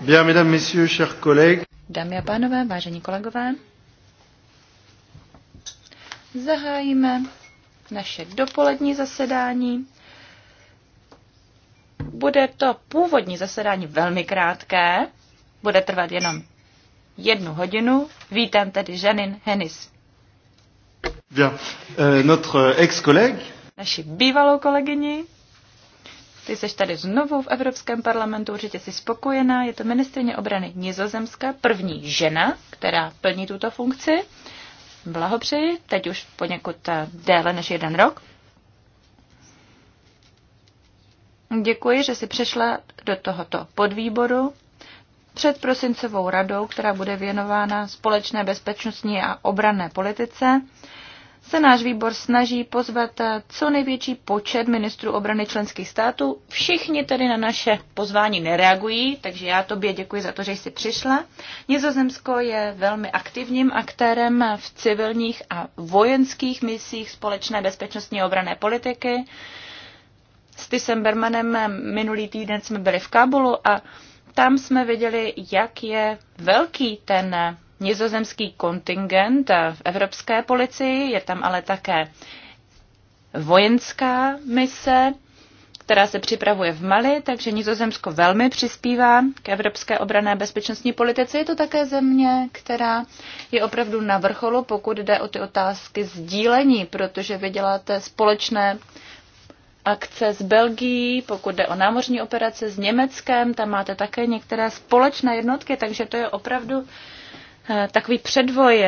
Bien, mesdames, messieurs, chers collègues. Dámy a pánové, vážení kolegové, zahájíme naše dopolední zasedání. Bude to původní zasedání velmi krátké, bude trvat jenom jednu hodinu. Vítám tedy Janin Henis. Bien. Euh, notre ex-collègue. Naši bývalou kolegyni ty jsi tady znovu v Evropském parlamentu, určitě jsi spokojená. Je to ministrině obrany Nizozemska, první žena, která plní tuto funkci. Blahopřeji, teď už poněkud eh, déle než jeden rok. Děkuji, že jsi přešla do tohoto podvýboru před prosincovou radou, která bude věnována společné bezpečnostní a obranné politice se náš výbor snaží pozvat co největší počet ministrů obrany členských států. Všichni tedy na naše pozvání nereagují, takže já tobě děkuji za to, že jsi přišla. Nizozemsko je velmi aktivním aktérem v civilních a vojenských misích společné bezpečnostní obrané politiky. S Tysem Bermanem minulý týden jsme byli v Kábulu a tam jsme viděli, jak je velký ten nizozemský kontingent v evropské policii, je tam ale také vojenská mise, která se připravuje v Mali, takže Nizozemsko velmi přispívá k evropské obrané bezpečnostní politice. Je to také země, která je opravdu na vrcholu, pokud jde o ty otázky sdílení, protože vy děláte společné akce s Belgií, pokud jde o námořní operace s Německem, tam máte také některé společné jednotky, takže to je opravdu Eh, takový předvoj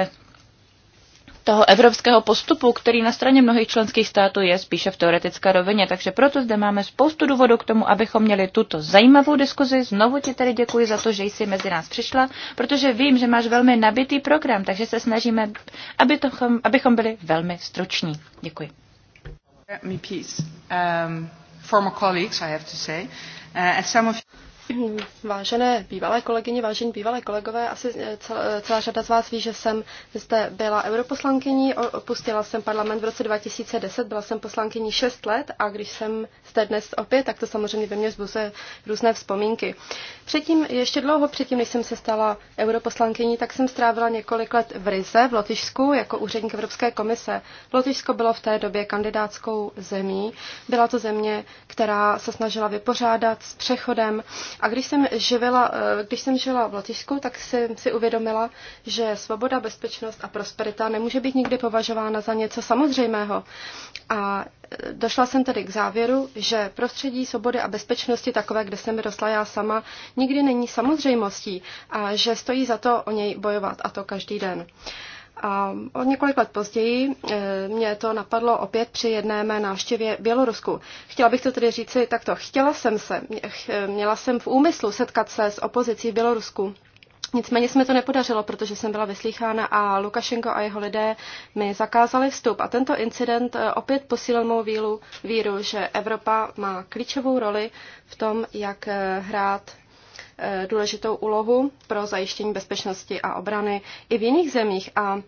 toho evropského postupu, který na straně mnohých členských států je spíše v teoretické rovině. Takže proto zde máme spoustu důvodů k tomu, abychom měli tuto zajímavou diskuzi. Znovu ti tedy děkuji za to, že jsi mezi nás přišla, protože vím, že máš velmi nabitý program, takže se snažíme, aby tochom, abychom byli velmi struční. Děkuji. Me peace. Um, former colleagues, I have to say. Uh, some of... Vážené bývalé kolegyně, vážení bývalé kolegové, asi eh, eh, celá řada z vás ví, že jsem zde byla europoslankyní, opustila jsem parlament v roce 2010, byla jsem poslankyní 6 let a když jsem zde dnes opět, tak to samozřejmě ve mně zbuzuje různé vzpomínky. Předtím, ještě dlouho předtím, než jsem se stala europoslankyní, tak jsem strávila několik let v Rize v Lotyšsku jako úředník Evropské komise. Lotyšsko bylo v té době kandidátskou zemí. Byla to země, která se snažila vypořádat s přechodem a když jsem, živila, eh, když jsem žila v Lotyšsku, tak jsem si uvědomila, že svoboda, bezpečnost a prosperita nemůže být nikdy považována za něco samozřejmého. A eh, došla jsem tedy k závěru, že prostředí svobody a bezpečnosti takové, kde jsem rostla já sama, nikdy není samozřejmostí a že stojí za to o něj bojovat a to každý den. A o několik let později eh, mě to napadlo opět při jedné mé návštěvě Bělorusku. Chtěla bych to tedy říci takto. Chtěla jsem se, eh, měla jsem v úmyslu setkat se s opozicí v Bělorusku. Nicméně se mi to nepodařilo, protože jsem byla vyslýchána a Lukašenko a jeho lidé mi zakázali vstup. A tento incident eh, opět posílil mou víru, víru že Evropa má klíčovou roli v tom, jak hrát důležitou úlohu pro zajištění bezpečnosti a obrany i v jiných zemích a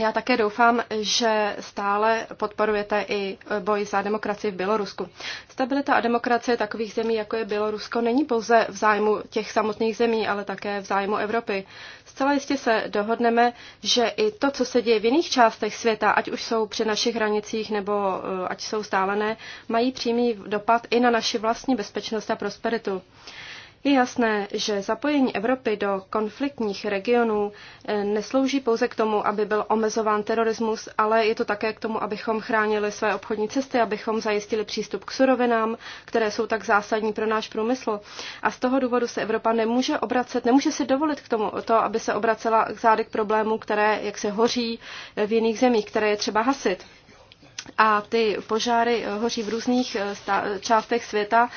já také doufám, že stále podporujete i boj za demokracii v Bělorusku. Stabilita a demokracie takových zemí, jako je Bělorusko, není pouze v zájmu těch samotných zemí, ale také v zájmu Evropy. Zcela jistě se dohodneme, že i to, co se děje v jiných částech světa, ať už jsou při našich hranicích nebo eh, ať jsou stálené, mají přímý dopad i na naši vlastní bezpečnost a prosperitu. Je jasné, že zapojení Evropy do konfliktních regionů eh, neslouží pouze k tomu, aby byl omezován terorismus, ale je to také k tomu, abychom chránili své obchodní cesty, abychom zajistili přístup k surovinám, které jsou tak zásadní pro náš průmysl. A z toho důvodu se Evropa nemůže obracet, nemůže si dovolit k tomu, to, aby se obracela k zády k problémů, které jak se hoří eh, v jiných zemích, které je třeba hasit a ty požáry eh, hoří v různých eh, částech světa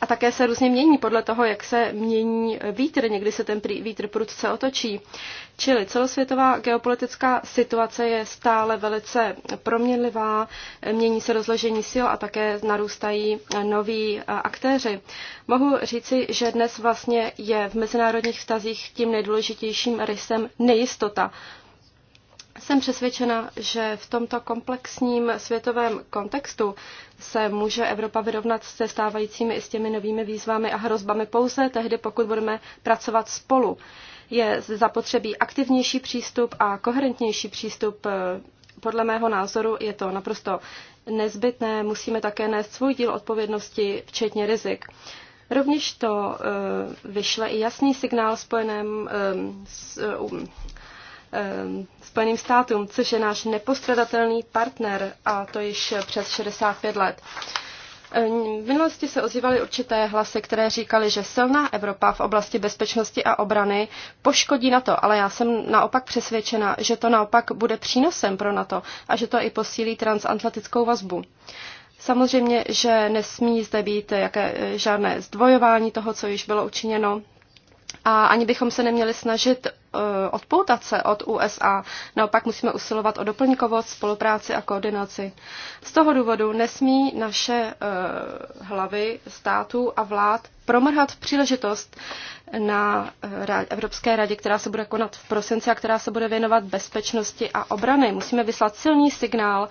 a také se různě mění podle toho, jak se mění vítr. Někdy se ten vítr prudce otočí. Čili celosvětová geopolitická situace je stále velice proměnlivá, eh, mění se rozložení sil a také narůstají noví aktéři. Mohu říci, že dnes vlastně je v mezinárodních vztazích tím nejdůležitějším rysem nejistota. Jsem přesvědčena, že v tomto komplexním světovém kontextu se může Evropa vyrovnat se stávajícími i s těmi novými výzvami a hrozbami pouze tehdy, pokud budeme pracovat spolu. Je zapotřebí aktivnější přístup a koherentnější přístup. Podle mého názoru je to naprosto nezbytné. Musíme také nést svůj díl odpovědnosti, včetně rizik. Rovněž to eh, vyšle i jasný signál spojeném eh, s eh, Ehm, Spojeným státům, což je náš nepostradatelný partner a to již přes 65 let. Ehm, v minulosti se ozývaly určité hlasy, které říkaly, že silná Evropa v oblasti bezpečnosti a obrany poškodí NATO, ale já jsem naopak přesvědčena, že to naopak bude přínosem pro NATO a že to i posílí transatlantickou vazbu. Samozřejmě, že nesmí zde být jaké, eh, žádné zdvojování toho, co již bylo učiněno. A ani bychom se neměli snažit Eh, odpoutat se od USA. Naopak musíme usilovat o doplňkovost, spolupráci a koordinaci. Z toho důvodu nesmí naše eh, hlavy států a vlád promrhat příležitost na eh, Evropské radě, která se bude konat v prosinci a která se bude věnovat bezpečnosti a obrany. Musíme vyslat silný signál.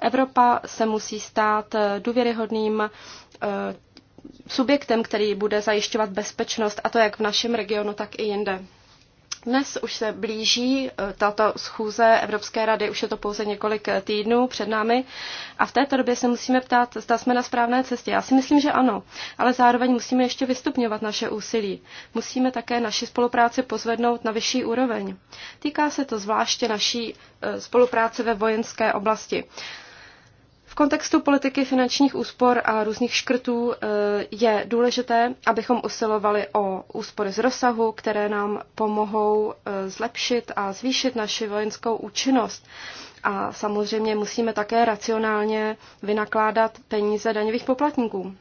Evropa se musí stát důvěryhodným subjektem, který bude zajišťovat bezpečnost, a to jak v našem regionu, tak i jinde. Dnes už se blíží eh, tato schůze Evropské rady, už je to pouze několik eh, týdnů před námi a v této době se musíme ptát, zda jsme na správné cestě. Já si myslím, že ano, ale zároveň musíme ještě vystupňovat naše úsilí. Musíme také naši spolupráci pozvednout na vyšší úroveň. Týká se to zvláště naší eh, spolupráce ve vojenské oblasti. V kontextu politiky finančních úspor a různých škrtů eh, je důležité, abychom usilovali o úspory z rozsahu, které nám pomohou eh, zlepšit a zvýšit naši vojenskou účinnost. A samozřejmě musíme také racionálně vynakládat peníze daňových poplatníků.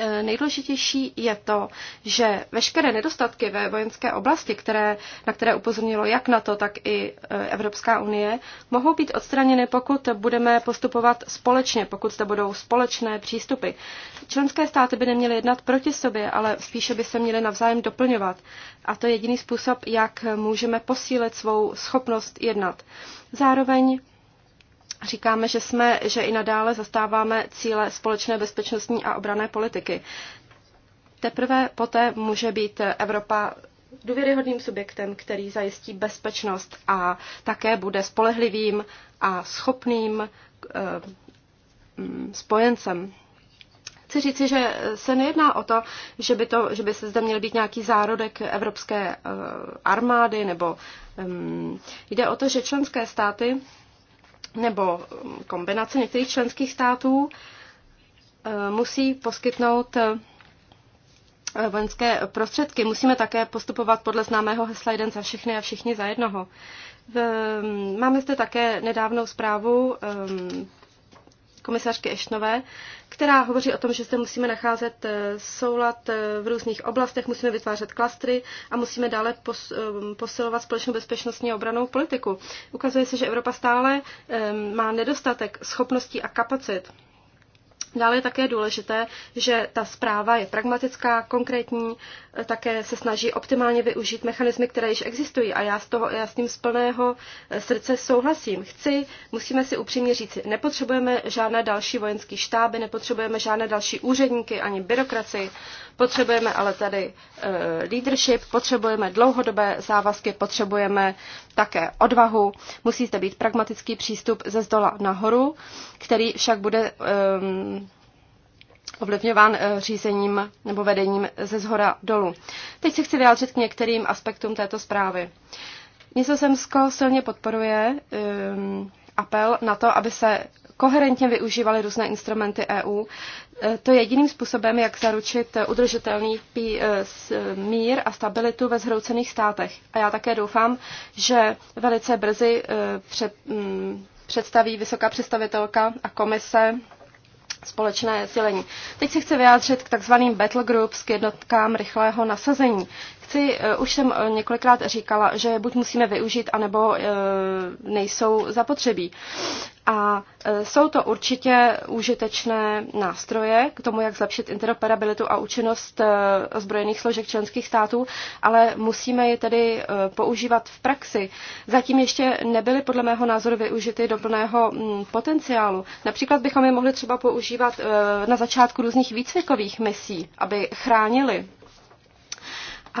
Eh, nejdůležitější je to, že veškeré nedostatky ve vojenské oblasti, které, na které upozornilo jak NATO, tak i eh, Evropská unie, mohou být odstraněny, pokud budeme postupovat společně, pokud to budou společné přístupy. Členské státy by neměly jednat proti sobě, ale spíše by se měly navzájem doplňovat. A to je jediný způsob, jak můžeme posílit svou schopnost jednat. Zároveň Říkáme, že jsme, že i nadále zastáváme cíle společné bezpečnostní a obrané politiky. Teprve poté může být Evropa důvěryhodným subjektem, který zajistí bezpečnost a také bude spolehlivým a schopným eh, mm, spojencem. Chci říci, že se nejedná o to, že by, to, že by se zde měl být nějaký zárodek evropské eh, armády, nebo um, jde o to, že členské státy nebo hm, kombinace některých členských států eh, musí poskytnout eh, vojenské prostředky. Musíme také postupovat podle známého hesla jeden za všechny a všichni za jednoho. Hm, máme zde také nedávnou zprávu hm, komisařky Ešnové, která hovoří o tom, že zde musíme nacházet eh, soulad eh, v různých oblastech, musíme vytvářet klastry a musíme dále eh, posilovat společnou bezpečnostní a obranou politiku. Ukazuje se, že Evropa stále má nedostatek schopností a kapacit. Dále je také důležité, že ta zpráva je pragmatická, konkrétní, eh, také se snaží optimálně využít mechanismy, které již existují a já, z toho, já s tím z plného eh, srdce souhlasím. Chci, musíme si upřímně říci, nepotřebujeme žádné další vojenské štáby, nepotřebujeme žádné další úředníky ani byrokracii. Potřebujeme ale tady eh, leadership, potřebujeme dlouhodobé závazky, potřebujeme také odvahu. Musíte být pragmatický přístup ze zdola nahoru, který však bude ehm, ovlivňován eh, řízením nebo vedením ze zhora dolů. Teď se chci vyjádřit k některým aspektům této zprávy. Nizozemsko silně podporuje um, apel na to, aby se koherentně využívali různé instrumenty EU. E, to je jediným způsobem, jak zaručit e, udržitelný e, mír a stabilitu ve zhroucených státech. A já také doufám, že velice brzy před, mm, představí vysoká představitelka a komise společné sdělení. Teď se chci vyjádřit k takzvaným battle groups, k jednotkám rychlého nasazení. Chci, už jsem několikrát říkala, že buď musíme využít, anebo nejsou zapotřebí. A e, jsou to určitě užitečné nástroje k tomu, jak zlepšit interoperabilitu a účinnost e, ozbrojených složek členských států, ale musíme je tedy e, používat v praxi. Zatím ještě nebyly podle mého názoru využity do plného potenciálu. Například bychom je mohli třeba používat na začátku různých výcvikových misí, aby chránili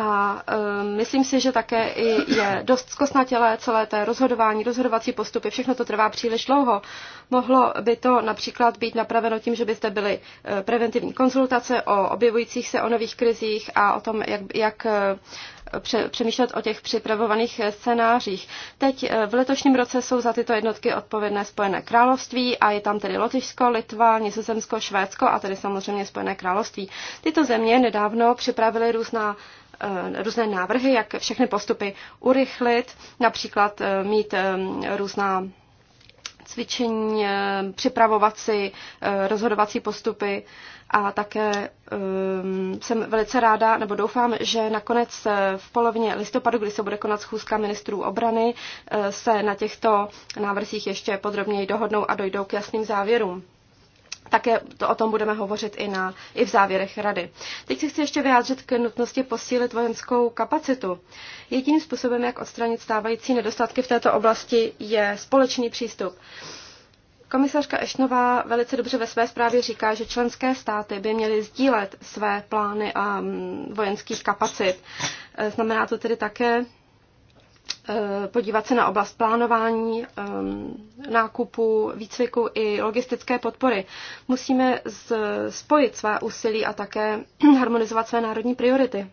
a um, myslím si, že také i je dost zkosnatělé celé té rozhodování, rozhodovací postupy, všechno to trvá příliš dlouho. Mohlo by to například být napraveno tím, že byste byli byly e, preventivní konzultace o objevujících se o nových krizích a o tom, jak, jak e, přemýšlet o těch připravovaných scénářích. Teď v letošním roce jsou za tyto jednotky odpovědné Spojené království a je tam tedy Lotyšsko, Litva, Nizozemsko, Švédsko a tedy samozřejmě Spojené království. Tyto země nedávno připravily různá Eh, různé návrhy, jak všechny postupy urychlit, například eh, mít eh, různá cvičení, připravovat si rozhodovací postupy a také jsem velice ráda, nebo doufám, že nakonec v polovině listopadu, kdy se bude konat schůzka ministrů obrany, se na těchto návrzích ještě podrobněji dohodnou a dojdou k jasným závěrům. Také to, o tom budeme hovořit i, na, i v závěrech rady. Teď se chci ještě vyjádřit k nutnosti posílit vojenskou kapacitu. Jediným způsobem, jak odstranit stávající nedostatky v této oblasti, je společný přístup. Komisařka Ešnová velice dobře ve své zprávě říká, že členské státy by měly sdílet své plány a mm, vojenských kapacit. E, znamená to tedy také Eh, podívat se na oblast plánování, eh, nákupu, výcviku i logistické podpory. Musíme spojit svá úsilí a také harmonizovat své národní priority.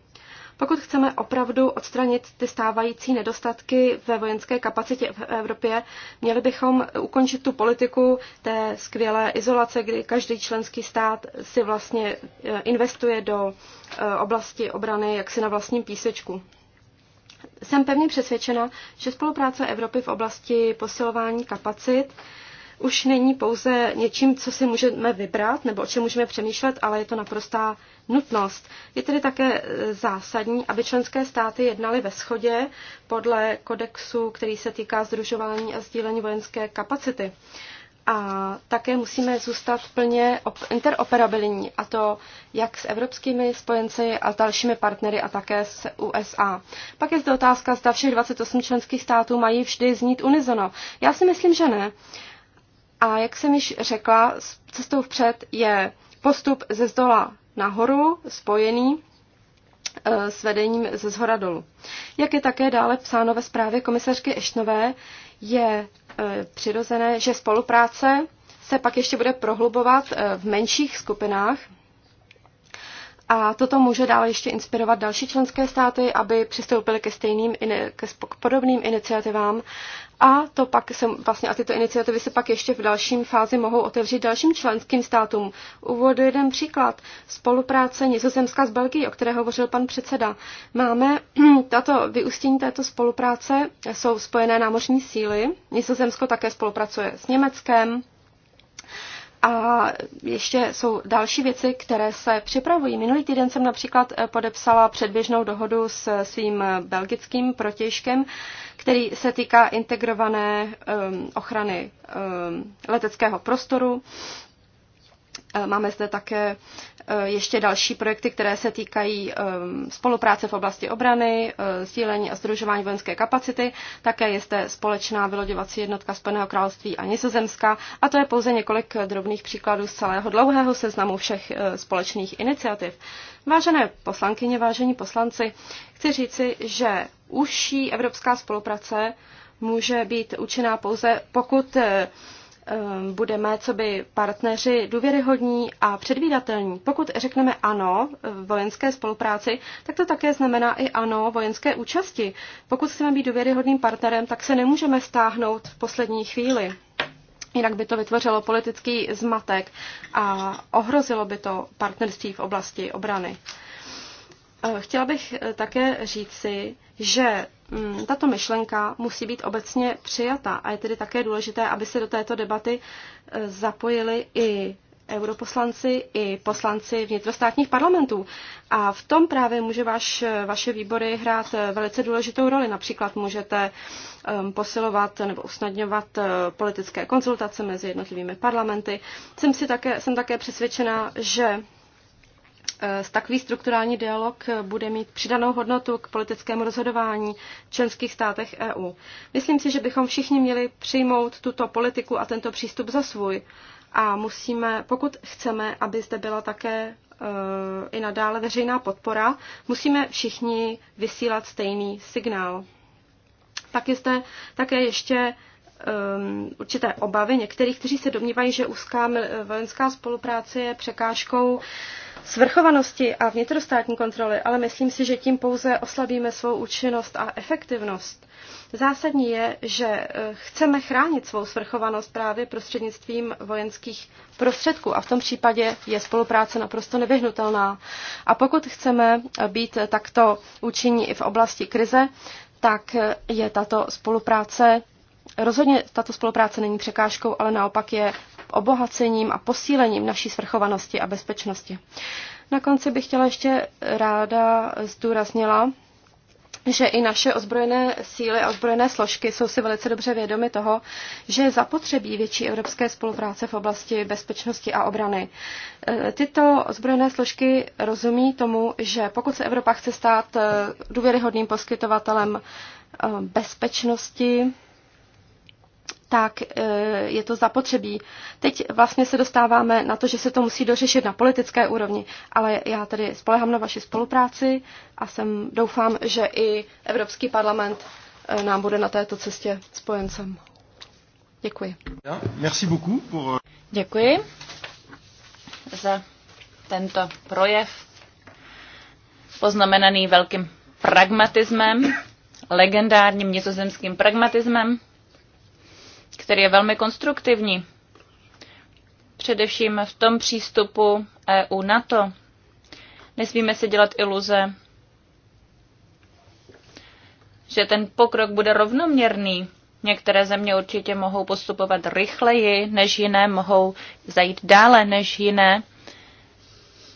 Pokud chceme opravdu odstranit ty stávající nedostatky ve vojenské kapacitě v Evropě, měli bychom ukončit tu politiku té skvělé izolace, kdy každý členský stát si vlastně eh, investuje do oblasti obrany jaksi na vlastním písečku jsem pevně přesvědčena, že spolupráce Evropy v oblasti posilování kapacit už není pouze něčím, co si můžeme vybrat nebo o čem můžeme přemýšlet, ale je to naprostá nutnost. Je tedy také e, zásadní, aby členské státy jednaly ve shodě podle kodexu, který se týká združování a sdílení vojenské kapacity a také musíme zůstat plně interoperabilní, a to jak s evropskými spojenci a dalšími partnery a také s USA. Pak je zde otázka, zda všech 28 členských států mají vždy znít unizono. Já si myslím, že ne. A jak jsem již řekla, cestou vpřed je postup ze zdola nahoru spojený eh, s vedením ze zhora dolů. Jak je také dále psáno ve zprávě komisařky Eštnové, je e, přirozené, že spolupráce se pak ještě bude prohlubovat e, v menších skupinách. A toto může dále ještě inspirovat další členské státy, aby přistoupily ke stejným, ke podobným iniciativám a, to pak se, vlastně, a tyto iniciativy se pak ještě v dalším fázi mohou otevřít dalším členským státům. Uvedu jeden příklad. Spolupráce Nizozemska s Belgií, o které hovořil pan předseda. Máme tato vyústění této spolupráce, jsou spojené námořní síly. Nizozemsko také spolupracuje s Německem, a ještě jsou další věci, které se připravují. Minulý týden jsem například eh, podepsala předběžnou dohodu s eh, svým eh, belgickým protějškem, který se týká integrované um, ochrany um, leteckého prostoru. Eh, máme zde také eh, ještě další projekty, které se týkají ehm, spolupráce v oblasti obrany, eh, sdílení a združování vojenské kapacity. Také je zde společná vyloděvací jednotka Spojeného království a Nizozemska. A to je pouze několik drobných příkladů z celého dlouhého seznamu všech společných iniciativ. Vážené poslankyně, vážení poslanci, chci říci, že užší evropská spolupráce může být účinná pouze, pokud Ehm, budeme co by partneři důvěryhodní a předvídatelní. Pokud řekneme ano vojenské spolupráci, tak to také znamená i ano vojenské účasti. Pokud chceme být důvěryhodným partnerem, tak se nemůžeme stáhnout v poslední chvíli. Jinak by to vytvořilo politický zmatek a ohrozilo by to partnerství v oblasti obrany. Ehm, chtěla bych eh, také říci, že mm, tato myšlenka musí být obecně přijata a je tedy také důležité, aby se do této debaty e, zapojili i europoslanci i poslanci vnitrostátních parlamentů. A v tom právě může vaš, vaše výbory hrát e, velice důležitou roli. Například můžete um, posilovat nebo usnadňovat uh, politické konzultace mezi jednotlivými parlamenty. Jsem, si také, jsem také přesvědčena, že Eh, takový strukturální dialog eh, bude mít přidanou hodnotu k politickému rozhodování v členských státech EU. Myslím si, že bychom všichni měli přijmout tuto politiku a tento přístup za svůj. A musíme, pokud chceme, aby zde byla také eh, i nadále veřejná podpora, musíme všichni vysílat stejný signál. Tak je zde také ještě um, určité obavy některých, kteří se domnívají, že úzká vojenská spolupráce je překážkou svrchovanosti a vnitrostátní kontroly, ale myslím si, že tím pouze oslabíme svou účinnost a efektivnost. Zásadní je, že eh, chceme chránit svou svrchovanost právě prostřednictvím vojenských prostředků a v tom případě je spolupráce naprosto nevyhnutelná. A pokud chceme eh, být takto účinní i v oblasti krize, tak eh, je tato spolupráce Rozhodně tato spolupráce není překážkou, ale naopak je obohacením a posílením naší svrchovanosti a bezpečnosti. Na konci bych chtěla ještě ráda zdůraznila, že i naše ozbrojené síly a ozbrojené složky jsou si velice dobře vědomy toho, že zapotřebí větší evropské spolupráce v oblasti bezpečnosti a obrany. E, tyto ozbrojené složky rozumí tomu, že pokud se Evropa chce stát e, důvěryhodným poskytovatelem e, bezpečnosti, tak e, je to zapotřebí. Teď vlastně se dostáváme na to, že se to musí dořešit na politické úrovni, ale já tedy spolehám na vaši spolupráci a jsem doufám, že i Evropský parlament e, nám bude na této cestě spojencem. Děkuji. Merci beaucoup pour... Euh, Děkuji za tento projev poznamenaný velkým pragmatismem, legendárním nizozemským pragmatismem který je velmi konstruktivní, především v tom přístupu EU-NATO. Nesmíme si dělat iluze, že ten pokrok bude rovnoměrný. Některé země určitě mohou postupovat rychleji než jiné, mohou zajít dále než jiné.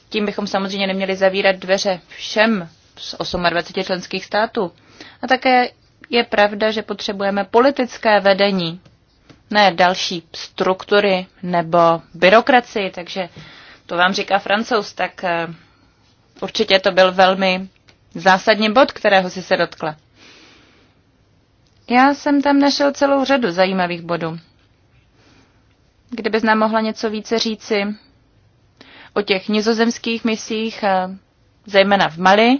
Tím bychom samozřejmě neměli zavírat dveře všem z 28 členských států. A také je pravda, že potřebujeme politické vedení ne další struktury nebo byrokracii, takže to vám říká francouz, tak eh, určitě to byl velmi zásadní bod, kterého si se dotkla. Já jsem tam našel celou řadu zajímavých bodů. Kdybys nám mohla něco více říci o těch nizozemských misích, eh, zejména v Mali,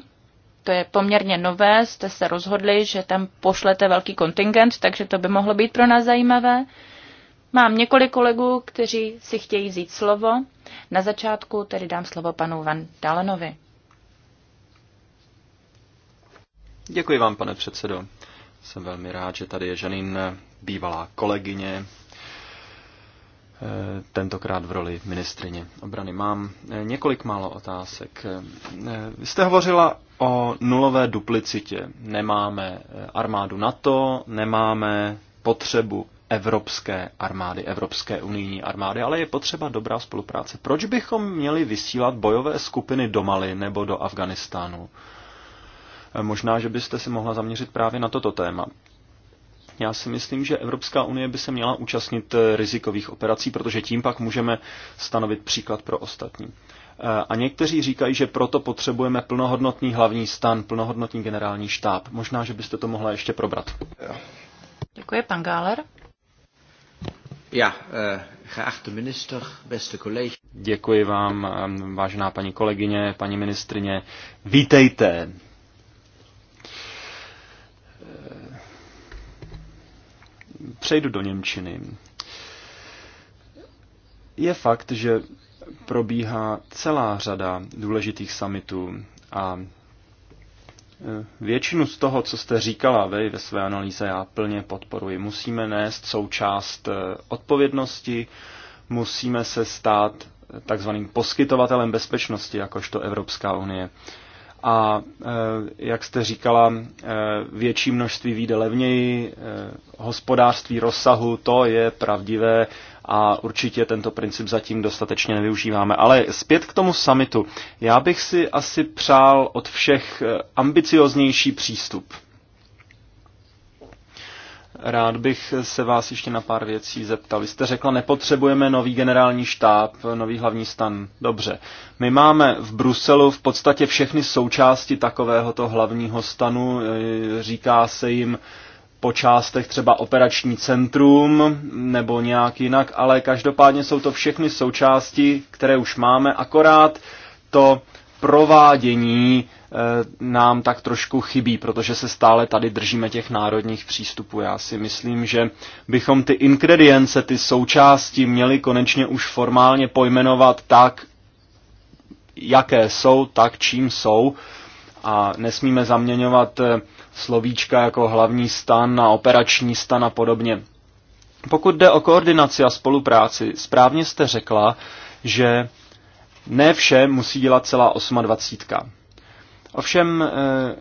to je poměrně nové, jste se rozhodli, že tam pošlete velký kontingent, takže to by mohlo být pro nás zajímavé. Mám několik kolegů, kteří si chtějí vzít slovo. Na začátku tedy dám slovo panu Van Dalenovi. Děkuji vám, pane předsedo. Jsem velmi rád, že tady je Žanin, bývalá kolegyně Eh, tentokrát v roli ministrině obrany. Mám eh, několik málo otázek. Eh, vy jste hovořila o nulové duplicitě. Nemáme armádu NATO, nemáme potřebu evropské armády, evropské unijní armády, ale je potřeba dobrá spolupráce. Proč bychom měli vysílat bojové skupiny do Mali nebo do Afganistánu? Možná, že byste si mohla zaměřit právě na toto téma. Já si myslím, že Evropská unie by se měla účastnit eh, rizikových operací, protože tím pak můžeme stanovit příklad pro ostatní. Eh, a někteří říkají, že proto potřebujeme plnohodnotný hlavní stan, plnohodnotný generální štáb. Možná, že byste to mohla ještě probrat. Děkuji, pan Gáler. Ja, eh, geachte minister, beste collega. Děkuji vám, vážená paní kolegyně, paní ministrině. Vítejte Přejdu do Němčiny. Je fakt, že probíhá celá řada důležitých summitů a e, Většinu z toho, co jste říkala vy ve své analýze, já plně podporuji. Musíme nést součást e, odpovědnosti, musíme se stát e, takzvaným poskytovatelem bezpečnosti, jakožto Evropská unie a e, jak jste říkala, e, větší množství výjde levněji, e, hospodářství rozsahu, to je pravdivé a určitě tento princip zatím dostatečně nevyužíváme. Ale zpět k tomu samitu. Já bych si asi přál od všech ambicioznější přístup. Rád bych se vás ještě na pár věcí zeptal. Vy jste řekla, nepotřebujeme nový generální štáb, nový hlavní stan. Dobře. My máme v Bruselu v podstatě všechny součásti takovéhoto hlavního stanu. E, říká se jim po částech třeba operační centrum nebo nějak jinak, ale každopádně jsou to všechny součásti, které už máme, akorát to provádění eh, nám tak trošku chybí, protože se stále tady držíme těch národních přístupů. Já si myslím, že bychom ty ingredience, ty součásti měli konečně už formálně pojmenovat tak, jaké jsou, tak čím jsou a nesmíme zaměňovat eh, slovíčka jako hlavní stan na operační stan a podobně. Pokud jde o koordinaci a spolupráci, správně jste řekla, že ne vše musí dělat celá 28. Ovšem eh,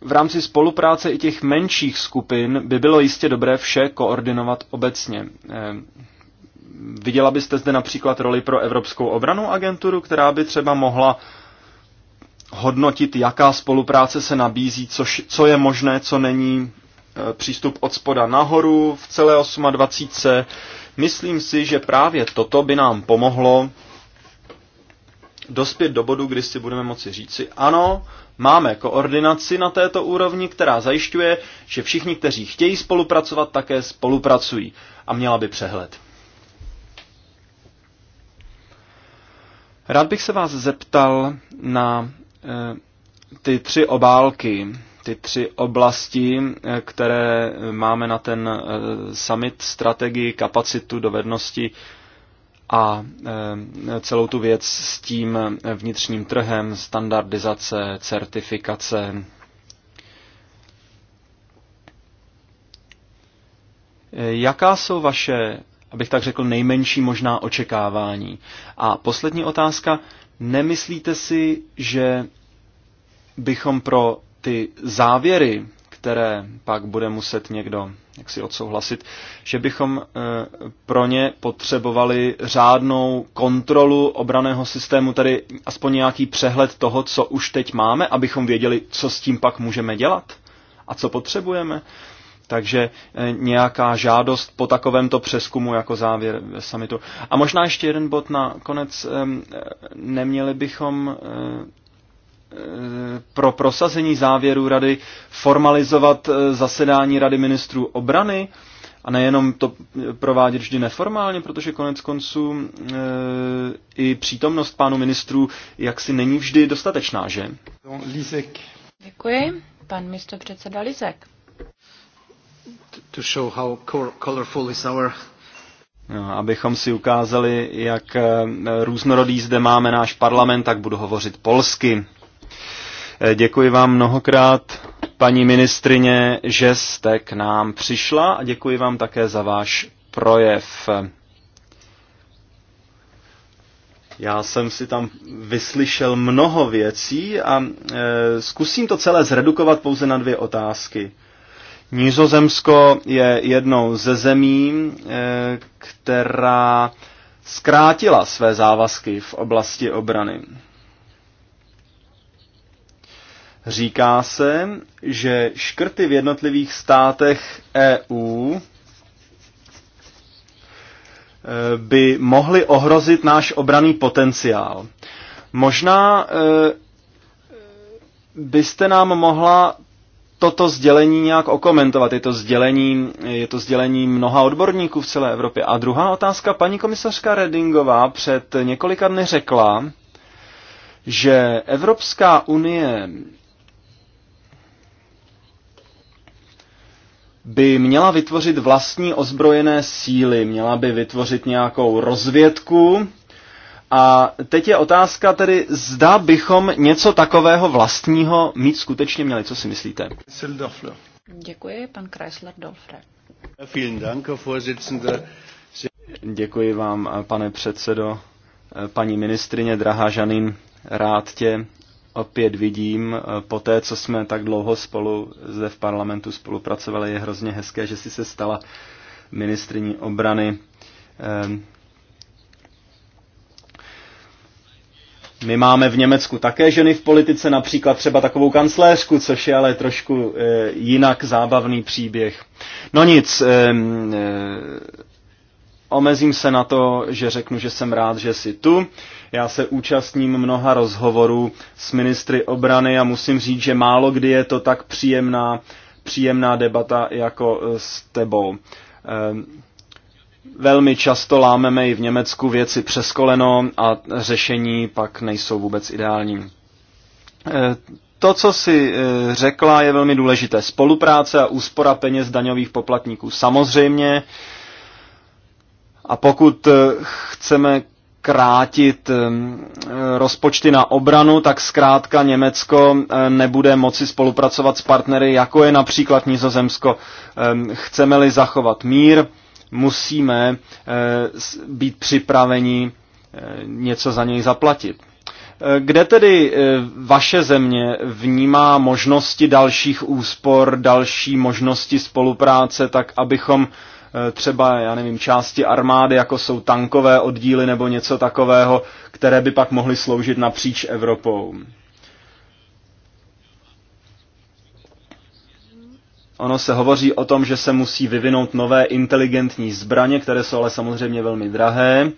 v rámci spolupráce i těch menších skupin by bylo jistě dobré vše koordinovat obecně. Eh, viděla byste zde například roli pro Evropskou obranu agenturu, která by třeba mohla hodnotit, jaká spolupráce se nabízí, co, co je možné, co není, eh, přístup od spoda nahoru v celé 28. Myslím si, že právě toto by nám pomohlo dospět do bodu, kdy si budeme moci říci, ano, máme koordinaci na této úrovni, která zajišťuje, že všichni, kteří chtějí spolupracovat, také spolupracují a měla by přehled. Rád bych se vás zeptal na eh, ty tři obálky, ty tři oblasti, eh, které máme na ten eh, summit, strategii, kapacitu, dovednosti, a eh, celou tu věc s tím vnitřním trhem, standardizace, certifikace. Eh, jaká jsou vaše, abych tak řekl, nejmenší možná očekávání? A poslední otázka, nemyslíte si, že bychom pro ty závěry, které pak bude muset někdo jak si odsouhlasit, že bychom eh, pro ně potřebovali řádnou kontrolu obraného systému, tedy aspoň nějaký přehled toho, co už teď máme, abychom věděli, co s tím pak můžeme dělat a co potřebujeme. Takže eh, nějaká žádost po takovémto přeskumu jako závěr samitu. A možná ještě jeden bod na konec. Eh, neměli bychom Eh, pro prosazení závěru rady formalizovat eh, zasedání rady ministrů obrany a nejenom to provádět vždy neformálně, protože konec konců e, i přítomnost pánu ministrů jaksi není vždy dostatečná, že? Lízek. Děkuji. Pan místo předseda Lisek. To show how colorful is our No, abychom si ukázali, jak různorodý zde máme náš parlament, tak budu hovořit polsky. Eh, děkuji vám mnohokrát, paní ministrině, že jste k nám přišla a děkuji vám také za váš projev. Já jsem si tam vyslyšel mnoho věcí a e, zkusím to celé zredukovat pouze na dvě otázky. Nizozemsko je jednou ze zemí, e, která zkrátila své závazky v oblasti obrany. Říká se, že škrty v jednotlivých státech EU eh, by mohly ohrozit náš obraný potenciál. Možná eh, byste nám mohla toto sdělení nějak okomentovat. Je to sdělení, je to sdělení mnoha odborníků v celé Evropě. A druhá otázka, paní komisařka Redingová před několika dny řekla, že Evropská unie by měla vytvořit vlastní ozbrojené síly, měla by vytvořit nějakou rozvědku. A teď je otázka tedy, zda bychom něco takového vlastního mít skutečně měli. Co si myslíte? Děkuji, pan Kreisler Dolfre. Děkuji vám, pane předsedo. Paní ministrině, drahá Žanin, rád tě opět vidím, eh, po té, co jsme tak dlouho spolu zde v parlamentu spolupracovali, je hrozně hezké, že si se stala ministriní obrany. Ehm, my máme v Německu také ženy v politice, například třeba takovou kancléřku, což je ale trošku eh, jinak zábavný příběh. No nic, ehm, eh, Omezím se na to, že řeknu, že jsem rád, že jsi tu. Já se účastním mnoha rozhovorů s ministry obrany a musím říct, že málo kdy je to tak příjemná, příjemná debata jako eh, s tebou. Ehm, velmi často lámeme i v Německu věci přes koleno a řešení pak nejsou vůbec ideální. Ehm, to, co si eh, řekla, je velmi důležité. Spolupráce a úspora peněz daňových poplatníků. Samozřejmě, a pokud eh, chceme krátit eh, rozpočty na obranu, tak zkrátka Německo eh, nebude moci spolupracovat s partnery, jako je například Nizozemsko. Chceme-li zachovat mír, musíme být připraveni něco za něj zaplatit. Kde tedy vaše země vnímá možnosti dalších úspor, další možnosti spolupráce, tak abychom třeba, já nevím, části armády, jako jsou tankové oddíly nebo něco takového, které by pak mohly sloužit napříč Evropou. Ono se hovoří o tom, že se musí vyvinout nové inteligentní zbraně, které jsou ale samozřejmě velmi drahé. Uh,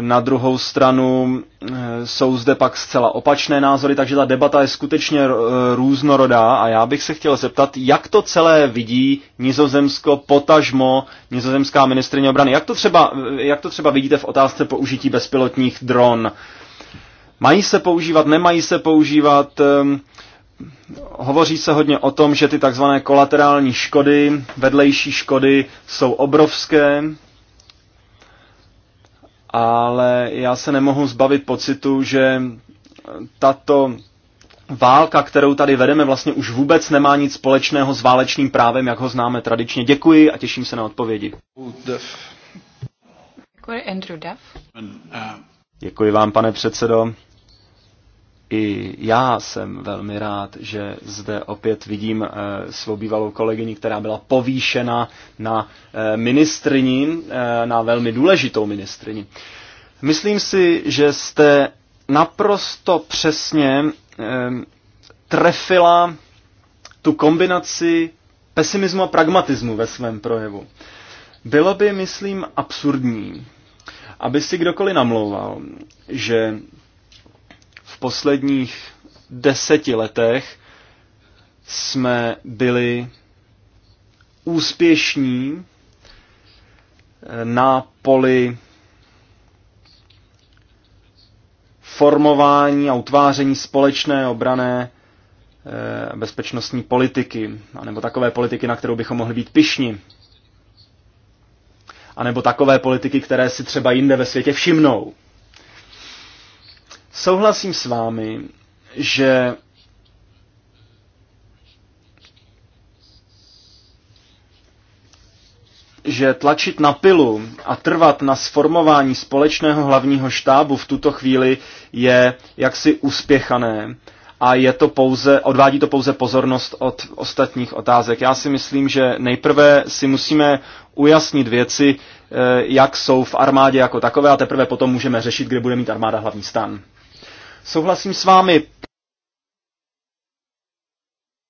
na druhou stranu eh, jsou zde pak zcela opačné názory, takže ta debata je skutečně eh, různorodá a já bych se chtěl zeptat, jak to celé vidí Nizozemsko, potažmo, nizozemská ministrině obrany. Jak to třeba, eh, jak to třeba vidíte v otázce použití bezpilotních dron? Mají se používat, nemají se používat? Hovoří se hodně o tom, že ty takzvané kolaterální škody, vedlejší škody jsou obrovské, ale já se nemohu zbavit pocitu, že tato válka, kterou tady vedeme, vlastně už vůbec nemá nic společného s válečným právem, jak ho známe tradičně. Děkuji a těším se na odpovědi. Děkuji, Andrew Duff. Uh, Děkuji vám, pane předsedo. I já jsem velmi rád, že zde opět vidím eh, svou bývalou kolegyni, která byla povýšena na eh, ministrní, eh, na velmi důležitou ministrní. Myslím si, že jste naprosto přesně trefila tu kombinaci pesimismu a pragmatismu ve svém projevu. Bylo by, myslím, absurdní, aby si kdokoliv namlouval, že v posledních deseti letech jsme byli úspěšní eh, na poli formování a utváření společné obrané eh, bezpečnostní politiky, anebo takové politiky, na kterou bychom mohli být pišni, anebo takové politiky, které si třeba jinde ve světě všimnou. Souhlasím s vámi, že že tlačit na pilu a trvat na sformování společného hlavního štábu v tuto chvíli je jaksi uspěchané a je to pouze, odvádí to pouze pozornost od ostatních otázek. Já si myslím, že nejprve si musíme ujasnit věci, eh, jak jsou v armádě jako takové a teprve potom můžeme řešit, kde bude mít armáda hlavní stan. Souhlasím s vámi.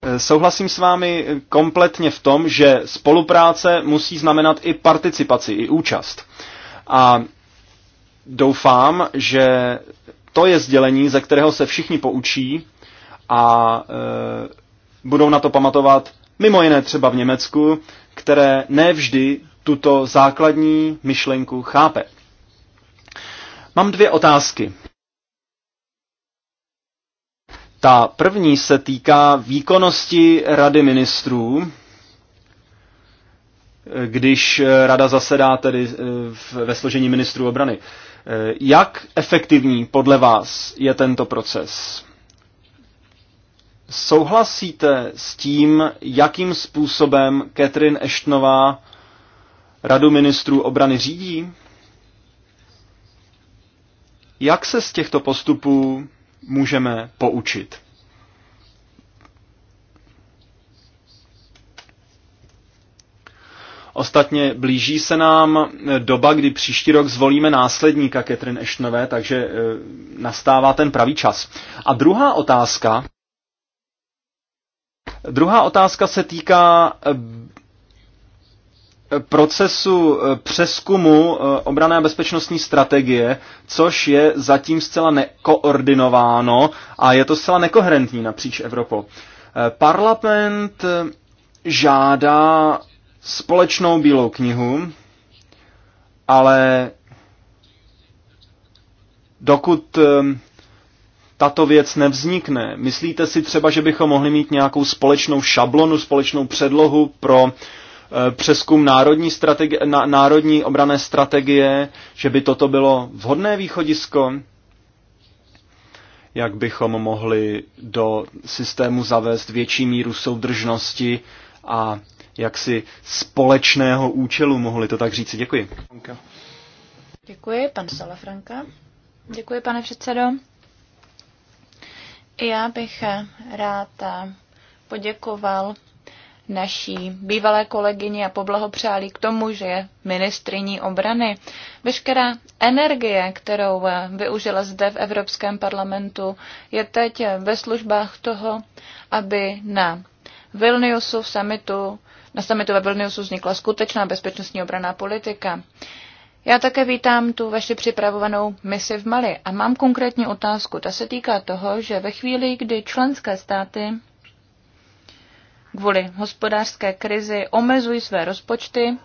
Eh, souhlasím s vámi eh, kompletně v tom, že spolupráce musí znamenat i participaci, i účast. A doufám, že to je sdělení, ze kterého se všichni poučí a e, budou na to pamatovat mimo jiné třeba v Německu, které nevždy tuto základní myšlenku chápe. Mám dvě otázky. Ta první se týká výkonnosti Rady ministrů, když rada zasedá tedy eh, ve složení ministrů obrany. Eh, jak efektivní podle vás je tento proces? Souhlasíte s tím, jakým způsobem Catherine Eštnová radu ministrů obrany řídí? Jak se z těchto postupů můžeme poučit. Ostatně blíží se nám doba, kdy příští rok zvolíme následníka Catherine Ashtonové, takže eh, nastává ten pravý čas. A druhá otázka, druhá otázka se týká eh, procesu eh, přeskumu eh, obrané a bezpečnostní strategie, což je zatím zcela nekoordinováno a je to zcela nekoherentní napříč Evropou. Eh, Parlament žádá společnou bílou knihu, ale dokud tato věc nevznikne, myslíte si třeba, že bychom mohli mít nějakou společnou šablonu, společnou předlohu pro uh, Eh, přeskum národní, strategi- národní obrané strategie, že by toto bylo vhodné východisko? Jak bychom mohli do systému zavést větší míru soudržnosti a jaksi společného účelu, mohli to tak říci. Děkuji. Děkuji, pan Salafranka. Děkuji, pane předsedo. já bych rád poděkoval naší bývalé kolegyni a poblahopřáli k tomu, že je ministriní obrany. Veškerá energie, kterou eh, využila zde v Evropském parlamentu, je teď eh, ve službách toho, aby na Vilniusu v summitu, na summitu ve Vilniusu vznikla skutečná bezpečnostní obraná politika. Já také vítám tu vaši připravovanou misi v Mali a mám konkrétní otázku. Ta se týká toho, že ve chvíli, kdy členské státy kvůli hospodářské krizi omezují své rozpočty,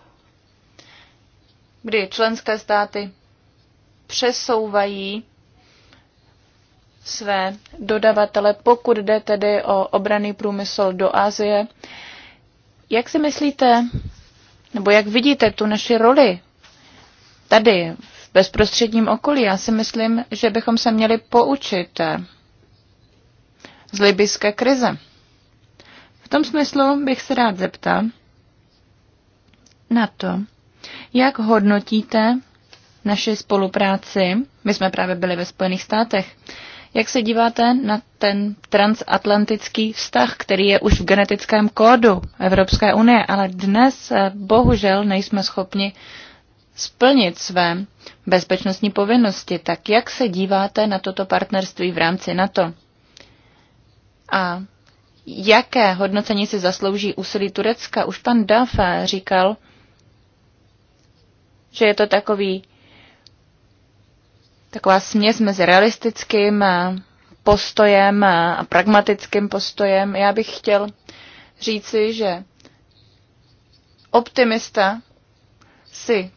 kdy členské státy přesouvají své dodavatele, pokud jde tedy o obraný průmysl do Asie. Jak si myslíte, nebo jak vidíte tu naši roli tady v bezprostředním okolí? Já si myslím, že bychom se měli poučit z libyské krize tom smyslu bych se rád zeptal na to, jak hodnotíte naši spolupráci, my jsme právě byli ve Spojených státech, jak se díváte na ten transatlantický vztah, který je už v genetickém kódu Evropské unie, ale dnes eh, bohužel nejsme schopni splnit své bezpečnostní povinnosti. Tak jak se díváte na toto partnerství v rámci NATO? A jaké hodnocení si zaslouží úsilí Turecka. Už pan Dafa říkal, že je to takový taková směs mezi realistickým postojem a pragmatickým postojem. Já bych chtěl říci, že optimista si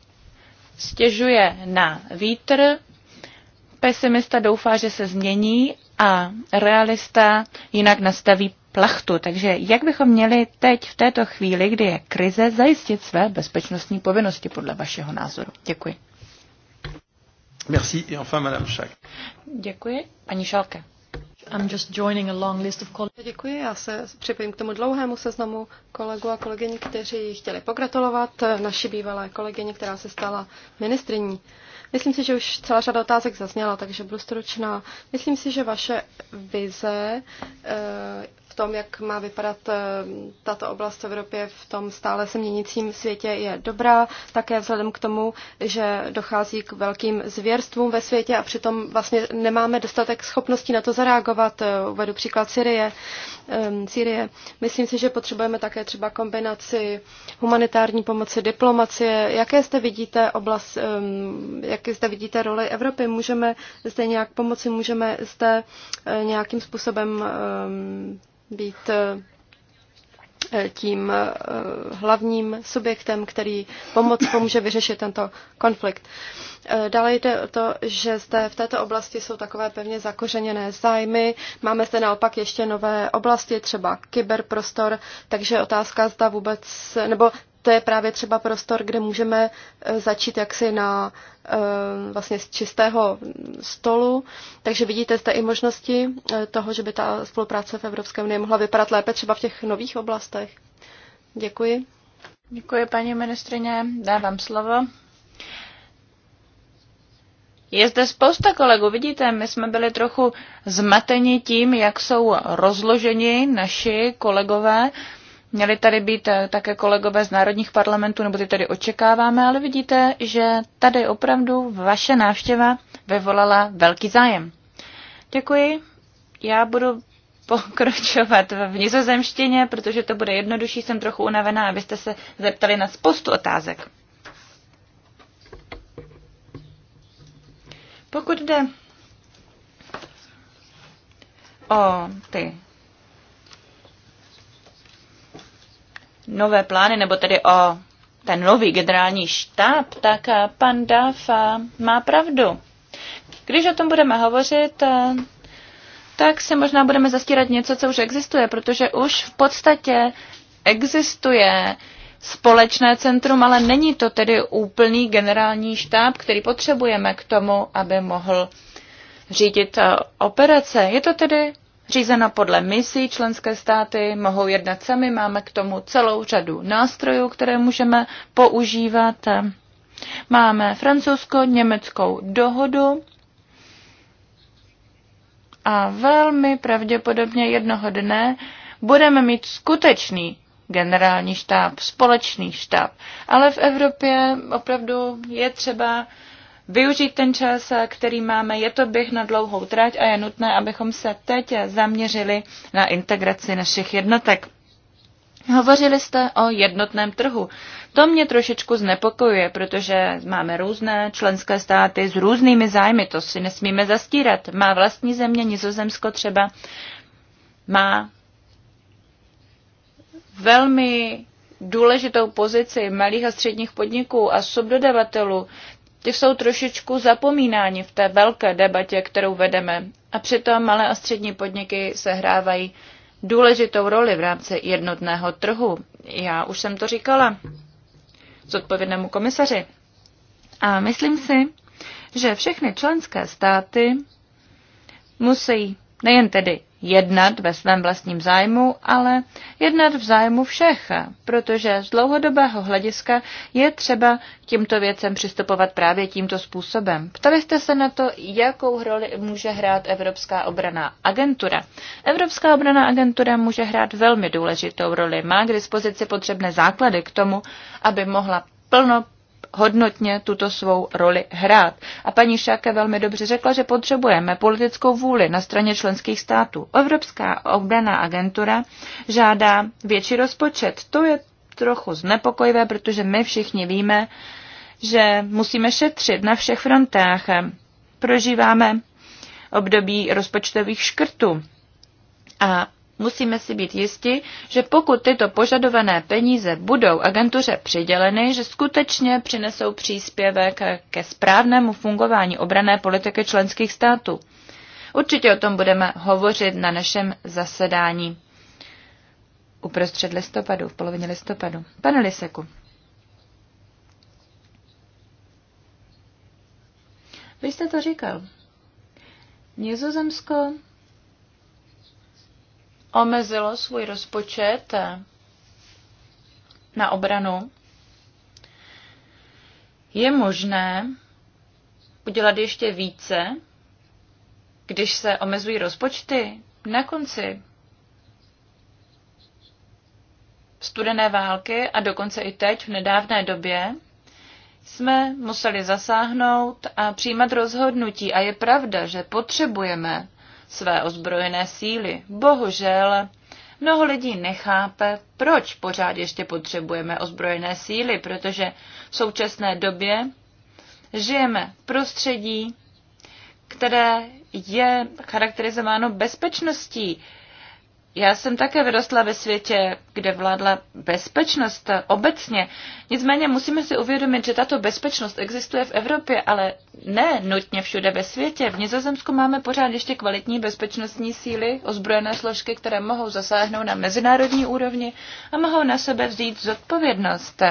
stěžuje na vítr, pesimista doufá, že se změní a realista jinak nastaví plachtu. Takže jak bychom měli teď v této chvíli, kdy je krize, zajistit své bezpečnostní povinnosti podle vašeho názoru? Děkuji. Merci. Et enfin, Madame Děkuji. Paní Schalke. I'm just joining a long list of Děkuji, já se připojím k tomu dlouhému seznamu kolegu a kolegyní, kteří chtěli pogratulovat naši bývalé kolegyně, která se stala ministriní. Myslím si, že už celá řada otázek zazněla, takže budu stručná. Myslím si, že vaše vize eh, v tom, jak má vypadat eh, tato oblast v Evropě v tom stále se měnícím světě, je dobrá. Také vzhledem k tomu, že dochází k velkým zvěrstvům ve světě a přitom vlastně nemáme dostatek schopností na to zareagovat. Eh, uvedu příklad Syrie. Ehm, Syrie. Myslím si, že potřebujeme také třeba kombinaci humanitární pomoci, diplomacie. Jaké zde vidíte oblast, ehm, jaké zde vidíte roli Evropy? Můžeme zde nějak pomoci, můžeme zde eh, nějakým způsobem ehm, být eh, eh, tím eh, hlavním subjektem, který pomoc pomůže vyřešit tento konflikt. Dále jde o to, že zde v této oblasti jsou takové pevně zakořeněné zájmy. Máme zde naopak ještě nové oblasti, třeba kyberprostor, takže otázka zda vůbec, nebo to je právě třeba prostor, kde můžeme eh, začít jaksi na eh, vlastně z čistého stolu. Takže vidíte zde i možnosti eh, toho, že by ta spolupráce v Evropské unii mohla vypadat lépe třeba v těch nových oblastech. Děkuji. Děkuji, paní ministrině. Dávám slovo. Je zde spousta kolegů, vidíte, my jsme byli trochu zmateni tím, jak jsou rozloženi naši kolegové. Měli tady být eh, také kolegové z národních parlamentů, nebo ty tady očekáváme, ale vidíte, že tady opravdu vaše návštěva vyvolala velký zájem. Děkuji. Já budu pokročovat v nizozemštině, protože to bude jednodušší, jsem trochu unavená, abyste se zeptali na spoustu otázek. Pokud jde o ty nové plány, nebo tedy o ten nový generální štáb, tak pan Duff eh, má pravdu. Když o tom budeme hovořit, eh, tak si možná budeme zastírat něco, co už existuje, protože už v podstatě existuje společné centrum, ale není to tedy úplný generální štáb, který potřebujeme k tomu, aby mohl řídit eh, operace. Je to tedy řízena podle misí. Členské státy mohou jednat sami, máme k tomu celou řadu nástrojů, které můžeme používat. Máme francouzsko-německou dohodu a velmi pravděpodobně jednoho dne budeme mít skutečný generální štáb, společný štáb. Ale v Evropě opravdu je třeba využít ten čas, který máme. Je to běh na dlouhou trať a je nutné, abychom se teď zaměřili na integraci našich jednotek. Hovořili jste o jednotném trhu. To mě trošičku znepokojuje, protože máme různé členské státy s různými zájmy, to si nesmíme zastírat. Má vlastní země, Nizozemsko třeba, má velmi důležitou pozici malých a středních podniků a subdodavatelů ty jsou trošičku zapomínáni v té velké debatě, kterou vedeme. A přitom malé a střední podniky sehrávají důležitou roli v rámci jednotného trhu. Já už jsem to říkala zodpovědnému komisaři. A myslím si, že všechny členské státy musí nejen tedy jednat ve svém vlastním zájmu, ale jednat v zájmu všech, protože z dlouhodobého hlediska je třeba tímto těmto věcem přistupovat právě tímto způsobem. Ptali jste se na to, jakou roli může hrát Evropská obraná agentura. Evropská obraná agentura může hrát velmi důležitou roli. Má k dispozici potřebné základy k tomu, aby mohla plno hodnotně tuto svou roli hrát. A paní Šáke velmi dobře řekla, že potřebujeme politickou vůli na straně členských států. Evropská obraná agentura žádá větší rozpočet. To je trochu znepokojivé, protože my všichni víme, že musíme šetřit na všech frontách. Prožíváme období rozpočtových škrtů. A Musíme si být jisti, že pokud tyto požadované peníze budou agentuře přiděleny, že skutečně přinesou příspěvek ke správnému fungování obrané politiky členských států. Určitě o tom budeme hovořit na našem zasedání uprostřed listopadu, v polovině listopadu. Pane Liseku, vy jste to říkal. Nězozemsko omezilo svůj rozpočet na obranu, je možné udělat ještě více, když se omezují rozpočty na konci studené války a dokonce i teď v nedávné době jsme museli zasáhnout a přijímat rozhodnutí. A je pravda, že potřebujeme své ozbrojené síly. Bohužel mnoho lidí nechápe, proč pořád ještě potřebujeme ozbrojené síly, protože v současné době žijeme v prostředí, které je charakterizováno bezpečností. Já jsem také vyrostla ve světě, kde vládla bezpečnost obecně. Nicméně musíme si uvědomit, že tato bezpečnost existuje v Evropě, ale ne nutně všude ve světě. V Nizozemsku máme pořád ještě kvalitní bezpečnostní síly, ozbrojené složky, které mohou zasáhnout na mezinárodní úrovni a mohou na sebe vzít zodpovědnost.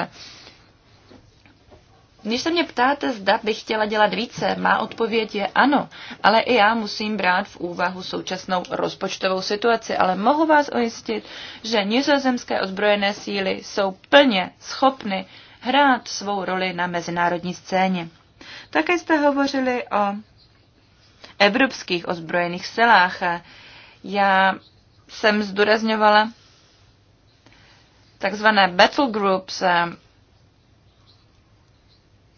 Když se mě ptáte, zda bych chtěla dělat více, má odpověď je ano, ale i já musím brát v úvahu současnou rozpočtovou situaci, ale mohu vás ujistit, že nizozemské ozbrojené síly jsou plně schopny hrát svou roli na mezinárodní scéně. Také jste hovořili o evropských ozbrojených silách. Já jsem zdůrazňovala takzvané battle groups,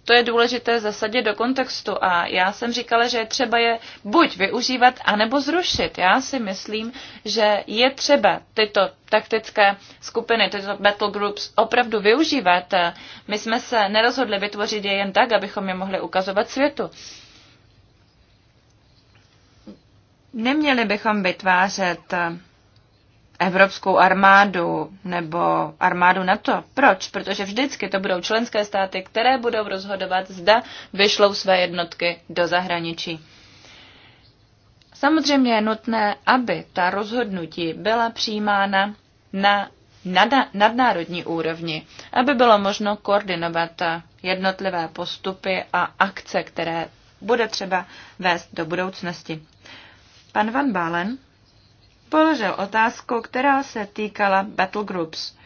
to je důležité zasadit do kontextu a já jsem říkala, že je třeba je buď využívat, anebo zrušit. Já si myslím, že je třeba tyto taktické skupiny, tyto battle groups opravdu využívat. My jsme se nerozhodli vytvořit je jen tak, abychom je mohli ukazovat světu. Neměli bychom vytvářet evropskou armádu nebo armádu NATO. Proč? Protože vždycky to budou členské státy, které budou rozhodovat, zda vyšlou své jednotky do zahraničí. Samozřejmě je nutné, aby ta rozhodnutí byla přijímána na nadnárodní úrovni, aby bylo možno koordinovat jednotlivé postupy a akce, které bude třeba vést do budoucnosti. Pan Van Balen položil otázku, která se týkala battle groups.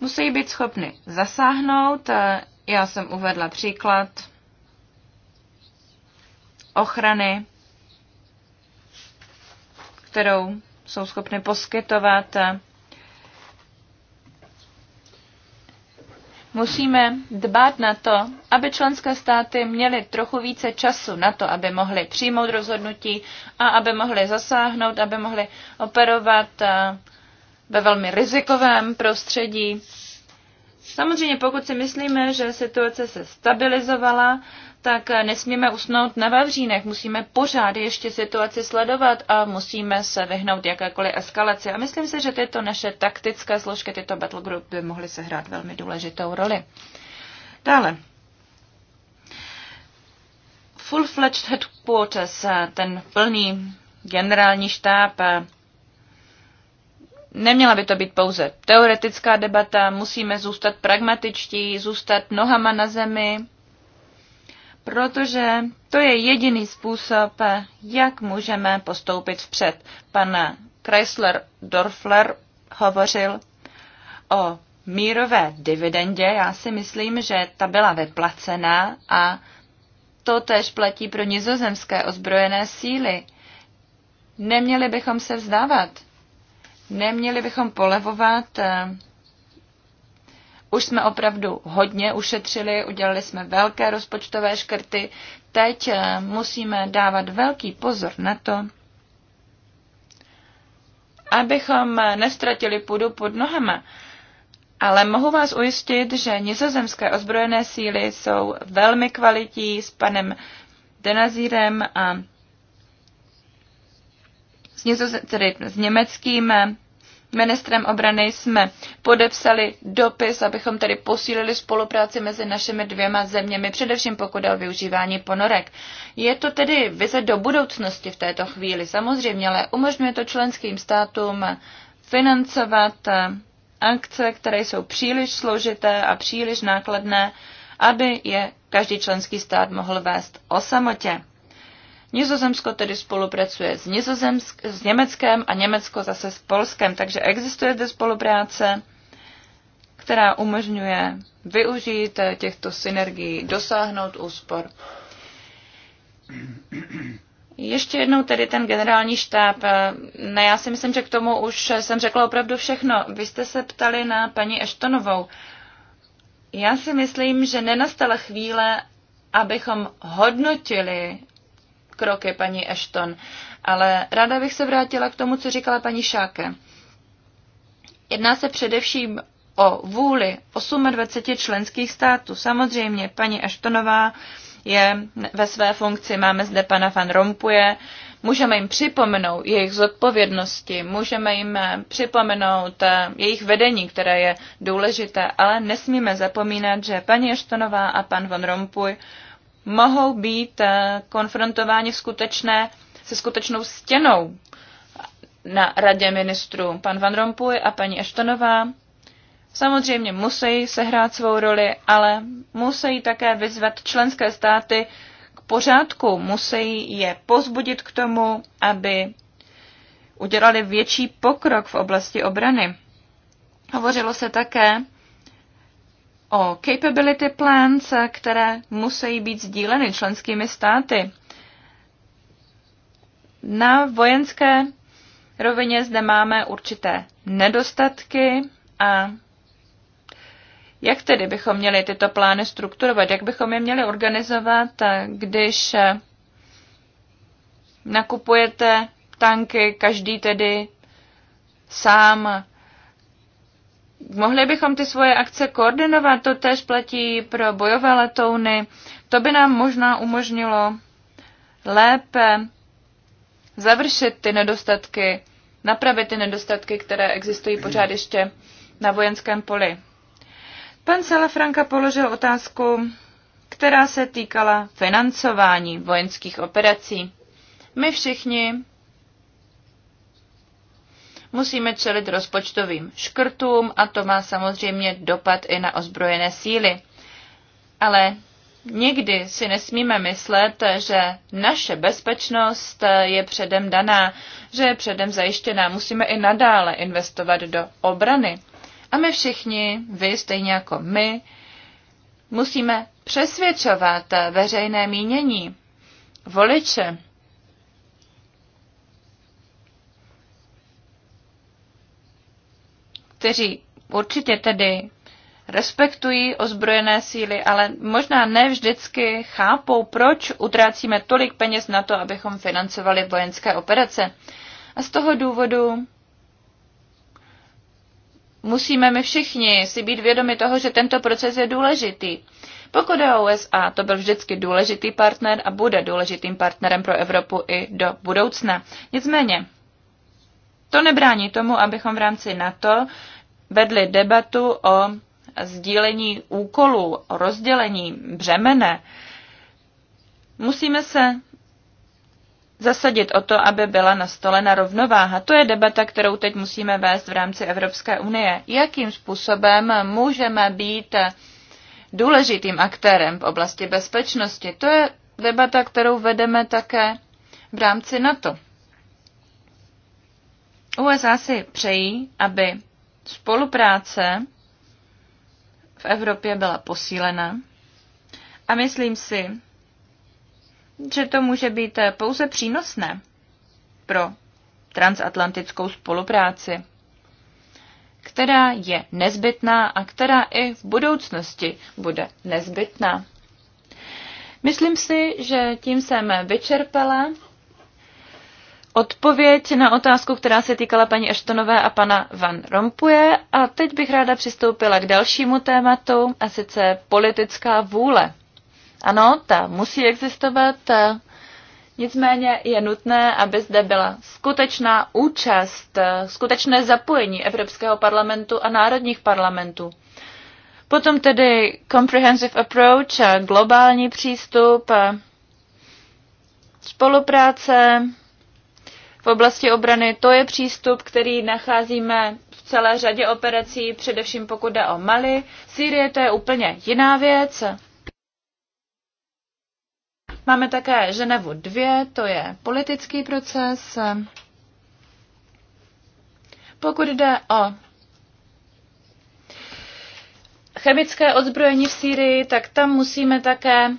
Musí být schopny zasáhnout. Já jsem uvedla příklad ochrany, kterou jsou schopny poskytovat musíme dbát na to, aby členské státy měly trochu více času na to, aby mohly přijmout rozhodnutí a aby mohly zasáhnout, aby mohly operovat eh, ve velmi rizikovém prostředí Samozřejmě, pokud si myslíme, že situace se stabilizovala, tak nesmíme usnout na Vavřínech. Musíme pořád ještě situaci sledovat a musíme se vyhnout jakékoliv eskalaci. A myslím si, že tyto naše taktické složky, tyto battle group by mohly sehrát velmi důležitou roli. Dále. Full-fledged headquarters, ten plný generální štáb Neměla by to být pouze teoretická debata, musíme zůstat pragmatičtí, zůstat nohama na zemi, protože to je jediný způsob, jak můžeme postoupit vpřed. Pan Chrysler Dorfler hovořil o mírové dividendě. Já si myslím, že ta byla vyplacená a to tež platí pro nizozemské ozbrojené síly. Neměli bychom se vzdávat. Neměli bychom polevovat. Eh, už jsme opravdu hodně ušetřili, udělali jsme velké rozpočtové škrty. Teď eh, musíme dávat velký pozor na to, abychom eh, nestratili půdu pod nohama. Ale mohu vás ujistit, že nizozemské ozbrojené síly jsou velmi kvalitní s panem Denazírem a s, nizoz- tedy s německým eh, ministrem obrany jsme podepsali dopis, abychom tedy posílili spolupráci mezi našimi dvěma zeměmi, především pokud o využívání ponorek. Je to tedy vize do budoucnosti v této chvíli, samozřejmě, ale umožňuje to členským státům financovat eh, akce, které jsou příliš složité a příliš nákladné, aby je každý členský stát mohl vést o samotě. Nizozemsko tedy spolupracuje s, Nizozemsk- s Německem a Německo zase s Polskem, takže existuje zde spolupráce, která umožňuje využít těchto synergií, dosáhnout úspor. Ještě jednou tedy ten generální štáb. Ne, já si myslím, že k tomu už jsem řekla opravdu všechno. Vy jste se ptali na paní Eštonovou. Já si myslím, že nenastala chvíle, abychom hodnotili kroky, paní Ashton. Ale ráda bych se vrátila k tomu, co říkala paní Šáke. Jedná se především o vůli 28 členských států. Samozřejmě paní Ashtonová je ve své funkci, máme zde pana Van Rompuje, můžeme jim připomenout jejich zodpovědnosti, můžeme jim připomenout eh, jejich vedení, které je důležité, ale nesmíme zapomínat, že paní Ashtonová a pan Van Rompuy mohou být eh, konfrontováni skutečné, se skutečnou stěnou na radě ministrů. Pan Van Rompuy a paní Eštonová samozřejmě musí sehrát svou roli, ale musí také vyzvat členské státy k pořádku, musí je pozbudit k tomu, aby udělali větší pokrok v oblasti obrany. Hovořilo se také o capability plans, které musí být sdíleny členskými státy. Na vojenské rovině zde máme určité nedostatky a jak tedy bychom měli tyto plány strukturovat, jak bychom je měli organizovat, když nakupujete tanky, každý tedy sám Mohli bychom ty svoje akce koordinovat, to tež platí pro bojové letouny. To by nám možná umožnilo lépe završit ty nedostatky, napravit ty nedostatky, které existují pořád ještě na vojenském poli. Pan Salafranka položil otázku, která se týkala financování vojenských operací. My všichni Musíme čelit rozpočtovým škrtům a to má samozřejmě dopad i na ozbrojené síly. Ale nikdy si nesmíme myslet, že naše bezpečnost je předem daná, že je předem zajištěná. Musíme i nadále investovat do obrany. A my všichni, vy stejně jako my, musíme přesvědčovat veřejné mínění, voliče, kteří určitě tedy respektují ozbrojené síly, ale možná ne vždycky chápou, proč utrácíme tolik peněz na to, abychom financovali vojenské operace. A z toho důvodu musíme my všichni si být vědomi toho, že tento proces je důležitý. Pokud je USA, to byl vždycky důležitý partner a bude důležitým partnerem pro Evropu i do budoucna. Nicméně, to nebrání tomu, abychom v rámci NATO vedli debatu o sdílení úkolů, o rozdělení břemene. Musíme se zasadit o to, aby byla nastolena rovnováha. To je debata, kterou teď musíme vést v rámci Evropské unie. Jakým způsobem můžeme být důležitým aktérem v oblasti bezpečnosti? To je debata, kterou vedeme také v rámci NATO. USA si přejí, aby spolupráce v Evropě byla posílena a myslím si, že to může být pouze přínosné pro transatlantickou spolupráci, která je nezbytná a která i v budoucnosti bude nezbytná. Myslím si, že tím jsem vyčerpala odpověď na otázku, která se týkala paní Eštonové a pana Van Rompuje. A teď bych ráda přistoupila k dalšímu tématu, a sice politická vůle. Ano, ta musí existovat, nicméně je nutné, aby zde byla skutečná účast, skutečné zapojení Evropského parlamentu a národních parlamentů. Potom tedy comprehensive approach, globální přístup, spolupráce, v oblasti obrany. To je přístup, který nacházíme v celé řadě operací, především pokud jde o Mali. Sýrie to je úplně jiná věc. Máme také Ženevu 2, to je politický proces. Pokud jde o chemické odzbrojení v Sýrii, tak tam musíme také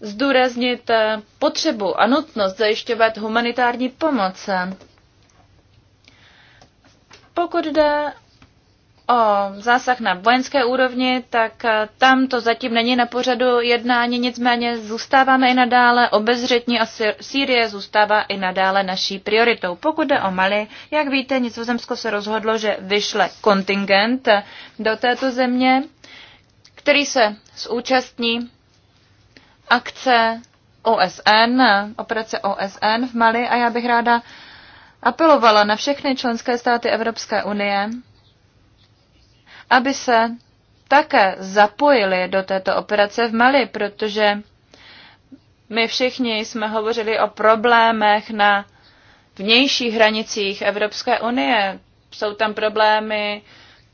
zdůraznit eh, potřebu a nutnost zajišťovat humanitární pomoc. Pokud jde o zásah na vojenské úrovni, tak eh, tam to zatím není na pořadu jednání, nicméně zůstáváme i nadále obezřetní a Sýrie zůstává i nadále naší prioritou. Pokud jde o Mali, jak víte, Nizozemsko se rozhodlo, že vyšle kontingent do této země, který se zúčastní akce OSN, operace OSN v Mali a já bych ráda apelovala na všechny členské státy Evropské unie, aby se také zapojili do této operace v Mali, protože my všichni jsme hovořili o problémech na vnějších hranicích Evropské unie. Jsou tam problémy,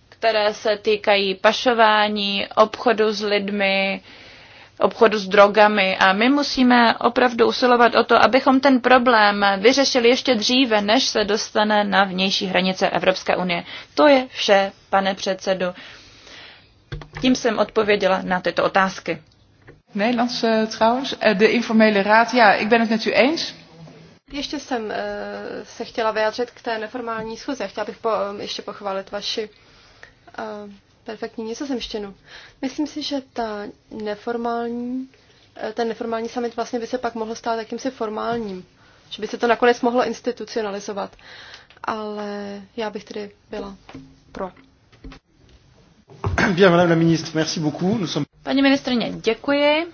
které se týkají pašování, obchodu s lidmi, obchodu s drogami a my musíme opravdu usilovat o to, abychom ten problém vyřešili ještě dříve, než se dostane na vnější hranice Evropské unie. To je vše, pane předsedu. Tím jsem odpověděla na tyto otázky. Nederlands eh, trouwens. Eh, de informele raad, ja, ik ben het met u eens. Ještě jsem eh, se chtěla vyjádřit k té neformální schůzi. Chtěla bych po, ještě pochválit vaši uh, perfektní nizozemštinu. Myslím si, že ta neformální, eh, ten neformální summit vlastně by se pak mohl stát jakýmsi formálním, že by se to nakonec mohlo institucionalizovat. Ale já bych tedy byla pro. Bien, madame la ministre, merci beaucoup. Nous sommes... Paní ministrině, děkuji.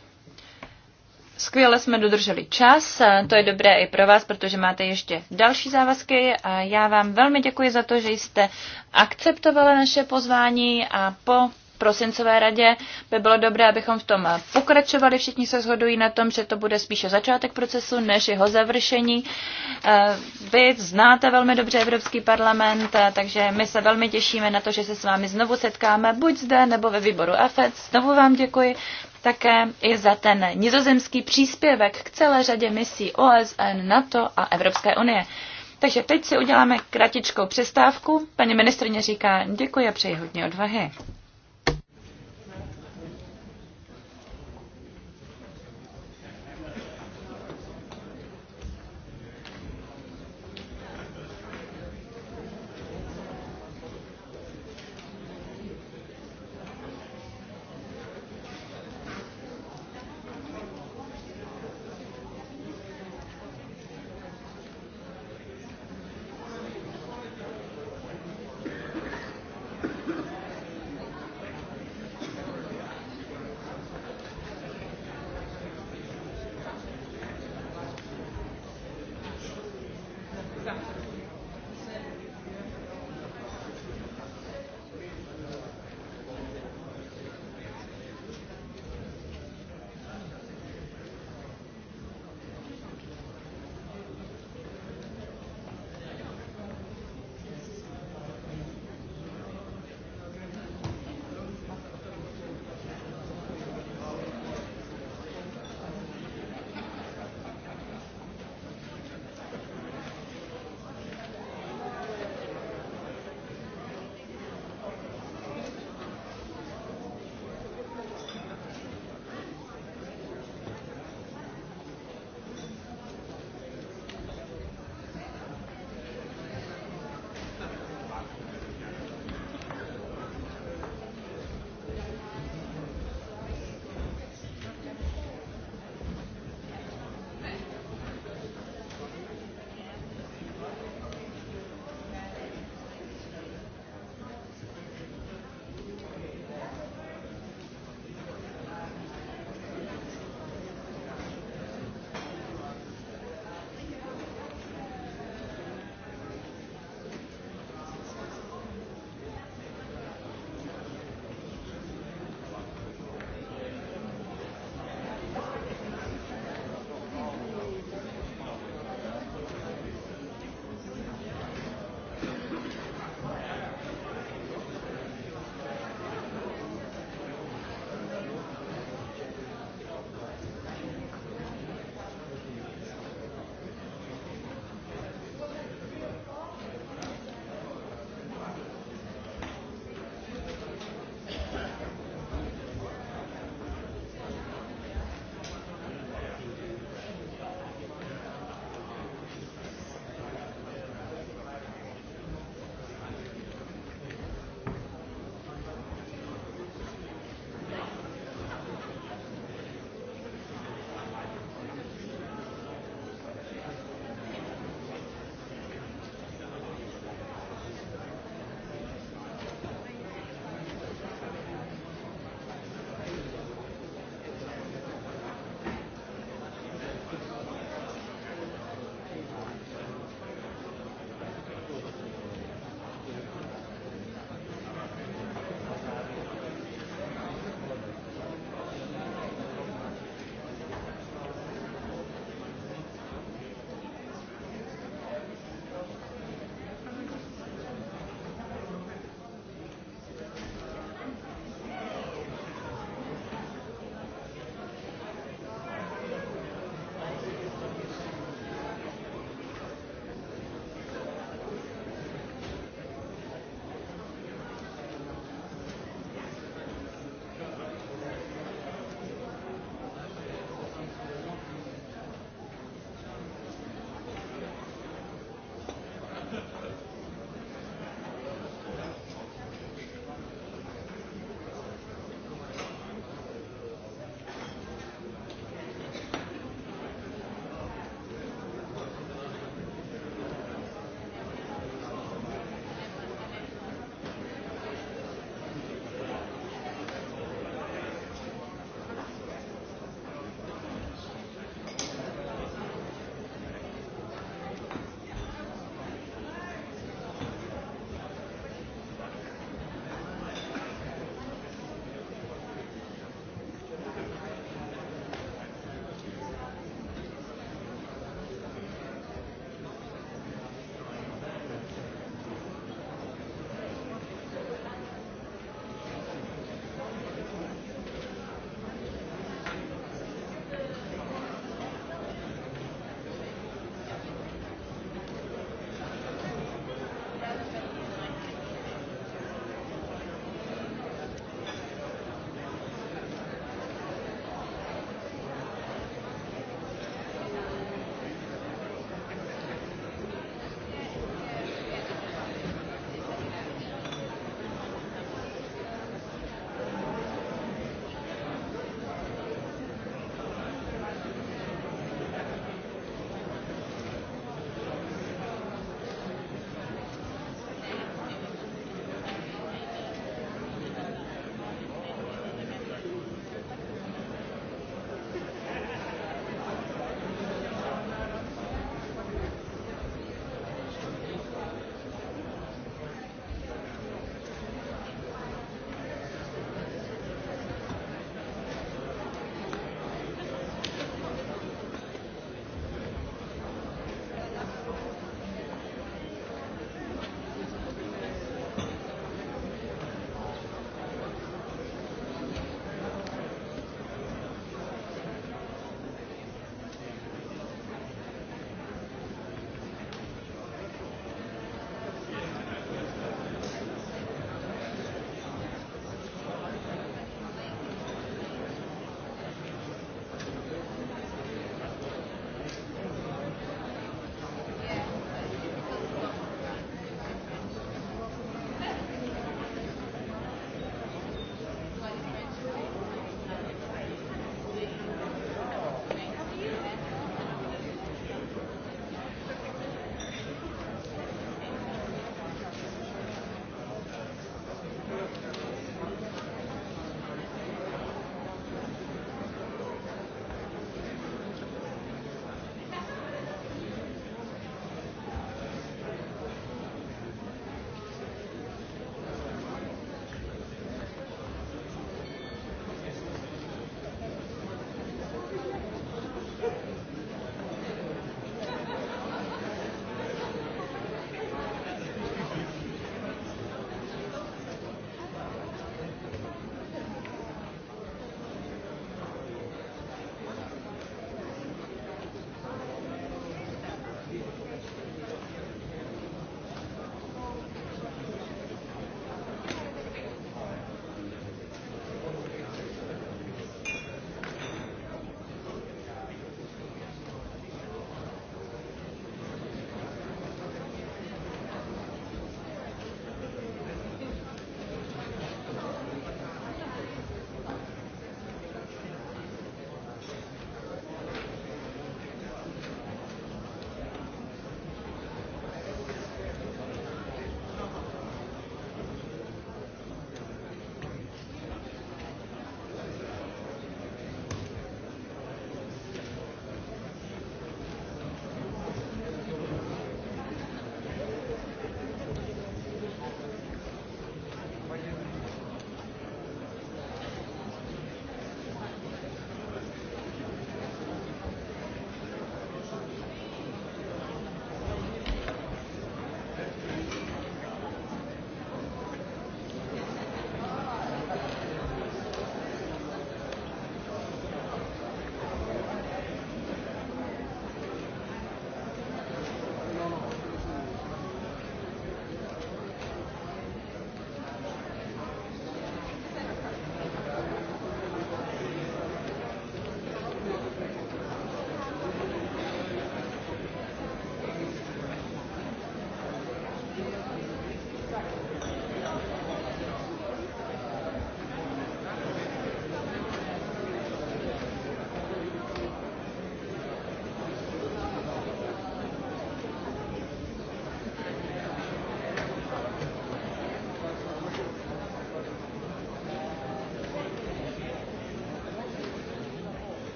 Skvěle jsme dodrželi čas, eh, to je dobré i pro vás, protože máte ještě další závazky a já vám velmi děkuji za to, že jste akceptovali naše pozvání a po prosincové radě by bylo dobré, abychom v tom eh, pokračovali. Všichni se shodují na tom, že to bude spíše začátek procesu než jeho završení. Eh, vy znáte velmi dobře Evropský parlament, takže my se velmi těšíme na to, že se s vámi znovu setkáme, buď zde nebo ve výboru AFED. Znovu vám děkuji také i za ten nizozemský příspěvek k celé řadě misí OSN, NATO a Evropské unie. Takže teď si uděláme kratičkou přestávku. Paní ministrině říká děkuji a přeji hodně odvahy.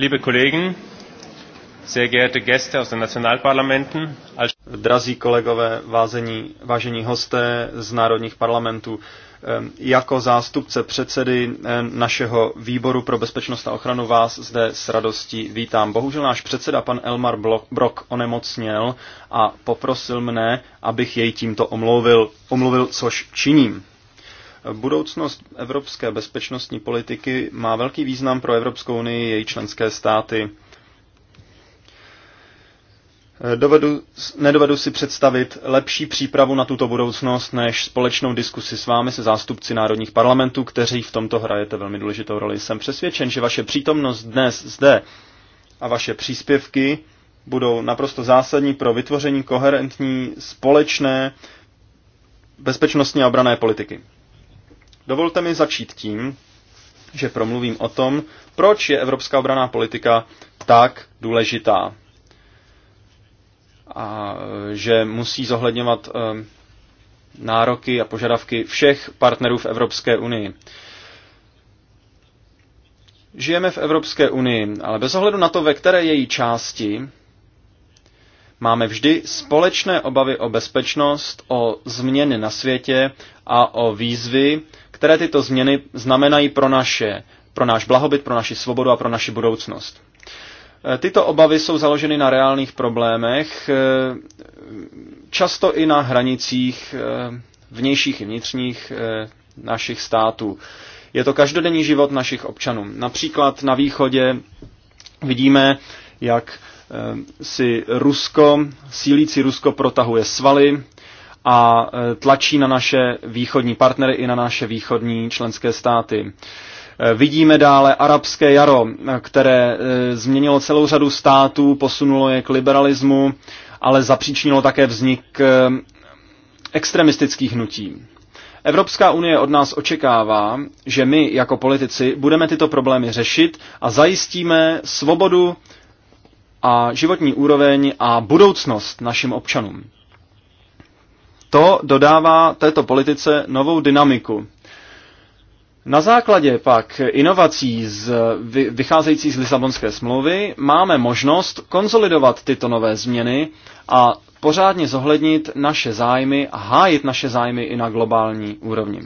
liebe Kollegen, sehr geehrte Gäste aus den Nationalparlamenten, als Drazí kolegové, vázení, vážení hosté z národních parlamentů, ehm, jako zástupce předsedy ehm, našeho výboru pro bezpečnost a ochranu vás zde s radostí vítám. Bohužel náš předseda, pan Elmar Brok, onemocněl a poprosil mne, abych jej tímto omluvil, omluvil což činím. Budoucnost evropské bezpečnostní politiky má velký význam pro Evropskou unii její členské státy. Dovedu, nedovedu si představit lepší přípravu na tuto budoucnost než společnou diskusi s vámi se zástupci národních parlamentů, kteří v tomto hrajete velmi důležitou roli. Jsem přesvědčen, že vaše přítomnost dnes zde a vaše příspěvky budou naprosto zásadní pro vytvoření koherentní společné bezpečnostní a obrané politiky. Dovolte mi začít tím, že promluvím o tom, proč je evropská obraná politika tak důležitá. A že musí zohledňovat eh, nároky a požadavky všech partnerů v Evropské unii. Žijeme v Evropské unii, ale bez ohledu na to, ve které její části, máme vždy společné obavy o bezpečnost, o změny na světě a o výzvy, které tyto změny znamenají pro, naše, pro náš blahobyt, pro naši svobodu a pro naši budoucnost. E, tyto obavy jsou založeny na reálných problémech, e, často i na hranicích e, vnějších i vnitřních našich států. Je to každodenní život našich občanů. Například na východě vidíme, jak si Rusko, sílící Rusko protahuje svaly, a e, tlačí na naše východní partnery i na naše východní členské státy. E, vidíme dále arabské jaro, které e, změnilo celou řadu států, posunulo je k liberalismu, ale zapříčinilo také vznik extremistických hnutí. Evropská unie od nás očekává, že my jako politici budeme tyto problémy řešit a zajistíme svobodu a životní úroveň a budoucnost našim občanům. To dodává této politice novou dynamiku. Na základě pak inovací z, vycházející z Lisabonské smlouvy máme možnost konsolidovat tyto nové změny a pořádně zohlednit naše zájmy a hájit naše zájmy i na globální úrovni.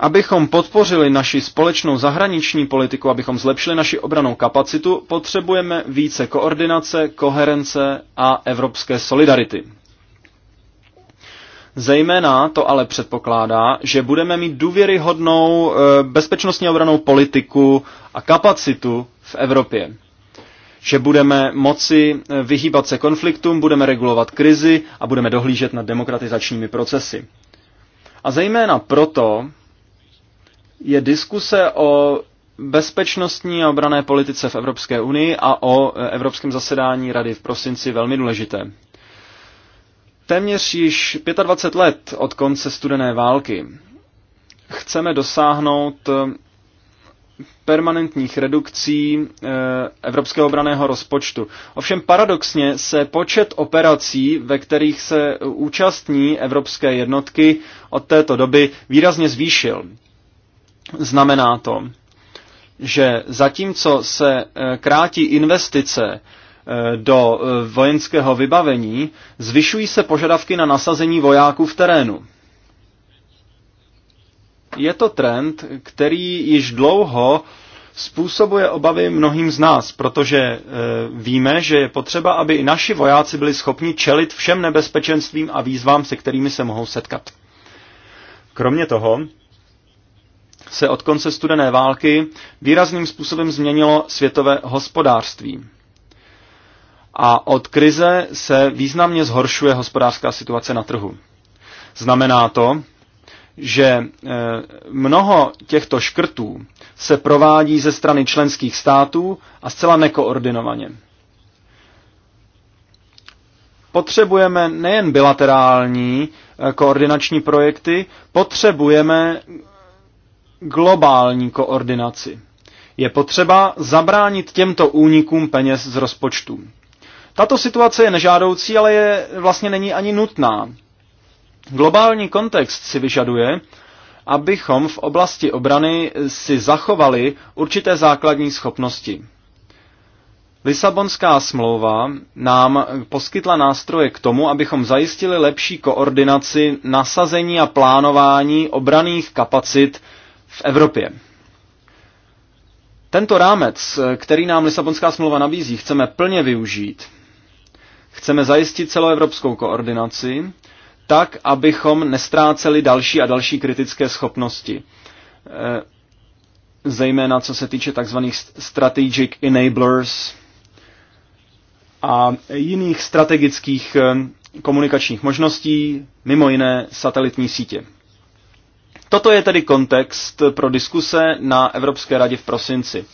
Abychom podpořili naši společnou zahraniční politiku, abychom zlepšili naši obranou kapacitu, potřebujeme více koordinace, koherence a evropské solidarity. Zejména to ale předpokládá, že budeme mít důvěryhodnou eh, bezpečnostně obranou politiku a kapacitu v Evropě. Že budeme moci eh, vyhýbat se konfliktům, budeme regulovat krizi a budeme dohlížet nad demokratizačními procesy. A zejména proto je diskuse o bezpečnostní a obrané politice v Evropské unii a o eh, evropském zasedání Rady v prosinci velmi důležité. Téměř již 25 let od konce studené války chceme dosáhnout eh, permanentních redukcí eh, evropského obraného rozpočtu. Ovšem paradoxně se počet operací, ve kterých se účastní evropské jednotky od této doby výrazně zvýšil. Znamená to, že zatímco se eh, krátí investice Eh, do eh, vojenského vybavení, zvyšují se požadavky na nasazení vojáků v terénu. Je to trend, který již dlouho způsobuje obavy mnohým z nás, protože e, víme, že je potřeba, aby i naši vojáci byli schopni čelit všem nebezpečenstvím a výzvám, se kterými se mohou setkat. Kromě toho se od konce studené války výrazným způsobem změnilo světové hospodářství a od krize se významně zhoršuje hospodářská situace na trhu. Znamená to, že e, mnoho těchto škrtů se provádí ze strany členských států a zcela nekoordinovaně. Potřebujeme nejen bilaterální e, koordinační projekty, potřebujeme globální koordinaci. Je potřeba zabránit těmto únikům peněz z rozpočtu. Tato situace je nežádoucí, ale je, vlastně není ani nutná. Globální kontext si vyžaduje, abychom v oblasti obrany si zachovali určité základní schopnosti. Lisabonská smlouva nám poskytla nástroje k tomu, abychom zajistili lepší koordinaci nasazení a plánování obraných kapacit v Evropě. Tento rámec, který nám Lisabonská smlouva nabízí, chceme plně využít Chceme zajistit celoevropskou koordinaci, tak, abychom nestráceli další a další kritické schopnosti. Eh, zejména co se týče tzv. strategic enablers a jiných strategických eh, komunikačních možností, mimo jiné satelitní sítě. Toto je tedy kontext pro diskuse na Evropské radě v prosinci.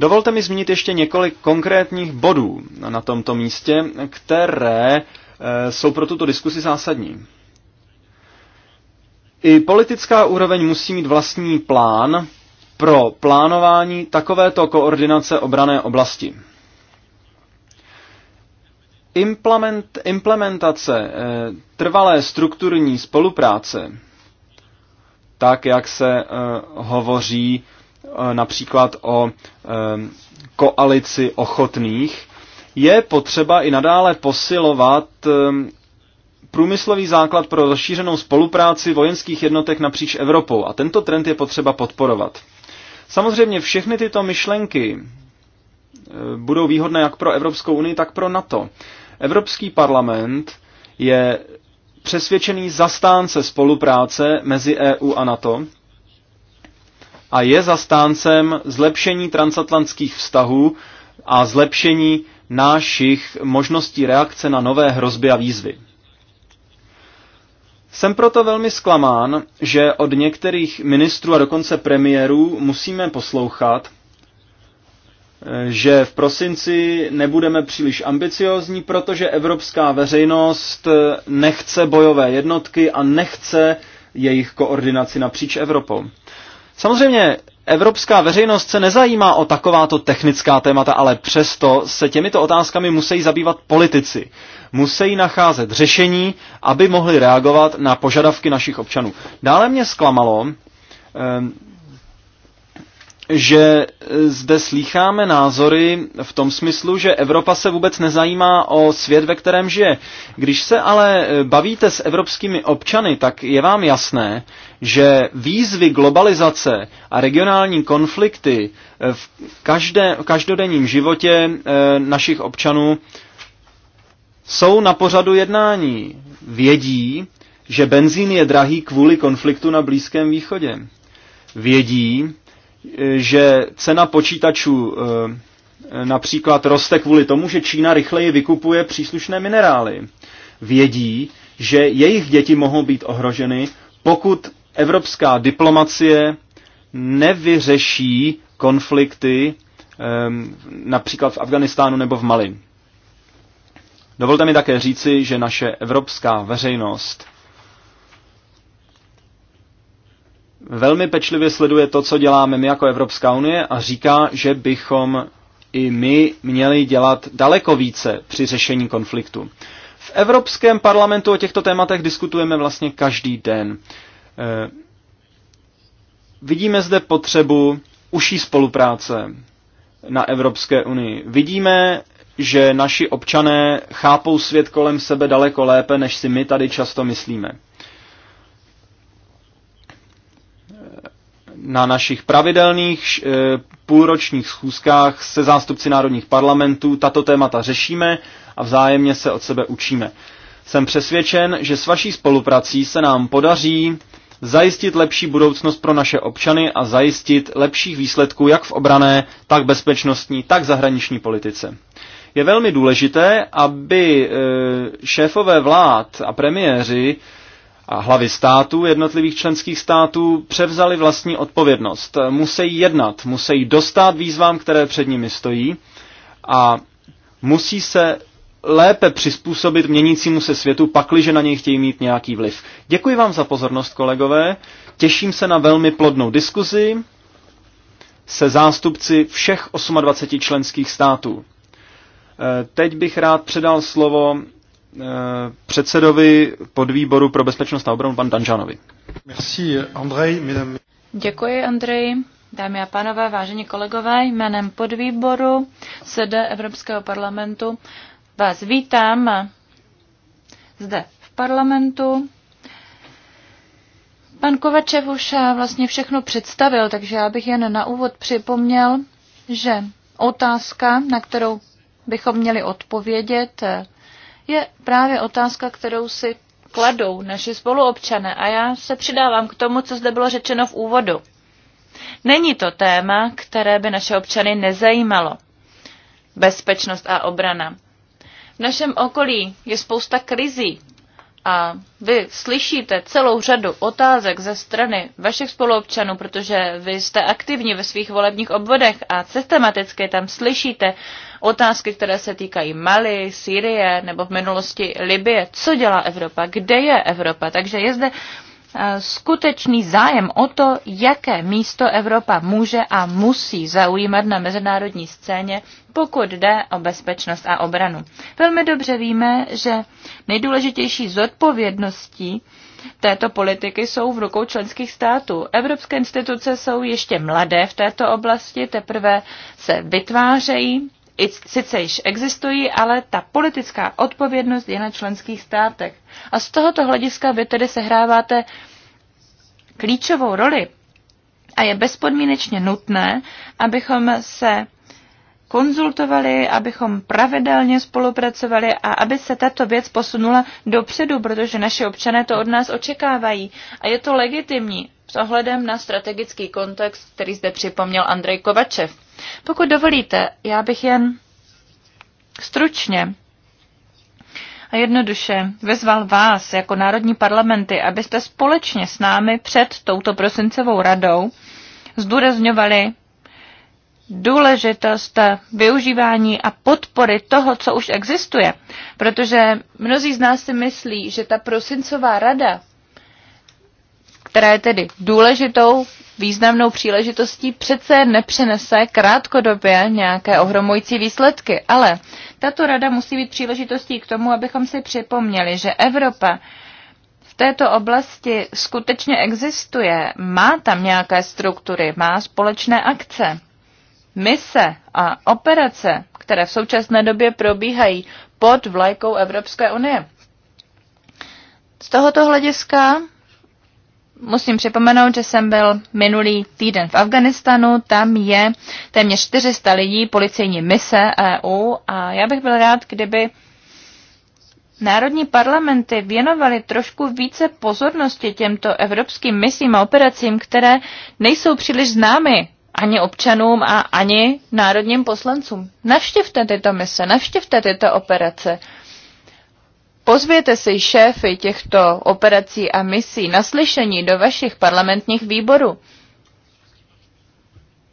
Dovolte mi zmínit ještě několik konkrétních bodů na tomto místě, které eh, jsou pro tuto diskusi zásadní. I politická úroveň musí mít vlastní plán pro plánování takovéto koordinace obrané oblasti. Implement, implementace eh, trvalé strukturní spolupráce, tak jak se eh, hovoří E, například o e, koalici ochotných, je potřeba i nadále posilovat e, průmyslový základ pro rozšířenou spolupráci vojenských jednotek napříč Evropou a tento trend je potřeba podporovat. Samozřejmě všechny tyto myšlenky budou výhodné jak pro Evropskou unii, tak pro NATO. Evropský parlament je přesvědčený zastánce spolupráce mezi EU a NATO a je zastáncem zlepšení transatlantských vztahů a zlepšení našich možností reakce na nové hrozby a výzvy. Jsem proto velmi zklamán, že od některých ministrů a dokonce premiérů musíme poslouchat, že v prosinci nebudeme příliš ambiciozní, protože evropská veřejnost nechce bojové jednotky a nechce jejich koordinaci napříč Evropou. Samozřejmě evropská veřejnost se nezajímá o takováto technická témata, ale přesto se těmito otázkami musí zabývat politici. Musí nacházet řešení, aby mohli reagovat na požadavky našich občanů. Dále mě zklamalo, ehm, že zde slýcháme názory v tom smyslu, že Evropa se vůbec nezajímá o svět, ve kterém žije. Když se ale bavíte s evropskými občany, tak je vám jasné, že výzvy globalizace a regionální konflikty v každé, v každodenním životě eh, našich občanů jsou na pořadu jednání. Vědí, že benzín je drahý kvůli konfliktu na Blízkém východě. Vědí, že cena počítačů eh, například roste kvůli tomu, že Čína rychleji vykupuje příslušné minerály. Vědí, že jejich děti mohou být ohroženy, pokud evropská diplomacie nevyřeší konflikty ehm, například v Afganistánu nebo v Mali. Dovolte mi také říci, že naše evropská veřejnost velmi pečlivě sleduje to, co děláme my jako Evropská unie a říká, že bychom i my měli dělat daleko více při řešení konfliktu. V Evropském parlamentu o těchto tématech diskutujeme vlastně každý den. E, vidíme zde potřebu uší spolupráce na Evropské unii. Vidíme, že naši občané chápou svět kolem sebe daleko lépe, než si my tady často myslíme. na našich pravidelných eh, půlročních schůzkách se zástupci národních parlamentů tato témata řešíme a vzájemně se od sebe učíme. Jsem přesvědčen, že s vaší spoluprací se nám podaří zajistit lepší budoucnost pro naše občany a zajistit lepších výsledků jak v obrané, tak bezpečnostní, tak zahraniční politice. Je velmi důležité, aby eh, šéfové vlád a premiéři a hlavy států jednotlivých členských států převzali vlastní odpovědnost. Musí jednat, musí dostat výzvám, které před nimi stojí a musí se lépe přizpůsobit měnícímu se světu, pakliže na něj chtějí mít nějaký vliv. Děkuji vám za pozornost, kolegové. Těším se na velmi plodnou diskuzi se zástupci všech 28 členských států. E, teď bych rád předal slovo Eh, předsedovi podvýboru pro bezpečnost a obranu pan Danžanovi. Merci, Andrej, mesdames. Děkuji, Andrej. Dámy a pánové, vážení kolegové, jménem podvýboru sede Evropského parlamentu vás vítám zde v parlamentu. Pan Kovačev už eh, vlastně všechno představil, takže já bych jen na úvod připomněl, že otázka, na kterou bychom měli odpovědět, eh, je právě otázka, kterou si kladou naši spoluobčané. A já se přidávám k tomu, co zde bylo řečeno v úvodu. Není to téma, které by naše občany nezajímalo. Bezpečnost a obrana. V našem okolí je spousta krizí, a vy slyšíte celou řadu otázek ze strany vašich spoluobčanů, protože vy jste aktivní ve svých volebních obvodech a systematicky tam slyšíte otázky, které se týkají Mali, Sýrie nebo v minulosti Libie. Co dělá Evropa? Kde je Evropa? Takže je zde Eh, skutečný zájem o to, jaké místo Evropa může a musí zaujímat na mezinárodní scéně, pokud jde o bezpečnost a obranu. Velmi dobře víme, že nejdůležitější zodpovědností této politiky jsou v rukou členských států. Evropské instituce jsou ještě mladé v této oblasti, teprve se vytvářejí sice již existují, ale ta politická odpovědnost je na členských státech. A z tohoto hlediska vy tedy sehráváte klíčovou roli a je bezpodmínečně nutné, abychom se konzultovali, abychom pravidelně spolupracovali a aby se tato věc posunula dopředu, protože naše občané to od nás očekávají. A je to legitimní s ohledem na strategický kontext, který zde připomněl Andrej Kovačev. Pokud dovolíte, já bych jen stručně a jednoduše vezval vás jako národní parlamenty, abyste společně s námi před touto prosincovou radou zdůrazňovali důležitost využívání a podpory toho, co už existuje. Protože mnozí z nás si myslí, že ta prosincová rada která je tedy důležitou významnou příležitostí, přece nepřinese krátkodobě nějaké ohromující výsledky. Ale tato rada musí být příležitostí k tomu, abychom si připomněli, že Evropa v této oblasti skutečně existuje, má tam nějaké struktury, má společné akce, mise a operace, které v současné době probíhají pod vlajkou Evropské unie. Z tohoto hlediska musím připomenout, že jsem byl minulý týden v Afganistanu, tam je téměř 400 lidí policejní mise EU a já bych byl rád, kdyby národní parlamenty věnovaly trošku více pozornosti těmto evropským misím a operacím, které nejsou příliš známy ani občanům a ani národním poslancům. Navštivte tyto mise, navštivte tyto operace. Pozvěte si šéfy těchto operací a misí na slyšení do vašich parlamentních výborů.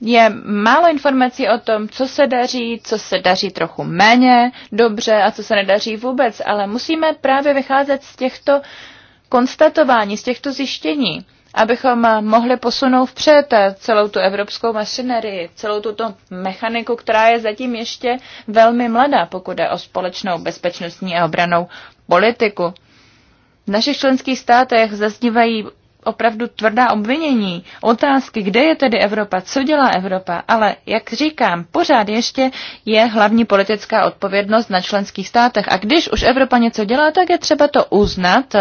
Je málo informací o tom, co se daří, co se daří trochu méně dobře a co se nedaří vůbec, ale musíme právě vycházet z těchto konstatování, z těchto zjištění, abychom mohli posunout vpřed celou tu evropskou mašinerii, celou tuto mechaniku, která je zatím ještě velmi mladá, pokud je o společnou bezpečnostní a obranou politiku. V našich členských státech zaznívají opravdu tvrdá obvinění, otázky, kde je tedy Evropa, co dělá Evropa, ale jak říkám, pořád ještě je hlavní politická odpovědnost na členských státech a když už Evropa něco dělá, tak je třeba to uznat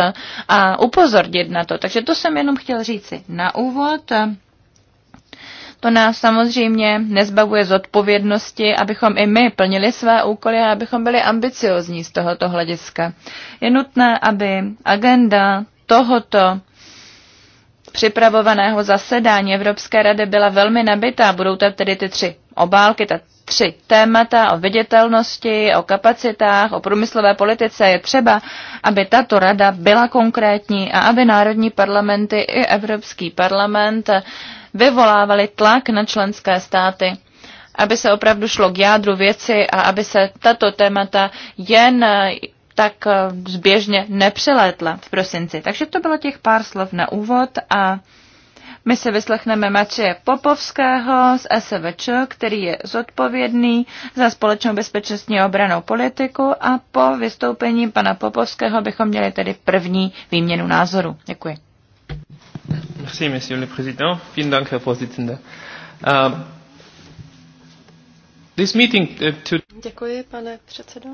a upozornit na to. Takže to jsem jenom chtěl říci na úvod. To nás samozřejmě nezbavuje z odpovědnosti, abychom i my plnili své úkoly a abychom byli ambiciozní z tohoto hlediska. Je nutné, aby agenda tohoto připravovaného zasedání Evropské rady byla velmi nabitá. Budou tam tedy ty tři obálky, ta tři témata o viditelnosti, o kapacitách, o průmyslové politice. Je třeba, aby tato rada byla konkrétní a aby národní parlamenty i Evropský parlament vyvolávaly tlak na členské státy, aby se opravdu šlo k jádru věci a aby se tato témata jen eh, tak eh, zběžně nepřelétla v prosinci. Takže to bylo těch pár slov na úvod a my se vyslechneme Mače Popovského z SVČ, který je zodpovědný za společnou bezpečnostní obranou politiku a po vystoupení pana Popovského bychom měli tedy první výměnu názoru. Děkuji. Merci, Monsieur le Président. Vielen Dank, Herr Vorsitzender. Um, this meeting uh, to... Děkuji, pane předsedo.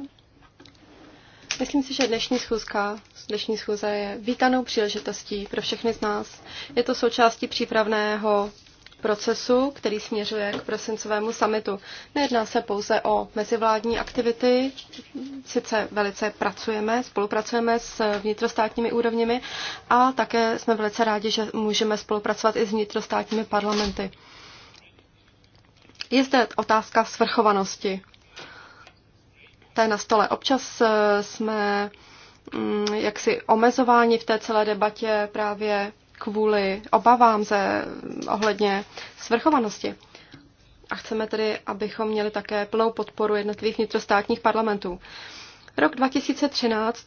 Myslím si, že dnešní schůzka, dnešní schůze je vítanou příležitostí pro všechny z nás. Je to součástí přípravného procesu, který směřuje k prosincovému samitu. Nejedná se pouze o mezivládní aktivity, sice velice pracujeme, spolupracujeme s vnitrostátními úrovněmi a také jsme velice rádi, že můžeme spolupracovat i s vnitrostátními parlamenty. Je zde otázka svrchovanosti. To je na stole. Občas eh, jsme mm, jaksi omezováni v té celé debatě právě kvůli obavám ze ohledně svrchovanosti. A chceme tedy, abychom měli také plnou podporu jednotlivých vnitrostátních parlamentů. Rok 2013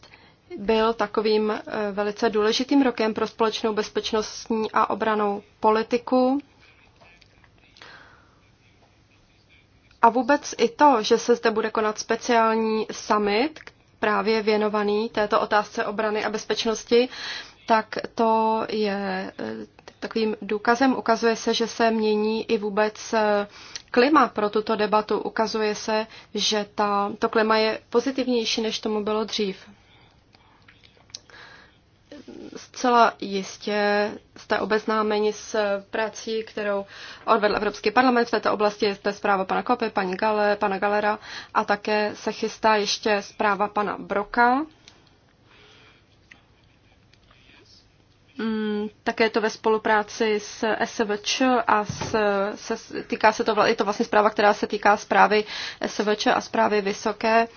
byl takovým eh, velice důležitým rokem pro společnou bezpečnostní a obranou politiku. A vůbec i to, že se zde bude konat speciální summit právě věnovaný této otázce obrany a bezpečnosti, tak to je eh, takovým důkazem. Ukazuje se, že se mění i vůbec eh, klima pro tuto debatu. Ukazuje se, že ta, to klima je pozitivnější, než tomu bylo dřív. Zcela jistě jste obeznámeni s eh, prací, kterou odvedl Evropský parlament v této oblasti. Je zde zpráva pana Kopy, paní Gale, pana Galera a také se chystá ještě zpráva pana Broka Mm, také to ve spolupráci s SVČ a s, se, týká se to, je to vlastně zpráva, která se týká zprávy SVČ a zprávy Vysoké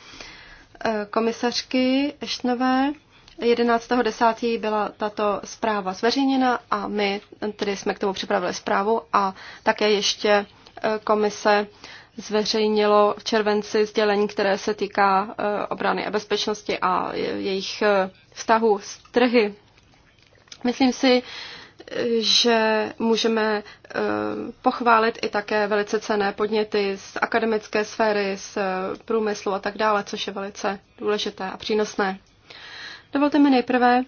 eh, komisařky Eštnové. 11.10. byla tato zpráva zveřejněna a my tedy jsme k tomu připravili zprávu a také ještě eh, komise zveřejnilo v červenci sdělení, které se týká eh, obrany a bezpečnosti a jejich vztahu s trhy Myslím si, že můžeme eh, pochválit i také velice cené podněty z akademické sféry, z eh, průmyslu a tak dále, což je velice důležité a přínosné. Dovolte mi nejprve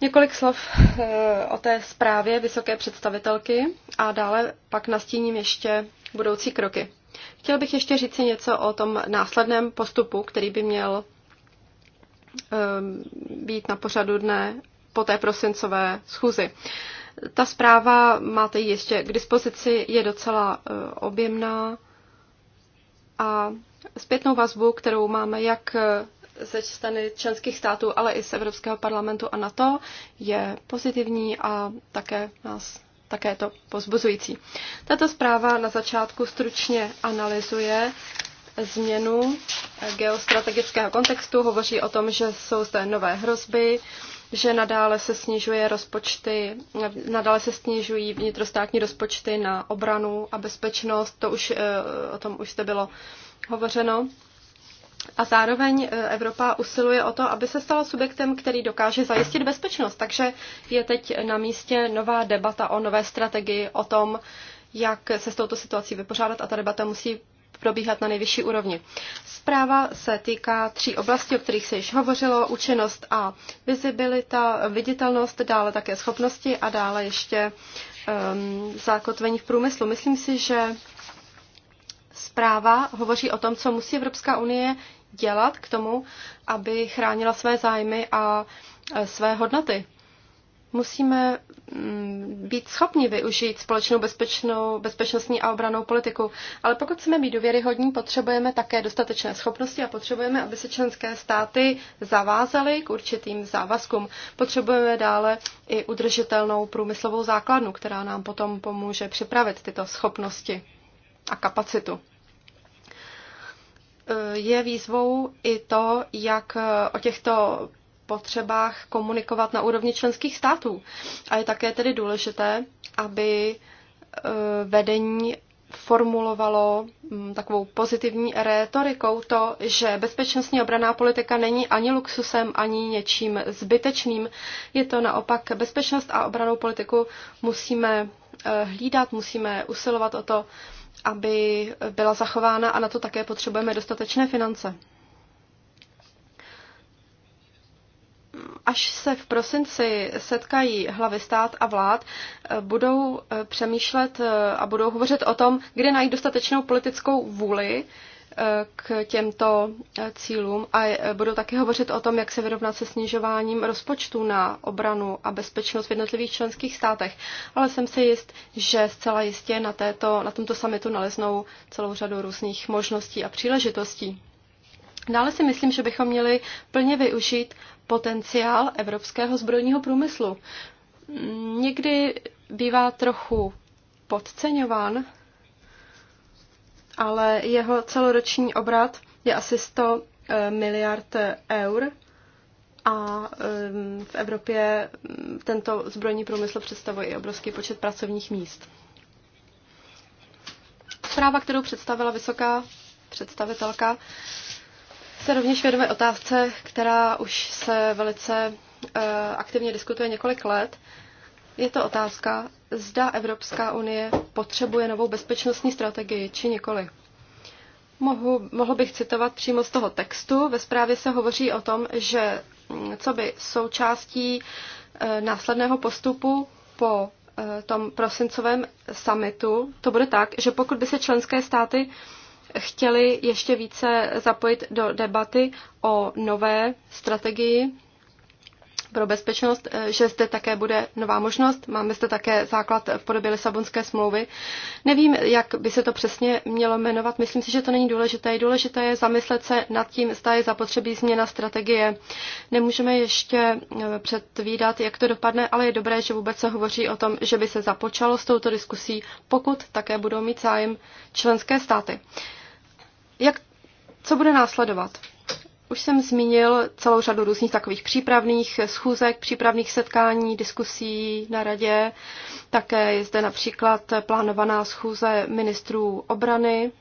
několik slov eh, o té zprávě vysoké představitelky a dále pak nastíním ještě budoucí kroky. Chtěl bych ještě říct si něco o tom následném postupu, který by měl být na pořadu dne po té prosincové schůzi. Ta zpráva máte ještě k dispozici, je docela e, objemná a zpětnou vazbu, kterou máme jak e, ze strany členských států, ale i z Evropského parlamentu a NATO, je pozitivní a také nás také to pozbuzující. Tato zpráva na začátku stručně analyzuje změnu geostrategického kontextu, hovoří o tom, že jsou zde nové hrozby, že nadále se snižuje rozpočty, nadále se snižují vnitrostátní rozpočty na obranu a bezpečnost, to už, eh, o tom už jste bylo hovořeno. A zároveň eh, Evropa usiluje o to, aby se stala subjektem, který dokáže zajistit bezpečnost. Takže je teď na místě nová debata o nové strategii, o tom, jak se s touto situací vypořádat a ta debata musí probíhat na nejvyšší úrovni. Zpráva se týká tří oblastí, o kterých se již hovořilo, účinnost a vizibilita, viditelnost, dále také schopnosti a dále ještě um, zakotvení v průmyslu. Myslím si, že zpráva hovoří o tom, co musí Evropská unie dělat k tomu, aby chránila své zájmy a e, své hodnoty musíme mm, být schopni využít společnou bezpečnou, bezpečnostní a obranou politiku. Ale pokud chceme být důvěryhodní, potřebujeme také dostatečné schopnosti a potřebujeme, aby se členské státy zavázaly k určitým závazkům. Potřebujeme dále i udržitelnou průmyslovou základnu, která nám potom pomůže připravit tyto schopnosti a kapacitu e, je výzvou i to, jak o těchto potřebách komunikovat na úrovni členských států. A je také tedy důležité, aby eh, vedení formulovalo hm, takovou pozitivní rétorikou to, že bezpečnostní obraná politika není ani luxusem, ani něčím zbytečným. Je to naopak bezpečnost a obranou politiku musíme eh, hlídat, musíme usilovat o to, aby byla zachována a na to také potřebujeme dostatečné finance. až se v prosinci setkají hlavy stát a vlád, eh, budou eh, přemýšlet eh, a budou hovořit o tom, kde najít dostatečnou politickou vůli k těmto cílům a budou taky hovořit o tom, jak se vyrovnat se snižováním rozpočtu na obranu a bezpečnost v jednotlivých členských státech. Ale jsem si jist, že zcela jistě na, této, na tomto samitu naleznou celou řadu různých možností a příležitostí. Dále si myslím, že bychom měli plně využít potenciál evropského zbrojního průmyslu. Někdy bývá trochu podceňován, ale jeho celoroční obrat je asi 100 eh, miliard eur a ehm, v Evropě mm, tento zbrojní průmysl představuje i obrovský počet pracovních míst. Zpráva, kterou představila vysoká představitelka, se rovněž věnuje otázce, která už se velice eh, aktivně diskutuje několik let. Je to otázka, zda Evropská unie potřebuje novou bezpečnostní strategii, či nikoli. Mohu, mohl bych citovat přímo z toho textu. Ve zprávě se hovoří o tom, že mm, co by součástí eh, následného postupu po eh, tom prosincovém summitu, to bude tak, že pokud by se členské státy chtěli ještě více zapojit do debaty o nové strategii pro bezpečnost, eh, že zde také bude nová možnost. Máme zde také základ v podobě Lisabonské smlouvy. Nevím, jak by se to přesně mělo jmenovat. Myslím si, že to není důležité. Důležité je zamyslet se nad tím, zda je zapotřebí změna strategie. Nemůžeme ještě eh, předvídat, jak to dopadne, ale je dobré, že vůbec se hovoří o tom, že by se započalo s touto diskusí, pokud také budou mít zájem členské státy. Jak, co bude následovat? Už jsem zmínil celou řadu různých takových přípravných schůzek, přípravných setkání, diskusí na radě. Také je zde například plánovaná schůze ministrů obrany,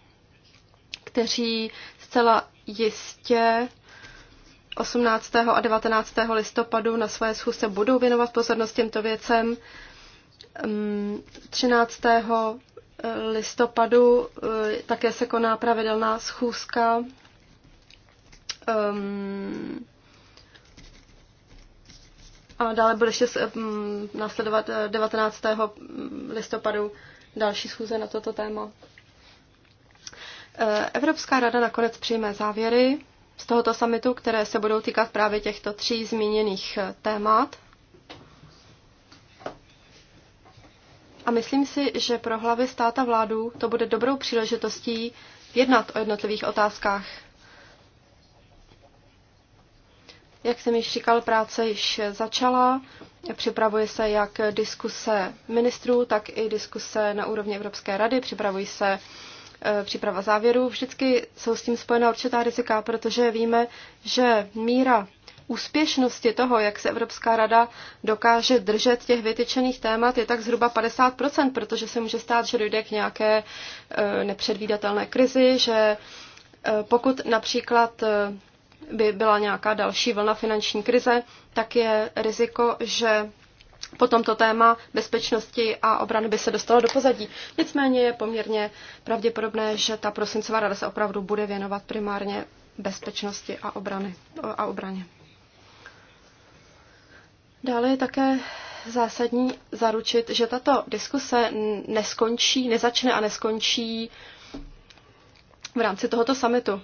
kteří zcela jistě 18. a 19. listopadu na své schůze budou věnovat pozornost těmto věcem. 13. Ehm, listopadu eh, také se koná pravidelná schůzka um, a dále bude ještě ehm, následovat 19. Eh, listopadu další schůze na toto téma. Eh, Evropská rada nakonec přijme závěry z tohoto samitu, které se budou týkat právě těchto tří zmíněných témat A myslím si, že pro hlavy státa vládu to bude dobrou příležitostí jednat o jednotlivých otázkách. Jak jsem již říkal, práce již začala. Připravuje se jak diskuse ministrů, tak i diskuse na úrovni Evropské rady. Připravují se eh, příprava závěrů. Vždycky jsou s tím spojená určitá rizika, protože víme, že míra úspěšnosti toho, jak se Evropská rada dokáže držet těch vytyčených témat, je tak zhruba 50%, protože se může stát, že dojde k nějaké e, nepředvídatelné krizi, že e, pokud například e, by byla nějaká další vlna finanční krize, tak je riziko, že potom to téma bezpečnosti a obrany by se dostalo do pozadí. Nicméně je poměrně pravděpodobné, že ta prosincová rada se opravdu bude věnovat primárně bezpečnosti a obrany. A obraně. Dále je také zásadní zaručit, že tato diskuse neskončí, nezačne a neskončí v rámci tohoto samitu.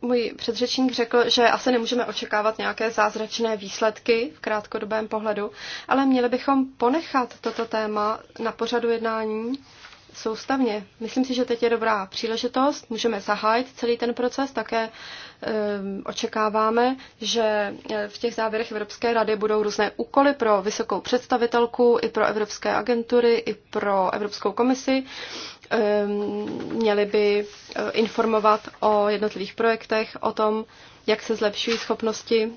Můj předřečník řekl, že asi nemůžeme očekávat nějaké zázračné výsledky v krátkodobém pohledu, ale měli bychom ponechat toto téma na pořadu jednání soustavně. Myslím si, že teď je dobrá příležitost, můžeme zahájit celý ten proces, také eh, očekáváme, že eh, v těch závěrech Evropské rady budou různé úkoly pro vysokou představitelku, i pro evropské agentury, i pro Evropskou komisi. Ehm, měli by eh, informovat o jednotlivých projektech, o tom, jak se zlepšují schopnosti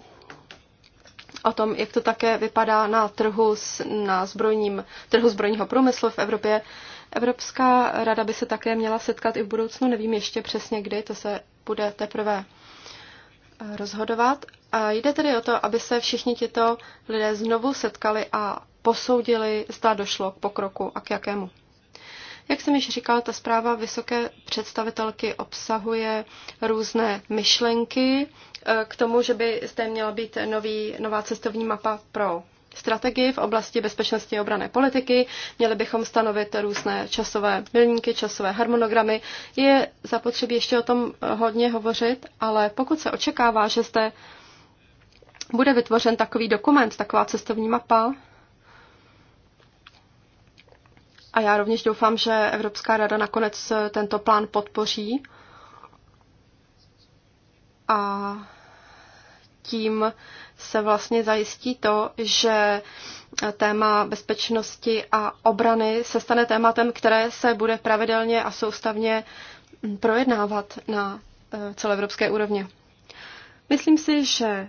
o tom, jak to také vypadá na trhu, s, na zbrojním, trhu zbrojního průmyslu v Evropě, Evropská rada by se také měla setkat i v budoucnu, nevím ještě přesně kdy, to se bude teprve eh, rozhodovat. A jde tedy o to, aby se všichni tito lidé znovu setkali a posoudili, zda došlo k pokroku a k jakému. Jak jsem již říkal, ta zpráva vysoké představitelky obsahuje různé myšlenky eh, k tomu, že by zde měla být nový, nová cestovní mapa pro strategii v oblasti bezpečnosti a obrané politiky, měli bychom stanovit různé časové milníky, časové harmonogramy. Je zapotřebí ještě o tom hodně hovořit, ale pokud se očekává, že zde bude vytvořen takový dokument, taková cestovní mapa, a já rovněž doufám, že Evropská rada nakonec tento plán podpoří a tím se vlastně zajistí to, že téma bezpečnosti a obrany se stane tématem, které se bude pravidelně a soustavně projednávat na eh, celoevropské úrovni. Myslím si, že eh,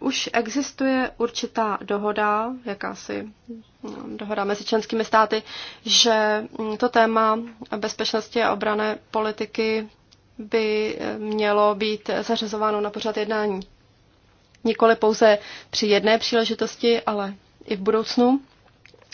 už existuje určitá dohoda, jakási hm, dohoda mezi členskými státy, že hm, to téma bezpečnosti a obrané politiky by eh, mělo být zařazováno na pořad jednání nikoli pouze při jedné příležitosti, ale i v budoucnu.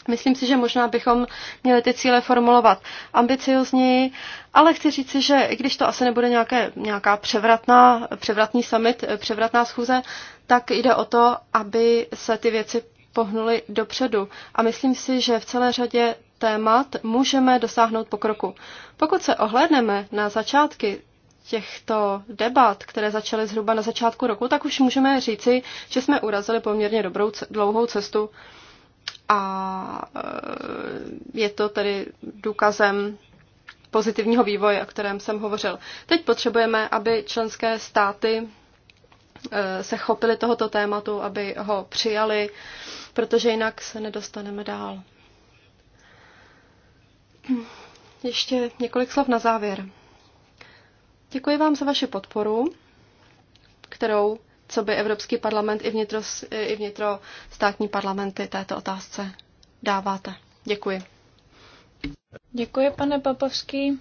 Myslím si, že možná bychom měli ty cíle formulovat ambiciozněji, ale chci říci, že i když to asi nebude nějaké, nějaká převratná, převratný summit, převratná schůze, tak jde o to, aby se ty věci pohnuly dopředu. A myslím si, že v celé řadě témat můžeme dosáhnout pokroku. Pokud se ohlédneme na začátky těchto debat, které začaly zhruba na začátku roku, tak už můžeme říci, že jsme urazili poměrně dobrou, dlouhou cestu a e, je to tedy důkazem pozitivního vývoje, o kterém jsem hovořil. Teď potřebujeme, aby členské státy e, se chopily tohoto tématu, aby ho přijali, protože jinak se nedostaneme dál. Ještě několik slov na závěr. Děkuji vám za vaši podporu, kterou co by Evropský parlament i, vnitro, i vnitrostátní parlamenty této otázce dáváte. Děkuji. Děkuji, pane Papovský.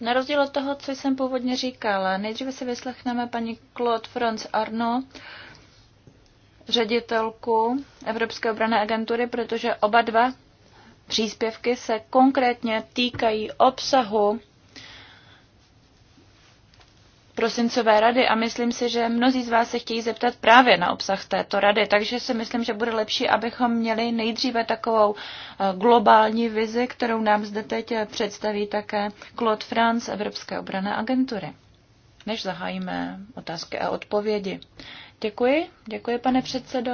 Na rozdíl od toho, co jsem původně říkala, nejdříve si vyslechneme paní Claude Franz Arno, ředitelku Evropské obrané agentury, protože oba dva příspěvky se konkrétně týkají obsahu prosincové rady a myslím si, že mnozí z vás se chtějí zeptat právě na obsah této rady, takže si myslím, že bude lepší, abychom měli nejdříve takovou eh, globální vizi, kterou nám zde teď eh, představí také Claude France Evropské obrané agentury, než zahájíme otázky a odpovědi. Děkuji, děkuji pane předsedo.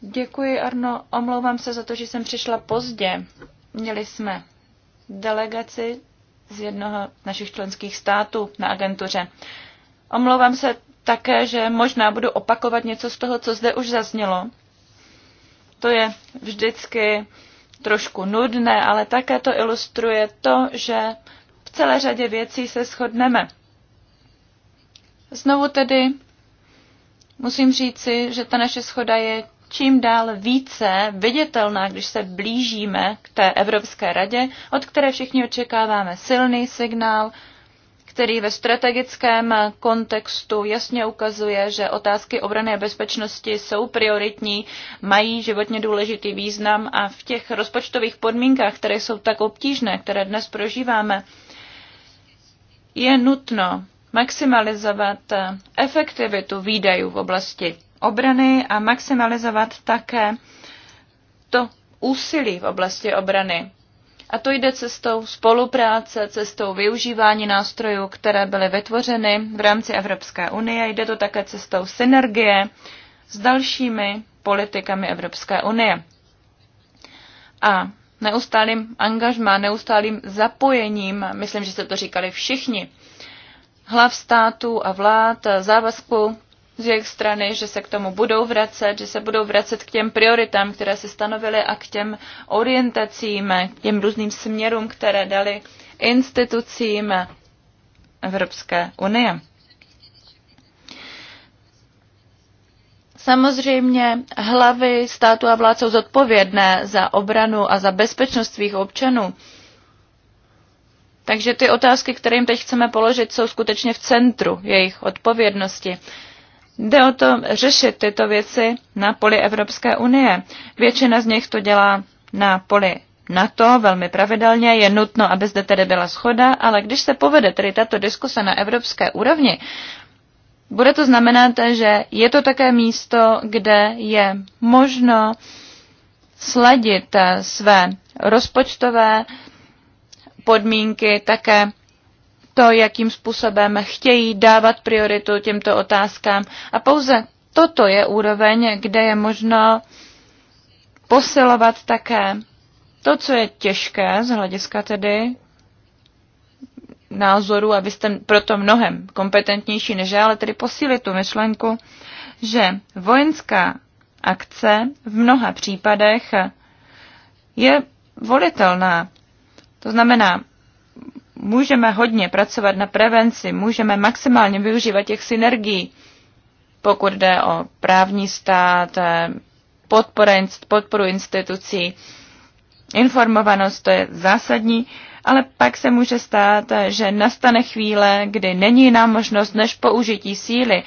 Děkuji, Arno. Omlouvám se za to, že jsem přišla pozdě. Měli jsme delegaci z jednoho z našich členských států na agentuře. Omlouvám se také, že možná budu opakovat něco z toho, co zde už zaznělo. To je vždycky trošku nudné, ale také to ilustruje to, že v celé řadě věcí se shodneme. Znovu tedy musím říci, že ta naše schoda je čím dál více viditelná, když se blížíme k té Evropské radě, od které všichni očekáváme silný signál, který ve strategickém kontextu jasně ukazuje, že otázky obrany a bezpečnosti jsou prioritní, mají životně důležitý význam a v těch rozpočtových podmínkách, které jsou tak obtížné, které dnes prožíváme, je nutno maximalizovat efektivitu výdajů v oblasti obrany a maximalizovat také to úsilí v oblasti obrany. A to jde cestou spolupráce, cestou využívání nástrojů, které byly vytvořeny v rámci Evropské unie. Jde to také cestou synergie s dalšími politikami Evropské unie. A neustálým angažmá, neustálým zapojením, myslím, že se to říkali všichni, hlav států a vlád, závazku z jejich strany, že se k tomu budou vracet, že se budou vracet k těm prioritám, které se stanovily a k těm orientacím, k těm různým směrům, které dali institucím Evropské unie. Samozřejmě hlavy státu a vlád jsou zodpovědné za obranu a za bezpečnost svých občanů. Takže ty otázky, které jim teď chceme položit, jsou skutečně v centru jejich odpovědnosti. Jde o to řešit tyto věci na poli Evropské unie. Většina z nich to dělá na poli NATO velmi pravidelně. Je nutno, aby zde tedy byla schoda, ale když se povede tedy tato diskuse na evropské úrovni, bude to znamenat, že je to také místo, kde je možno sladit své rozpočtové podmínky také to, jakým způsobem chtějí dávat prioritu těmto otázkám. A pouze toto je úroveň, kde je možno posilovat také to, co je těžké z hlediska tedy názoru, a vy jste proto mnohem kompetentnější než já, ale tedy posílit tu myšlenku, že vojenská akce v mnoha případech je volitelná. To znamená, můžeme hodně pracovat na prevenci, můžeme maximálně využívat těch synergií, pokud jde o právní stát, eh, podporu institucí, informovanost, to je zásadní, ale pak se může stát, eh, že nastane chvíle, kdy není jiná možnost než použití síly,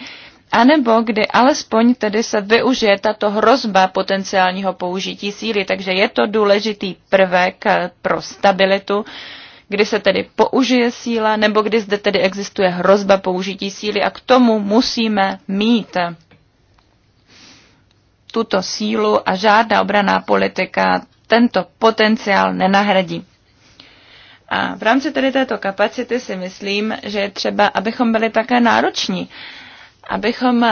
anebo kdy alespoň tedy se využije tato hrozba potenciálního použití síly. Takže je to důležitý prvek eh, pro stabilitu kdy se tedy použije síla, nebo kdy zde tedy existuje hrozba použití síly a k tomu musíme mít tuto sílu a žádná obraná politika tento potenciál nenahradí. A v rámci tedy této kapacity si myslím, že je třeba, abychom byli také nároční, abychom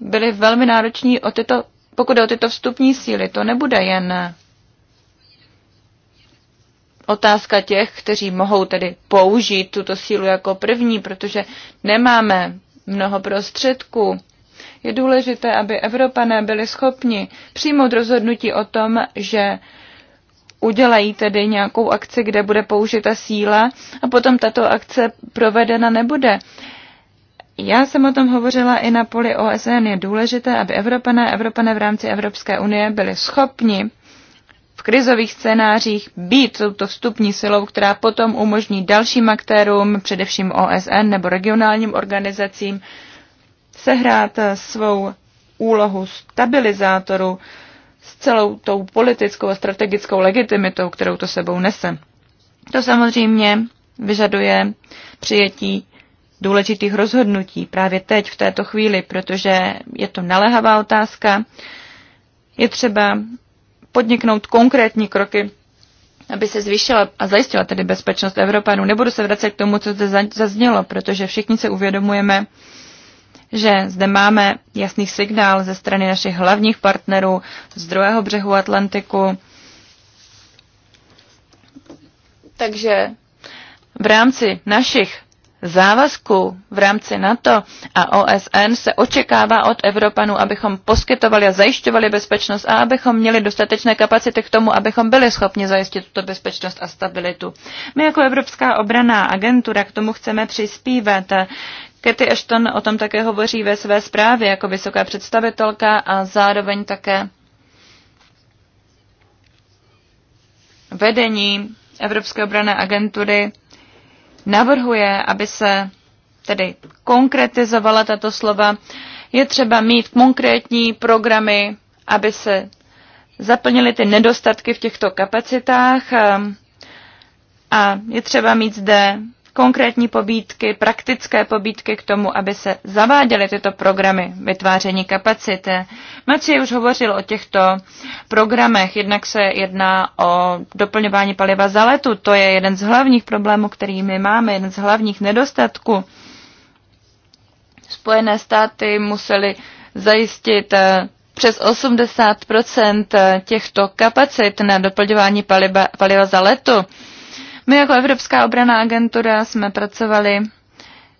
byli velmi nároční o tyto, pokud je o tyto vstupní síly. To nebude jen otázka těch, kteří mohou tedy použít tuto sílu jako první, protože nemáme mnoho prostředků. Je důležité, aby Evropané byli schopni přijmout rozhodnutí o tom, že udělají tedy nějakou akci, kde bude použita síla a potom tato akce provedena nebude. Já jsem o tom hovořila i na poli OSN. Je důležité, aby Evropané, Evropané v rámci Evropské unie byli schopni krizových scénářích být touto vstupní silou, která potom umožní dalším aktérům, především OSN nebo regionálním organizacím, sehrát eh, svou úlohu stabilizátoru s celou tou politickou a strategickou legitimitou, kterou to sebou nese. To samozřejmě vyžaduje přijetí důležitých rozhodnutí právě teď, v této chvíli, protože je to naléhavá otázka. Je třeba podniknout konkrétní kroky, aby se zvýšila a zajistila tedy bezpečnost Evropanů. Nebudu se vracet k tomu, co zde zaznělo, protože všichni se uvědomujeme, že zde máme jasný signál ze strany našich hlavních partnerů z druhého břehu Atlantiku. Takže v rámci našich Závazku v rámci NATO a OSN se očekává od Evropanů, abychom poskytovali a zajišťovali bezpečnost a abychom měli dostatečné kapacity k tomu, abychom byli schopni zajistit tuto bezpečnost a stabilitu. My jako Evropská obraná agentura k tomu chceme přispívat. Kety Ashton o tom také hovoří ve své zprávě jako vysoká představitelka a zároveň také vedení Evropské obrané agentury navrhuje, aby se tedy konkretizovala tato slova. Je třeba mít konkrétní programy, aby se zaplnily ty nedostatky v těchto kapacitách a je třeba mít zde konkrétní pobídky, praktické pobídky k tomu, aby se zaváděly tyto programy vytváření kapacity. Matěj už hovořil o těchto programech, jednak se jedná o doplňování paliva za letu, to je jeden z hlavních problémů, který my máme, jeden z hlavních nedostatků. Spojené státy museli zajistit eh, přes 80 eh, těchto kapacit na doplňování paliva, paliva za letu. My jako Evropská obraná agentura jsme pracovali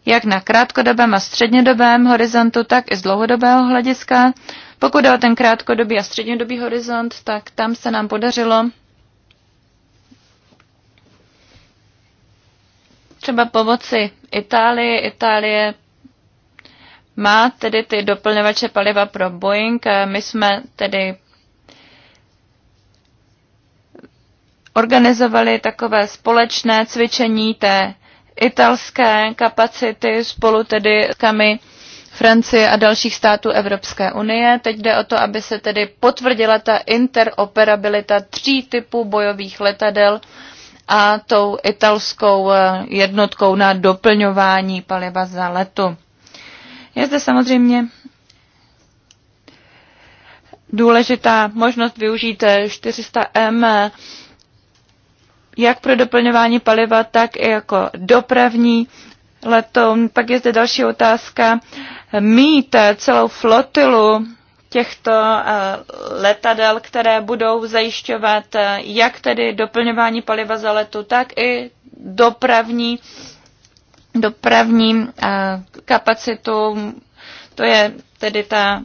jak na krátkodobém a střednědobém horizontu, tak i z dlouhodobého hlediska. Pokud jde o ten krátkodobý a střednědobý horizont, tak tam se nám podařilo třeba pomoci Itálii. Itálie má tedy ty doplňovače paliva pro Boeing. My jsme tedy organizovali takové společné cvičení té italské kapacity spolu tedy s kami Francie a dalších států Evropské unie. Teď jde o to, aby se tedy potvrdila ta interoperabilita tří typů bojových letadel a tou italskou eh, jednotkou na doplňování paliva za letu. Je zde samozřejmě důležitá možnost využít 400M eh, jak pro doplňování paliva, tak i jako dopravní letoun. Pak je zde další otázka. Mít celou flotilu těchto eh, letadel, které budou zajišťovat eh, jak tedy doplňování paliva za letu, tak i dopravní, dopravní eh, kapacitu. To je tedy ta,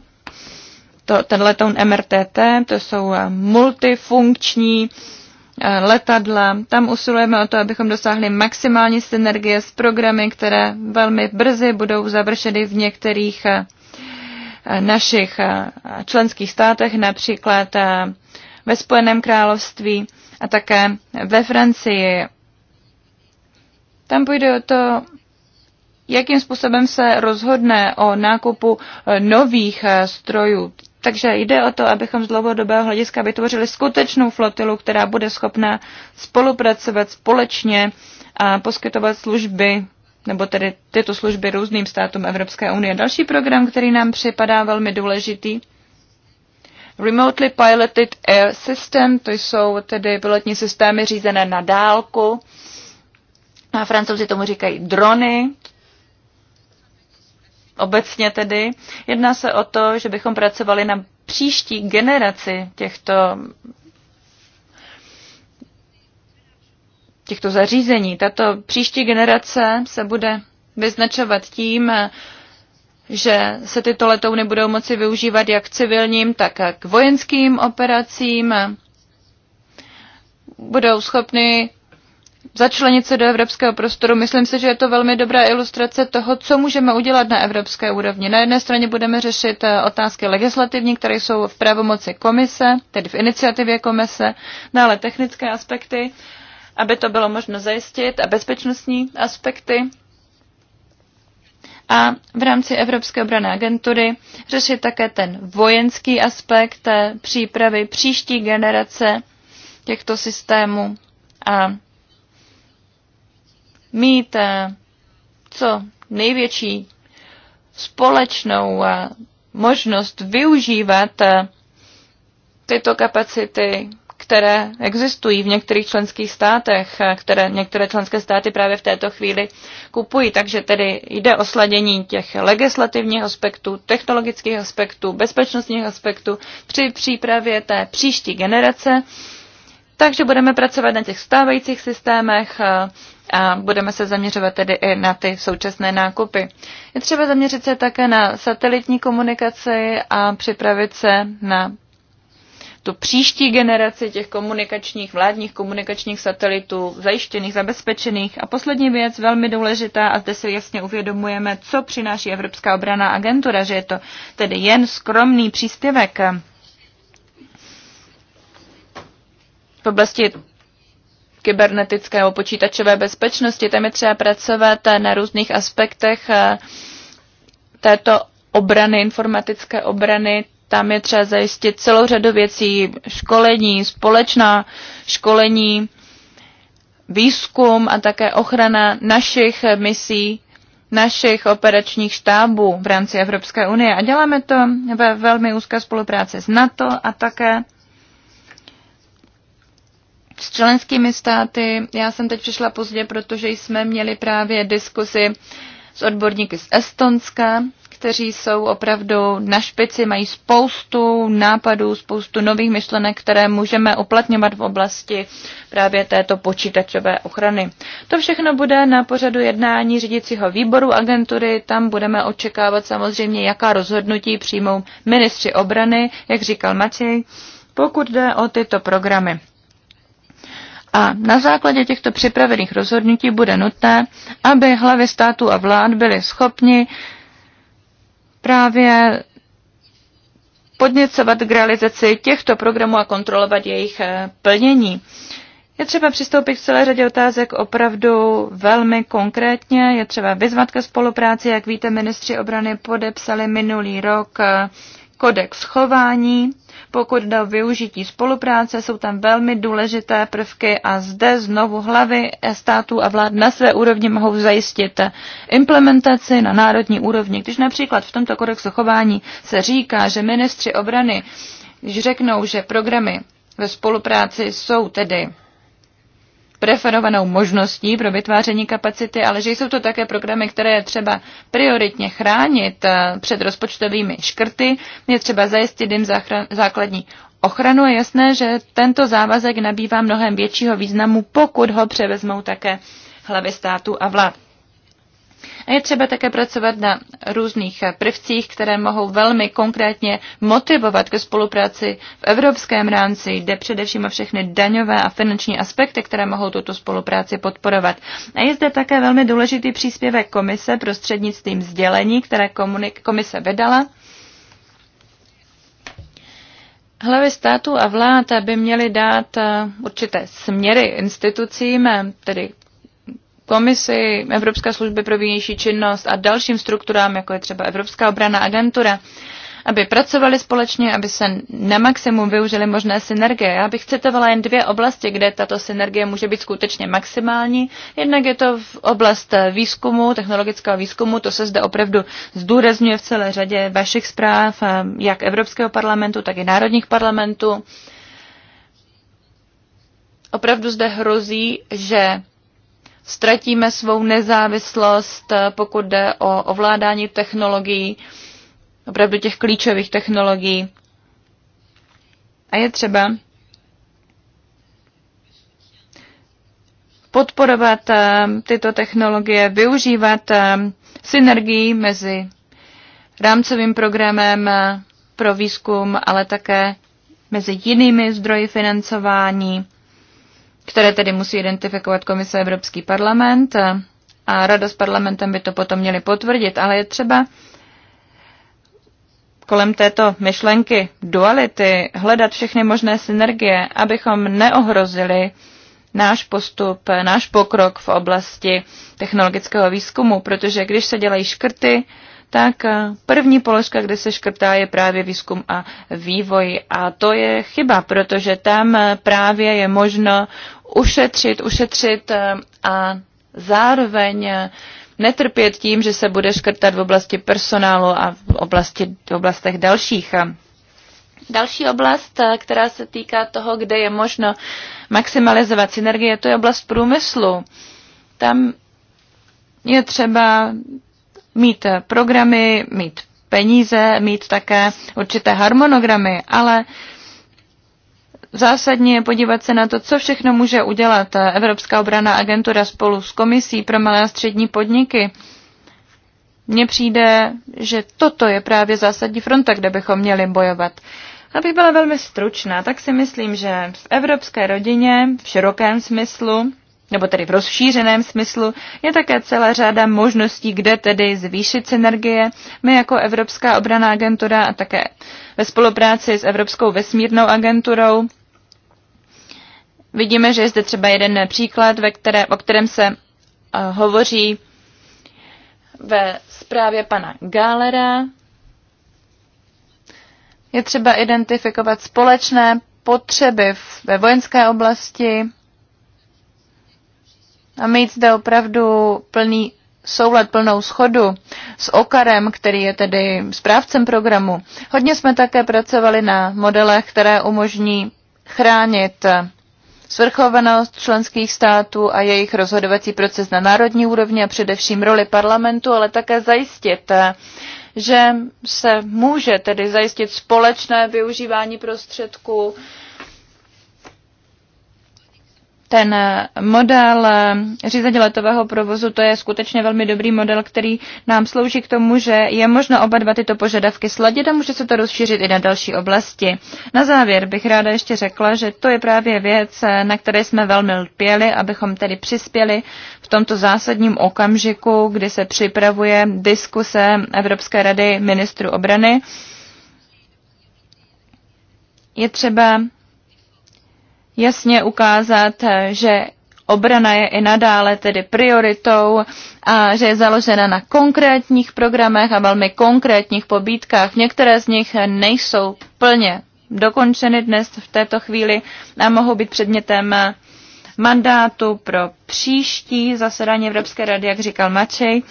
to, ten letoun MRTT, to jsou multifunkční uh, Eh, letadla. Tam usilujeme o to, abychom dosáhli maximální synergie s programy, které velmi brzy budou završeny v některých eh, eh, našich členských státech, například ve Spojeném království a také ve Francii. Tam půjde o to, jakým způsobem se rozhodne o nákupu nových strojů. Takže jde o to, abychom z dlouhodobého hlediska vytvořili skutečnou flotilu, která bude schopná spolupracovat společně a poskytovat služby nebo tedy tyto služby různým státům Evropské unie. Další program, který nám připadá velmi důležitý, Remotely Piloted Air System, to jsou tedy pilotní systémy řízené na dálku. A francouzi tomu říkají drony, obecně tedy. Jedná se o to, že bychom pracovali na příští generaci těchto těchto zařízení. Tato příští generace se bude vyznačovat tím, že se tyto letouny budou moci využívat jak civilním, tak k vojenským operacím. Budou schopny začlenit se do evropského prostoru. Myslím si, že je to velmi dobrá ilustrace toho, co můžeme udělat na evropské úrovni. Na jedné straně budeme řešit eh, otázky legislativní, které jsou v pravomoci komise, tedy v iniciativě komise, dále no technické aspekty, aby to bylo možno zajistit, a bezpečnostní aspekty. A v rámci Evropské obrané agentury řešit také ten vojenský aspekt přípravy příští generace těchto systémů a mít eh, co největší společnou eh, možnost využívat eh, tyto kapacity, které existují v některých členských státech, které některé členské státy právě v této chvíli kupují. Takže tedy jde o sladění těch legislativních aspektů, technologických aspektů, bezpečnostních aspektů při přípravě té příští generace takže budeme pracovat na těch stávajících systémech eh, a budeme se zaměřovat tedy i na ty současné nákupy. Je třeba zaměřit se také na satelitní komunikaci a připravit se na tu příští generaci těch komunikačních, vládních komunikačních satelitů, zajištěných, zabezpečených. A poslední věc, velmi důležitá, a zde si jasně uvědomujeme, co přináší Evropská obraná agentura, že je to tedy jen skromný příspěvek v oblasti kybernetické nebo počítačové bezpečnosti. Tam je třeba pracovat na různých aspektech eh, této obrany, informatické obrany. Tam je třeba zajistit celou řadu věcí, školení, společná školení, výzkum a také ochrana našich misí, našich operačních štábů v rámci Evropské unie. A děláme to ve velmi úzké spolupráci s NATO a také s členskými státy. Já jsem teď přišla pozdě, protože jsme měli právě diskuzi s odborníky z Estonska, kteří jsou opravdu na špici, mají spoustu nápadů, spoustu nových myšlenek, které můžeme uplatňovat v oblasti právě této počítačové ochrany. To všechno bude na pořadu jednání řídícího výboru agentury. Tam budeme očekávat samozřejmě, jaká rozhodnutí přijmou ministři obrany, jak říkal Matěj, pokud jde o tyto programy. A na základě těchto připravených rozhodnutí bude nutné, aby hlavy států a vlád byly schopni právě podněcovat k realizaci těchto programů a kontrolovat jejich eh, plnění. Je třeba přistoupit k celé řadě otázek opravdu velmi konkrétně. Je třeba vyzvat ke spolupráci. Jak víte, ministři obrany podepsali minulý rok eh, kodex chování pokud jde o využití spolupráce, jsou tam velmi důležité prvky a zde znovu hlavy států a vlád na své úrovni mohou zajistit implementaci na národní úrovni. Když například v tomto kodexu chování se říká, že ministři obrany když řeknou, že programy ve spolupráci jsou tedy preferovanou možností pro vytváření kapacity, ale že jsou to také programy, které je třeba prioritně chránit eh, před rozpočtovými škrty, je třeba zajistit jim základní ochranu. Je jasné, že tento závazek nabývá mnohem většího významu, pokud ho převezmou také hlavy států a vlád. A je třeba také pracovat na různých prvcích, které mohou velmi konkrétně motivovat ke spolupráci v evropském rámci. Jde především o všechny daňové a finanční aspekty, které mohou tuto spolupráci podporovat. A je zde také velmi důležitý příspěvek komise prostřednictvím sdělení, které komise vydala. Hlavy států a vláda by měly dát eh, určité směry institucím, eh, tedy komisi, Evropské služby pro vnější činnost a dalším strukturám, jako je třeba Evropská obrana agentura, aby pracovali společně, aby se na maximum využili možné synergie. Já bych citovala jen dvě oblasti, kde tato synergie může být skutečně maximální. Jednak je to v oblast výzkumu, technologického výzkumu, to se zde opravdu zdůrazňuje v celé řadě vašich zpráv, jak Evropského parlamentu, tak i národních parlamentů. Opravdu zde hrozí, že ztratíme svou nezávislost, eh, pokud jde o ovládání technologií, opravdu těch klíčových technologií. A je třeba podporovat eh, tyto technologie, využívat eh, synergii mezi rámcovým programem pro výzkum, ale také mezi jinými zdroji financování které tedy musí identifikovat Komise Evropský parlament eh, a Rada s parlamentem by to potom měli potvrdit, ale je třeba kolem této myšlenky duality hledat všechny možné synergie, abychom neohrozili náš postup, náš pokrok v oblasti technologického výzkumu, protože když se dělají škrty, tak eh, první položka, kde se škrtá, je právě výzkum a vývoj. A to je chyba, protože tam eh, právě je možno ušetřit, ušetřit eh, a zároveň netrpět tím, že se bude škrtat v oblasti personálu a v, oblasti, v oblastech dalších. Další oblast, která se týká toho, kde je možno maximalizovat synergie, to je oblast průmyslu. Tam je třeba mít programy, mít peníze, mít také určité harmonogramy, ale zásadně je podívat se na to, co všechno může udělat Evropská obraná agentura spolu s Komisí pro malé a střední podniky. Mně přijde, že toto je právě zásadní fronta, kde bychom měli bojovat. Abych byla velmi stručná, tak si myslím, že v evropské rodině v širokém smyslu nebo tedy v rozšířeném smyslu, je také celá řada možností, kde tedy zvýšit synergie. My jako Evropská obraná agentura a také ve spolupráci s Evropskou vesmírnou agenturou vidíme, že je zde třeba jeden příklad, ve které, o kterém se eh, hovoří ve zprávě pana Gálera. Je třeba identifikovat společné potřeby ve vojenské oblasti, a mít zde opravdu plný soulad, plnou schodu s Okarem, který je tedy správcem programu. Hodně jsme také pracovali na modelech, které umožní chránit svrchovanost členských států a jejich rozhodovací proces na národní úrovni a především roli parlamentu, ale také zajistit, že se může tedy zajistit společné využívání prostředků, ten model řízení letového provozu, to je skutečně velmi dobrý model, který nám slouží k tomu, že je možno oba dva tyto požadavky sladit a může se to rozšířit i na další oblasti. Na závěr bych ráda ještě řekla, že to je právě věc, na které jsme velmi lpěli, abychom tedy přispěli v tomto zásadním okamžiku, kdy se připravuje diskuse Evropské rady ministru obrany. Je třeba jasně ukázat, že obrana je i nadále tedy prioritou a že je založena na konkrétních programech a velmi konkrétních pobídkách. Některé z nich nejsou plně dokončeny dnes v této chvíli a mohou být předmětem mandátu pro příští zasedání Evropské rady, jak říkal Mačej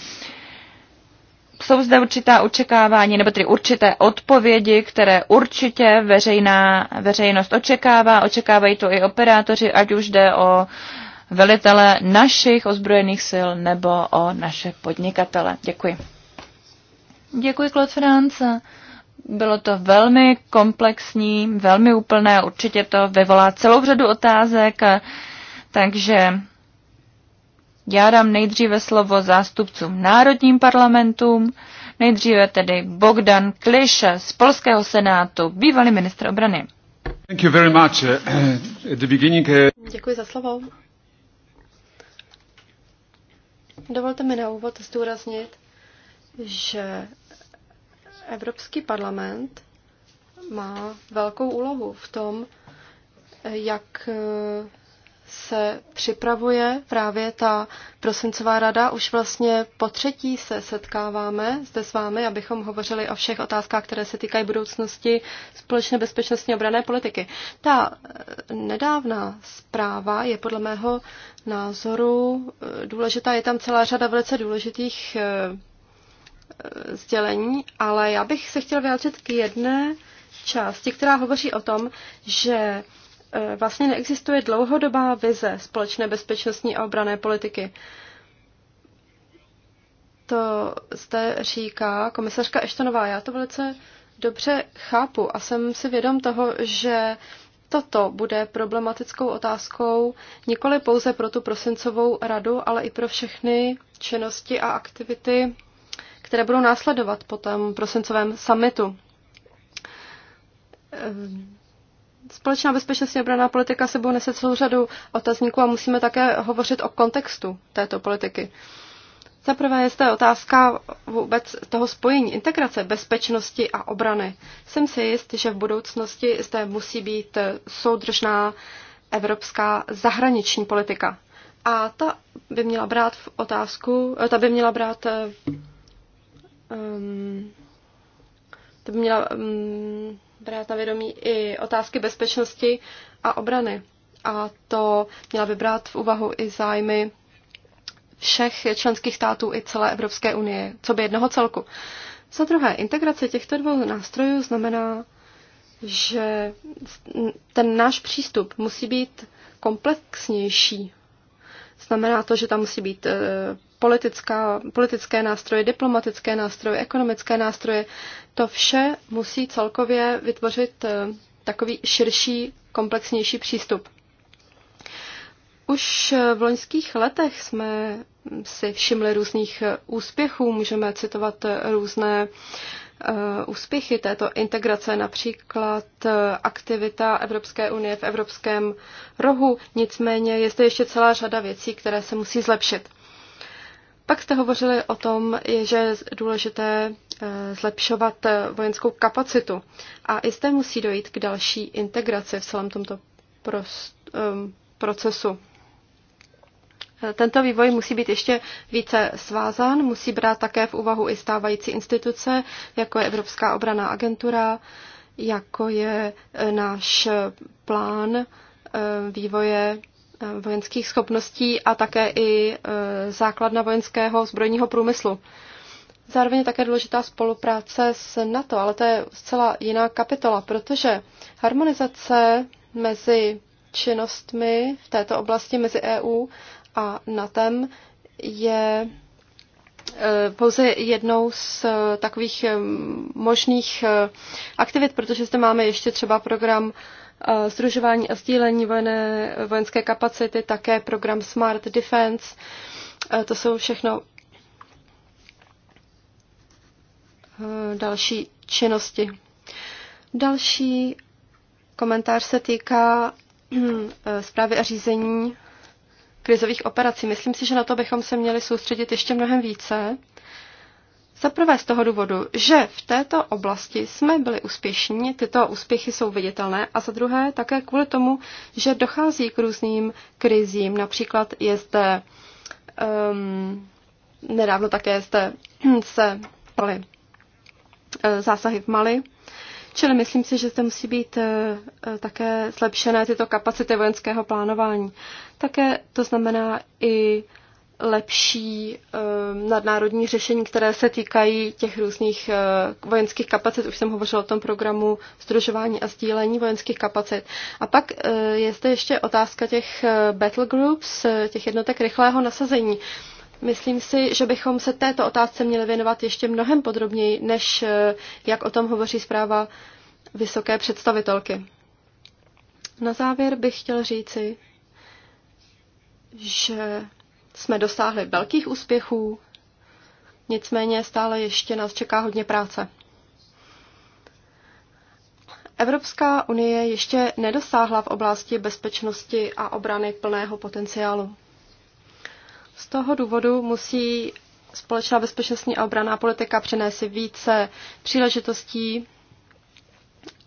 jsou zde určitá očekávání, nebo tedy určité odpovědi, které určitě veřejná, veřejnost očekává. Očekávají to i operátoři, ať už jde o velitele našich ozbrojených sil nebo o naše podnikatele. Děkuji. Děkuji, Claude France. Bylo to velmi komplexní, velmi úplné, určitě to vyvolá celou řadu otázek, takže já dám nejdříve slovo zástupcům národním parlamentům, nejdříve tedy Bogdan Kliša z Polského senátu, bývalý ministr obrany. Thank you very much. Eh, eh, eh. Děkuji za slovo. Dovolte mi na úvod zdůraznit, že Evropský parlament má velkou úlohu v tom, jak se připravuje právě ta prosincová rada. Už vlastně po třetí se setkáváme zde s vámi, abychom hovořili o všech otázkách, které se týkají budoucnosti společné bezpečnostní obrané politiky. Ta eh, nedávná zpráva je podle mého názoru eh, důležitá. Je tam celá řada velice důležitých eh, sdělení, ale já bych se chtěl vyjádřit k jedné části, která hovoří o tom, že Eh, vlastně neexistuje dlouhodobá vize společné bezpečnostní a obrané politiky. To zde říká komisařka Eštonová. Já to velice dobře chápu a jsem si vědom toho, že toto bude problematickou otázkou nikoli pouze pro tu prosincovou radu, ale i pro všechny činnosti a aktivity, které budou následovat po tom prosincovém summitu. Ehm, Společná bezpečnostní obraná politika sebou nese celou řadu otazníků a musíme také hovořit o kontextu této politiky. Za prvé je zde otázka vůbec toho spojení, integrace bezpečnosti a obrany. Jsem si jist, že v budoucnosti zde musí být soudržná evropská zahraniční politika. A ta by měla brát v otázku, ta by měla brát um, ehm, to by měla um, brát na vědomí i otázky bezpečnosti a obrany. A to měla by brát v úvahu i zájmy všech členských států i celé Evropské unie, co by jednoho celku. Za druhé, integrace těchto dvou nástrojů znamená, že ten náš přístup musí být komplexnější. Znamená to, že tam musí být eh, politická, politické nástroje, diplomatické nástroje, ekonomické nástroje. To vše musí celkově vytvořit eh, takový širší, komplexnější přístup. Už eh, v loňských letech jsme mm, si všimli různých úspěchů, můžeme citovat různé Eh, úspěchy této integrace, například eh, aktivita Evropské unie v Evropském rohu. Nicméně je zde ještě celá řada věcí, které se musí zlepšit. Pak jste hovořili o tom, že je důležité eh, zlepšovat vojenskou kapacitu. A i zde musí dojít k další integraci v celém tomto procesu. Tento vývoj musí být ještě více svázán, musí brát také v úvahu i stávající instituce, jako je Evropská obraná agentura, jako je e, náš plán e, vývoje e, vojenských schopností a také i základna vojenského zbrojního průmyslu. Zároveň je také důležitá spolupráce s NATO, ale to je zcela jiná kapitola, protože harmonizace mezi činnostmi v této oblasti mezi EU a NATEM je eh, pouze jednou z eh, takových eh, možných aktivit, protože zde máme ještě třeba program združování a sdílení vojené, vojenské kapacity, také program Smart Defense. To jsou všechno další činnosti. Další komentář se týká zprávy a řízení krizových operací. Myslím si, že na to bychom se měli soustředit ještě mnohem více. Za prvé z toho důvodu, že v této oblasti jsme byli úspěšní, tyto úspěchy jsou viditelné, a za druhé také kvůli tomu, že dochází k různým krizím. Například je zde um, nedávno také zde se eh, zásahy v Mali Čili myslím si, že zde musí být eh, eh, také zlepšené tyto kapacity vojenského plánování. Také to znamená i lepší eh, nadnárodní řešení, které se týkají těch různých vojenských kapacit. Už jsem hovořila o tom programu združování a sdílení vojenských kapacit. A pak je zde ještě otázka těch battle groups, těch jednotek rychlého nasazení. Myslím si, že bychom se této otázce měli věnovat ještě mnohem podrobněji, než eh, jak o tom hovoří zpráva vysoké představitelky. Na závěr bych chtěl říci, že jsme dosáhli velkých úspěchů, nicméně stále ještě nás čeká hodně práce. Evropská unie ještě nedosáhla v oblasti bezpečnosti a obrany plného potenciálu. Z toho důvodu musí společná bezpečnostní a obraná politika přinést více příležitostí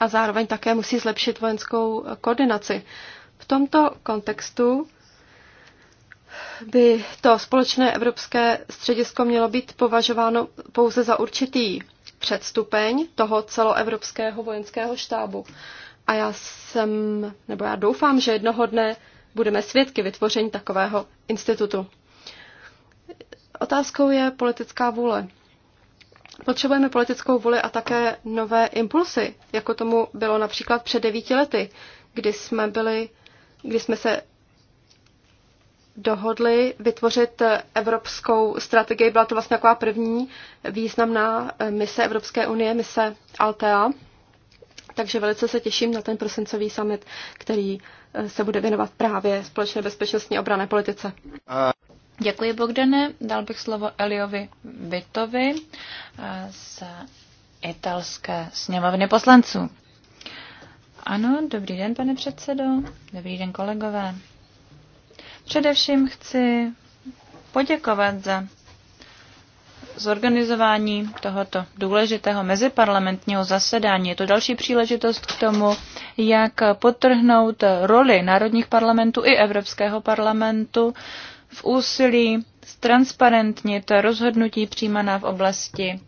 a zároveň také musí zlepšit vojenskou koordinaci. V tomto kontextu by to společné evropské středisko mělo být považováno pouze za určitý předstupeň toho celoevropského vojenského štábu. A já jsem, nebo já doufám, že jednoho dne budeme svědky vytvoření takového institutu. Otázkou je politická vůle. Potřebujeme politickou vůli a také nové impulsy, jako tomu bylo například před devíti lety, kdy jsme, byli, kdy jsme se dohodli vytvořit evropskou strategii. Byla to vlastně taková první významná eh, mise Evropské unie, mise Altea. Takže velice se těším na ten prosincový summit, který eh, se bude věnovat právě společné bezpečnostní obrané politice. Děkuji, Bogdane. Dal bych slovo Eliovi Vitovi eh, z italské sněmovny poslanců. Ano, dobrý den, pane předsedo. Dobrý den, kolegové. Především chci poděkovat za zorganizování tohoto důležitého meziparlamentního zasedání. Je to další příležitost k tomu, jak potrhnout roli národních parlamentů i Evropského parlamentu v úsilí ztransparentnit rozhodnutí přijímaná v oblasti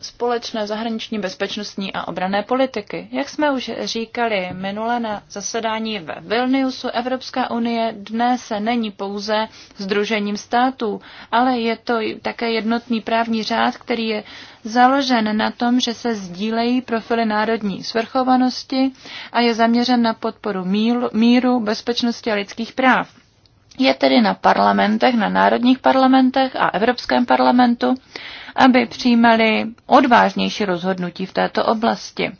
společné zahraniční bezpečnostní a obrané politiky. Jak jsme už říkali minule na zasedání ve Vilniusu, Evropská unie dnes není pouze združením států, ale je to také jednotný právní řád, který je založen na tom, že se sdílejí profily národní svrchovanosti a je zaměřen na podporu míru, míru bezpečnosti a lidských práv. Je tedy na parlamentech, na národních parlamentech a Evropském parlamentu, aby přijímali odvážnější rozhodnutí v této oblasti.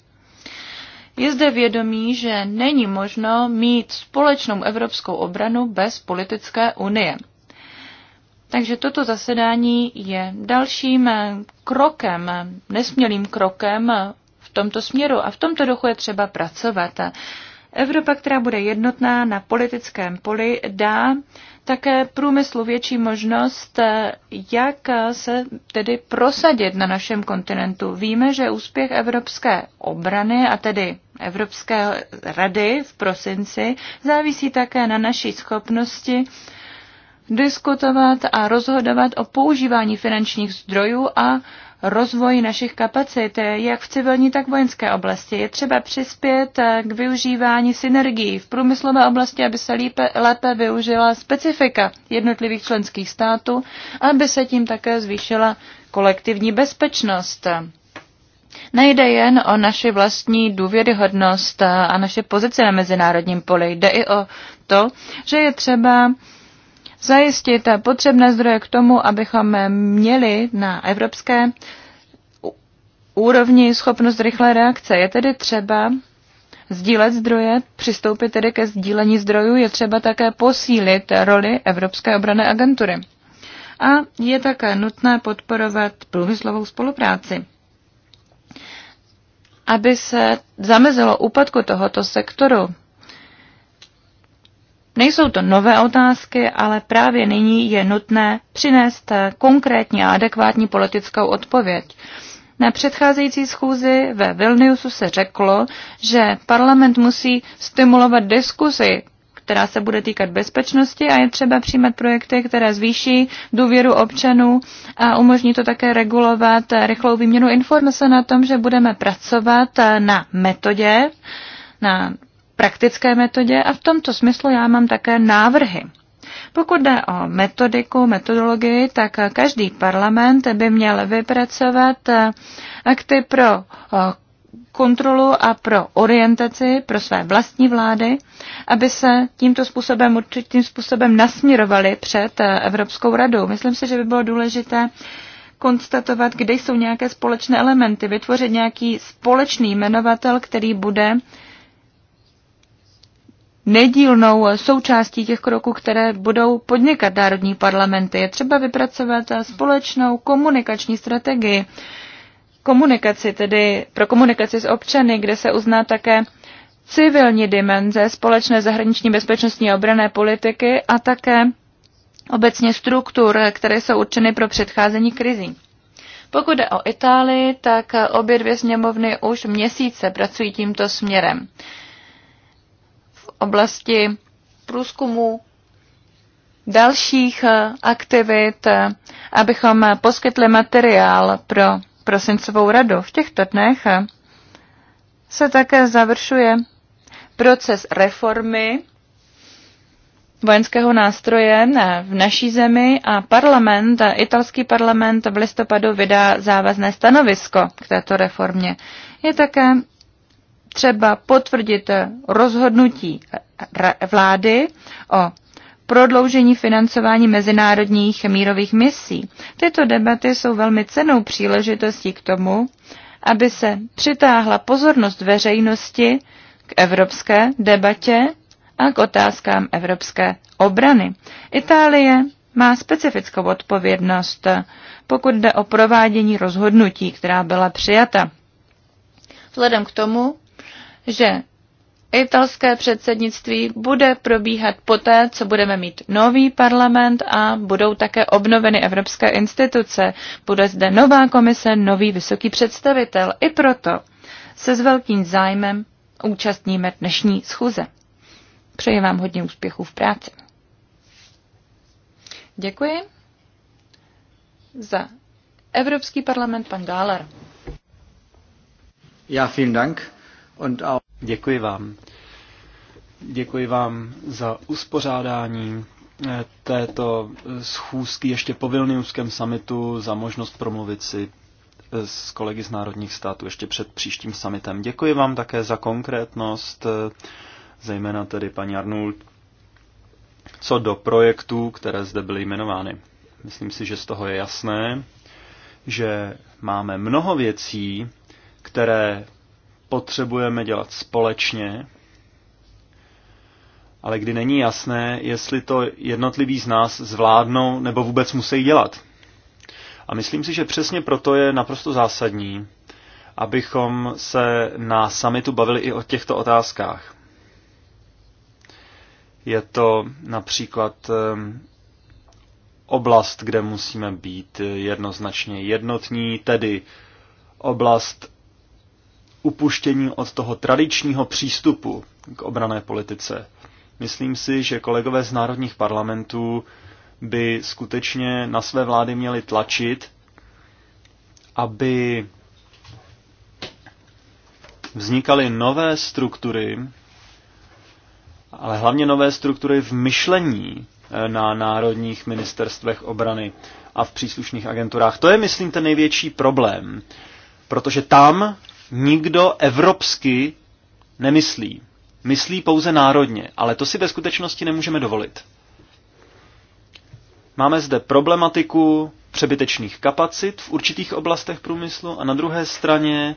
Je zde vědomí, že není možno mít společnou evropskou obranu bez politické unie. Takže toto zasedání je dalším krokem, nesmělým krokem v tomto směru a v tomto duchu je třeba pracovat. Evropa, která bude jednotná na politickém poli, dá také průmyslu větší možnost, jak se tedy prosadit na našem kontinentu. Víme, že úspěch evropské obrany a tedy Evropské rady v prosinci závisí také na naší schopnosti diskutovat a rozhodovat o používání finančních zdrojů a Rozvoj našich kapacit, jak v civilní, tak v vojenské oblasti. Je třeba přispět eh, k využívání synergií v průmyslové oblasti, aby se lépe, lépe využila specifika jednotlivých členských států, aby se tím také zvýšila kolektivní bezpečnost. Nejde jen o naši vlastní důvěryhodnost eh, a naše pozici na mezinárodním poli, jde i o to, že je třeba zajistit potřebné zdroje k tomu, abychom měli na evropské úrovni schopnost rychlé reakce. Je tedy třeba sdílet zdroje, přistoupit tedy ke sdílení zdrojů, je třeba také posílit roli Evropské obrané agentury. A je také nutné podporovat průmyslovou spolupráci. Aby se zamezilo úpadku tohoto sektoru, Nejsou to nové otázky, ale právě nyní je nutné přinést konkrétní a adekvátní politickou odpověď. Na předcházející schůzi ve Vilniusu se řeklo, že parlament musí stimulovat diskuzi, která se bude týkat bezpečnosti a je třeba přijímat projekty, které zvýší důvěru občanů a umožní to také regulovat rychlou výměnu informace na tom, že budeme pracovat na metodě, na praktické metodě a v tomto smyslu já mám také návrhy. Pokud jde o metodiku, metodologii, tak každý parlament by měl vypracovat akty pro eh, kontrolu a pro orientaci pro své vlastní vlády, aby se tímto způsobem, určitým způsobem nasměrovali před eh, Evropskou radou. Myslím si, že by bylo důležité konstatovat, kde jsou nějaké společné elementy, vytvořit nějaký společný jmenovatel, který bude uh, nedílnou součástí těch kroků, které budou podnikat národní parlamenty. Je třeba vypracovat společnou komunikační strategii, komunikaci tedy pro komunikaci s občany, kde se uzná také civilní dimenze společné zahraniční bezpečnostní obrané politiky a také obecně struktur, které jsou určeny pro předcházení krizí. Pokud jde o Itálii, tak obě dvě sněmovny už měsíce pracují tímto směrem oblasti průzkumu dalších eh, aktivit, eh, abychom poskytli materiál pro prosincovou radu. V těchto dnech eh, se také završuje proces reformy vojenského nástroje v naší zemi a parlament, italský parlament v listopadu vydá závazné stanovisko k této reformě. Je také třeba potvrdit rozhodnutí vlády o prodloužení financování mezinárodních mírových misí. Tyto debaty jsou velmi cenou příležitostí k tomu, aby se přitáhla pozornost veřejnosti k evropské debatě a k otázkám evropské obrany. Itálie má specifickou odpovědnost, pokud jde o provádění rozhodnutí, která byla přijata. Vzhledem k tomu, že italské předsednictví bude probíhat poté, co budeme mít nový parlament a budou také obnoveny evropské instituce. Bude zde nová komise, nový vysoký představitel. I proto se s velkým zájmem účastníme dnešní schůze. Přeji vám hodně úspěchů v práci. Děkuji za Evropský parlament pan Gáler. Ja, vielen Dank. Děkuji vám. Děkuji vám za uspořádání eh, této eh, schůzky ještě po Vilniuském samitu, za možnost promluvit si eh, s kolegy z národních států ještě před příštím summitem. Děkuji vám také za konkrétnost, zejména tedy paní Arnold, co do projektů, které zde byly jmenovány. Myslím si, že z toho je jasné, že máme mnoho věcí, které potřebujeme dělat společně, ale kdy není jasné, jestli to jednotliví z nás zvládnou nebo vůbec musí dělat. A myslím si, že přesně proto je naprosto zásadní, abychom se na summitu bavili i o těchto otázkách. Je to například ehm, oblast, kde musíme být jednoznačně jednotní, tedy oblast upuštění od toho tradičního přístupu k obrané politice. Myslím si, že kolegové z národních parlamentů by skutečně na své vlády měli tlačit, aby vznikaly nové struktury, ale hlavně nové struktury v myšlení eh, na národních ministerstvech obrany a v příslušných agenturách. To je, myslím, ten největší problém, protože tam nikdo evropsky nemyslí. Myslí pouze národně, ale to si ve skutečnosti nemůžeme dovolit. Máme zde problematiku přebytečných kapacit v určitých oblastech průmyslu a na druhé straně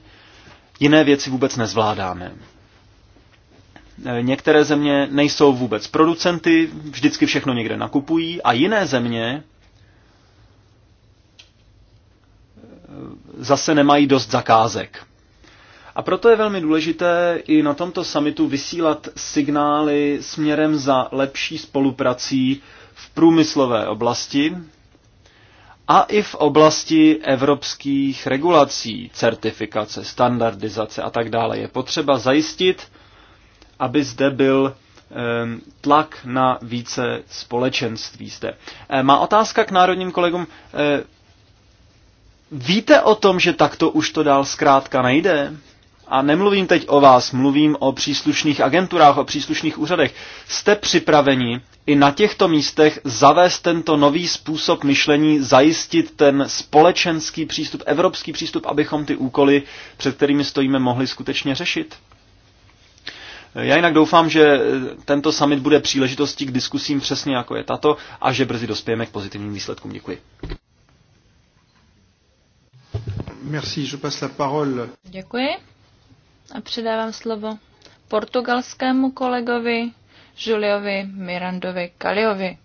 jiné věci vůbec nezvládáme. E, některé země nejsou vůbec producenty, vždycky všechno někde nakupují a jiné země e, zase nemají dost zakázek. A proto je velmi důležité i na tomto samitu vysílat signály směrem za lepší spoluprací v průmyslové oblasti a i v oblasti evropských regulací, certifikace, standardizace a tak dále. Je potřeba zajistit, aby zde byl tlak na více společenství zde. E, má otázka k národním kolegům. E, víte o tom, že takto už to dál zkrátka nejde? a nemluvím teď o vás, mluvím o příslušných agenturách, o příslušných úřadech, jste připraveni i na těchto místech zavést tento nový způsob myšlení, zajistit ten společenský přístup, evropský přístup, abychom ty úkoly, před kterými stojíme, mohli skutečně řešit? Já jinak doufám, že tento summit bude příležitostí k diskusím přesně jako je tato a že brzy dospějeme k pozitivním výsledkům. Děkuji. Merci, je passe la parole. Děkuji a předávám slovo portugalskému kolegovi Juliovi Mirandovi Kaliovi.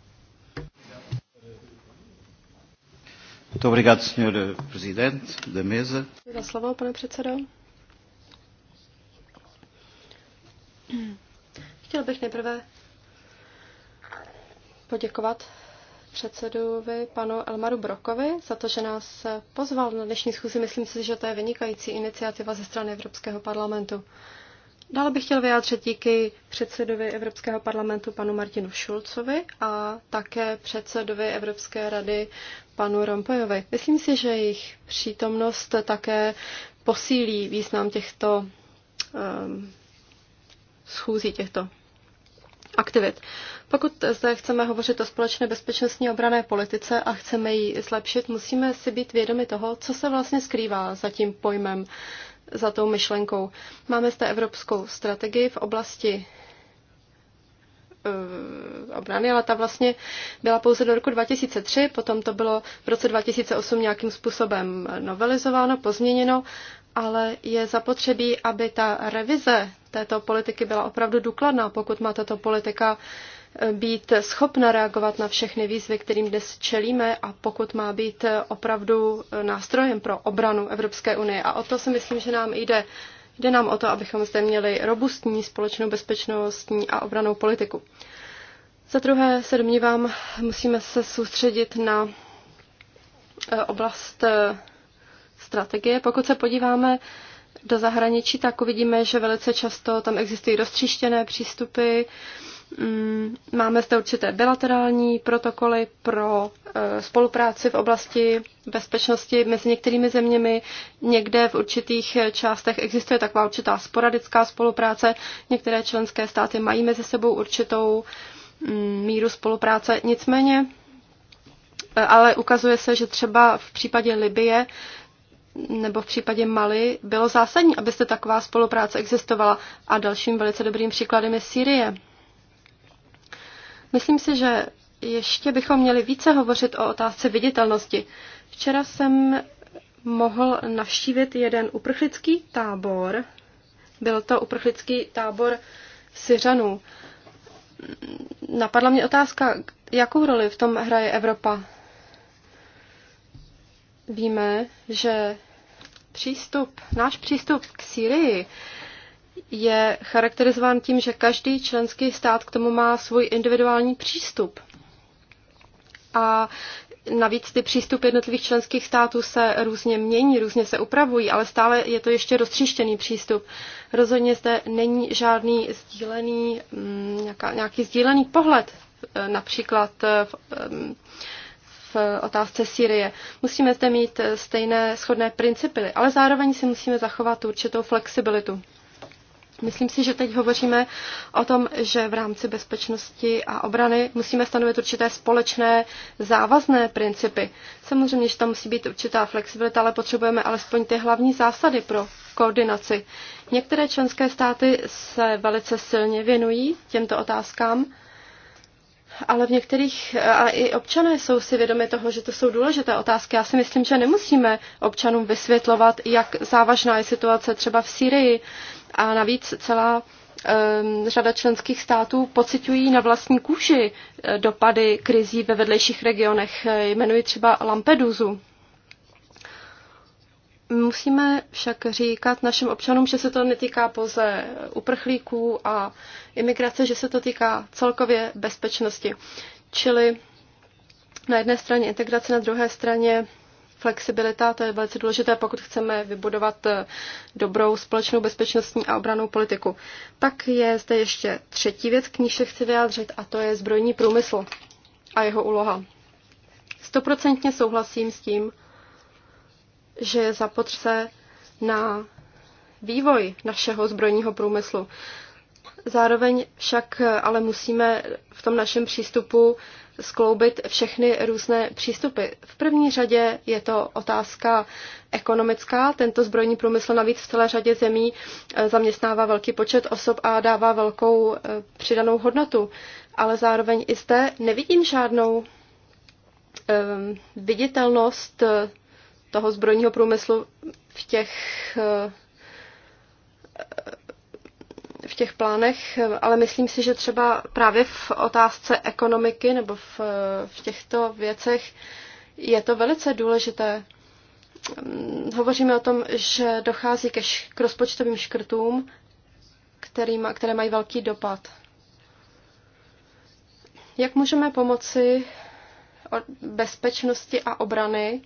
Muito obrigado, Sr. Presidente da mesa. Za slovo, pane předsedo. Chtěl bych nejprve poděkovat předsedovi panu Elmaru Brokovi za to, že nás pozval na dnešní schůzi. Myslím si, že to je vynikající iniciativa ze strany Evropského parlamentu. Dále bych chtěl vyjádřit díky předsedovi Evropského parlamentu panu Martinu Šulcovi a také předsedovi Evropské rady panu Rompojovi. Myslím si, že jejich přítomnost také posílí význam těchto um, schůzí, těchto aktivit. Pokud zde chceme hovořit o společné bezpečnostní obrané politice a chceme ji zlepšit, musíme si být vědomi toho, co se vlastně skrývá za tím pojmem, za tou myšlenkou. Máme zde evropskou strategii v oblasti eh, obrany, ale ta vlastně byla pouze do roku 2003, potom to bylo v roce 2008 nějakým způsobem novelizováno, pozměněno ale je zapotřebí, aby ta revize této politiky byla opravdu důkladná, pokud má tato politika eh, být schopna reagovat na všechny výzvy, kterým dnes čelíme a pokud má být eh, opravdu eh, nástrojem pro obranu Evropské unie. A o to si myslím, že nám jde. Jde nám o to, abychom zde měli robustní společnou bezpečnostní a obranou politiku. Za druhé se domnívám, musíme se soustředit na oblast strategie. Pokud se podíváme do zahraničí, tak uvidíme, že velice často tam existují roztříštěné přístupy. Mm, máme zde určité bilaterální protokoly pro eh, spolupráci v oblasti bezpečnosti mezi některými zeměmi. Někde v určitých částech existuje taková určitá sporadická spolupráce. Některé členské státy mají mezi sebou určitou mm, míru spolupráce. Nicméně eh, ale ukazuje se, že třeba v případě Libie nebo v případě Mali bylo zásadní, abyste taková spolupráce existovala. A dalším velice dobrým příkladem je Sýrie. Myslím si, že ještě bychom měli více hovořit o otázce viditelnosti. Včera jsem mohl navštívit jeden uprchlický tábor. Byl to uprchlický tábor Syřanů. Napadla mě otázka, jakou roli v tom hraje Evropa víme, že přístup, náš přístup k Sýrii je charakterizován tím, že každý členský stát k tomu má svůj individuální přístup. A navíc ty přístupy jednotlivých členských států se různě mění, různě se upravují, ale stále je to ještě roztříštěný přístup. Rozhodně zde není žádný sdílený, mm, nějaká, nějaký sdílený pohled, e, například e, v v otázce Syrie. Musíme zde mít stejné schodné principy, ale zároveň si musíme zachovat určitou flexibilitu. Myslím si, že teď hovoříme o tom, že v rámci bezpečnosti a obrany musíme stanovit určité společné závazné principy. Samozřejmě, že tam musí být určitá flexibilita, ale potřebujeme alespoň ty hlavní zásady pro koordinaci. Některé členské státy se velice silně věnují těmto otázkám ale v některých, eh, a i občané jsou si vědomi toho, že to jsou důležité otázky. Já si myslím, že nemusíme občanům vysvětlovat, jak závažná je situace třeba v Sýrii. A navíc celá um, řada členských států pocitují na vlastní kůži eh, dopady krizí ve vedlejších regionech. Eh, jmenuji třeba Lampedusu. Musíme však říkat našim občanům, že se to netýká pouze uprchlíků a imigrace, že se to týká celkově bezpečnosti. Čili na jedné straně integrace, na druhé straně flexibilita, to je velice důležité, pokud chceme vybudovat eh, dobrou společnou bezpečnostní a obranou politiku. Pak je zde ještě třetí věc, k níž se chci vyjádřit, a to je zbrojní průmysl a jeho úloha. Stoprocentně souhlasím s tím, že je zapotře na vývoj našeho zbrojního průmyslu. Zároveň však ale musíme v tom našem přístupu skloubit všechny různé přístupy. V první řadě je to otázka ekonomická. Tento zbrojní průmysl navíc v celé řadě zemí eh, zaměstnává velký počet osob a dává velkou eh, přidanou hodnotu. Ale zároveň i zde nevidím žádnou eh, viditelnost toho zbrojního průmyslu v těch eh, v těch plánech, ale myslím si, že třeba právě v otázce ekonomiky nebo v, v těchto věcech je to velice důležité. Mm, hovoříme o tom, že dochází ke š- k rozpočtovým škrtům, který má, které mají velký dopad. Jak můžeme pomoci bezpečnosti a obrany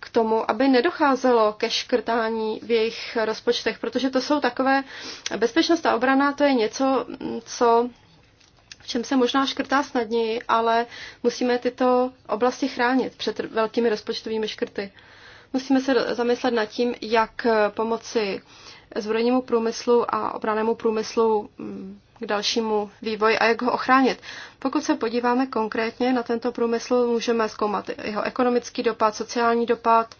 k tomu, aby nedocházelo ke škrtání v jejich rozpočtech, protože to jsou takové, bezpečnost a obrana to je něco, co v čem se možná škrtá snadněji, ale musíme tyto oblasti chránit před velkými rozpočtovými škrty. Musíme se zamyslet nad tím, jak pomoci zbrojnímu průmyslu a obranému průmyslu mm, k dalšímu vývoji a jak ho ochránit. Pokud se podíváme konkrétně na tento průmysl, můžeme zkoumat jeho ekonomický dopad, sociální dopad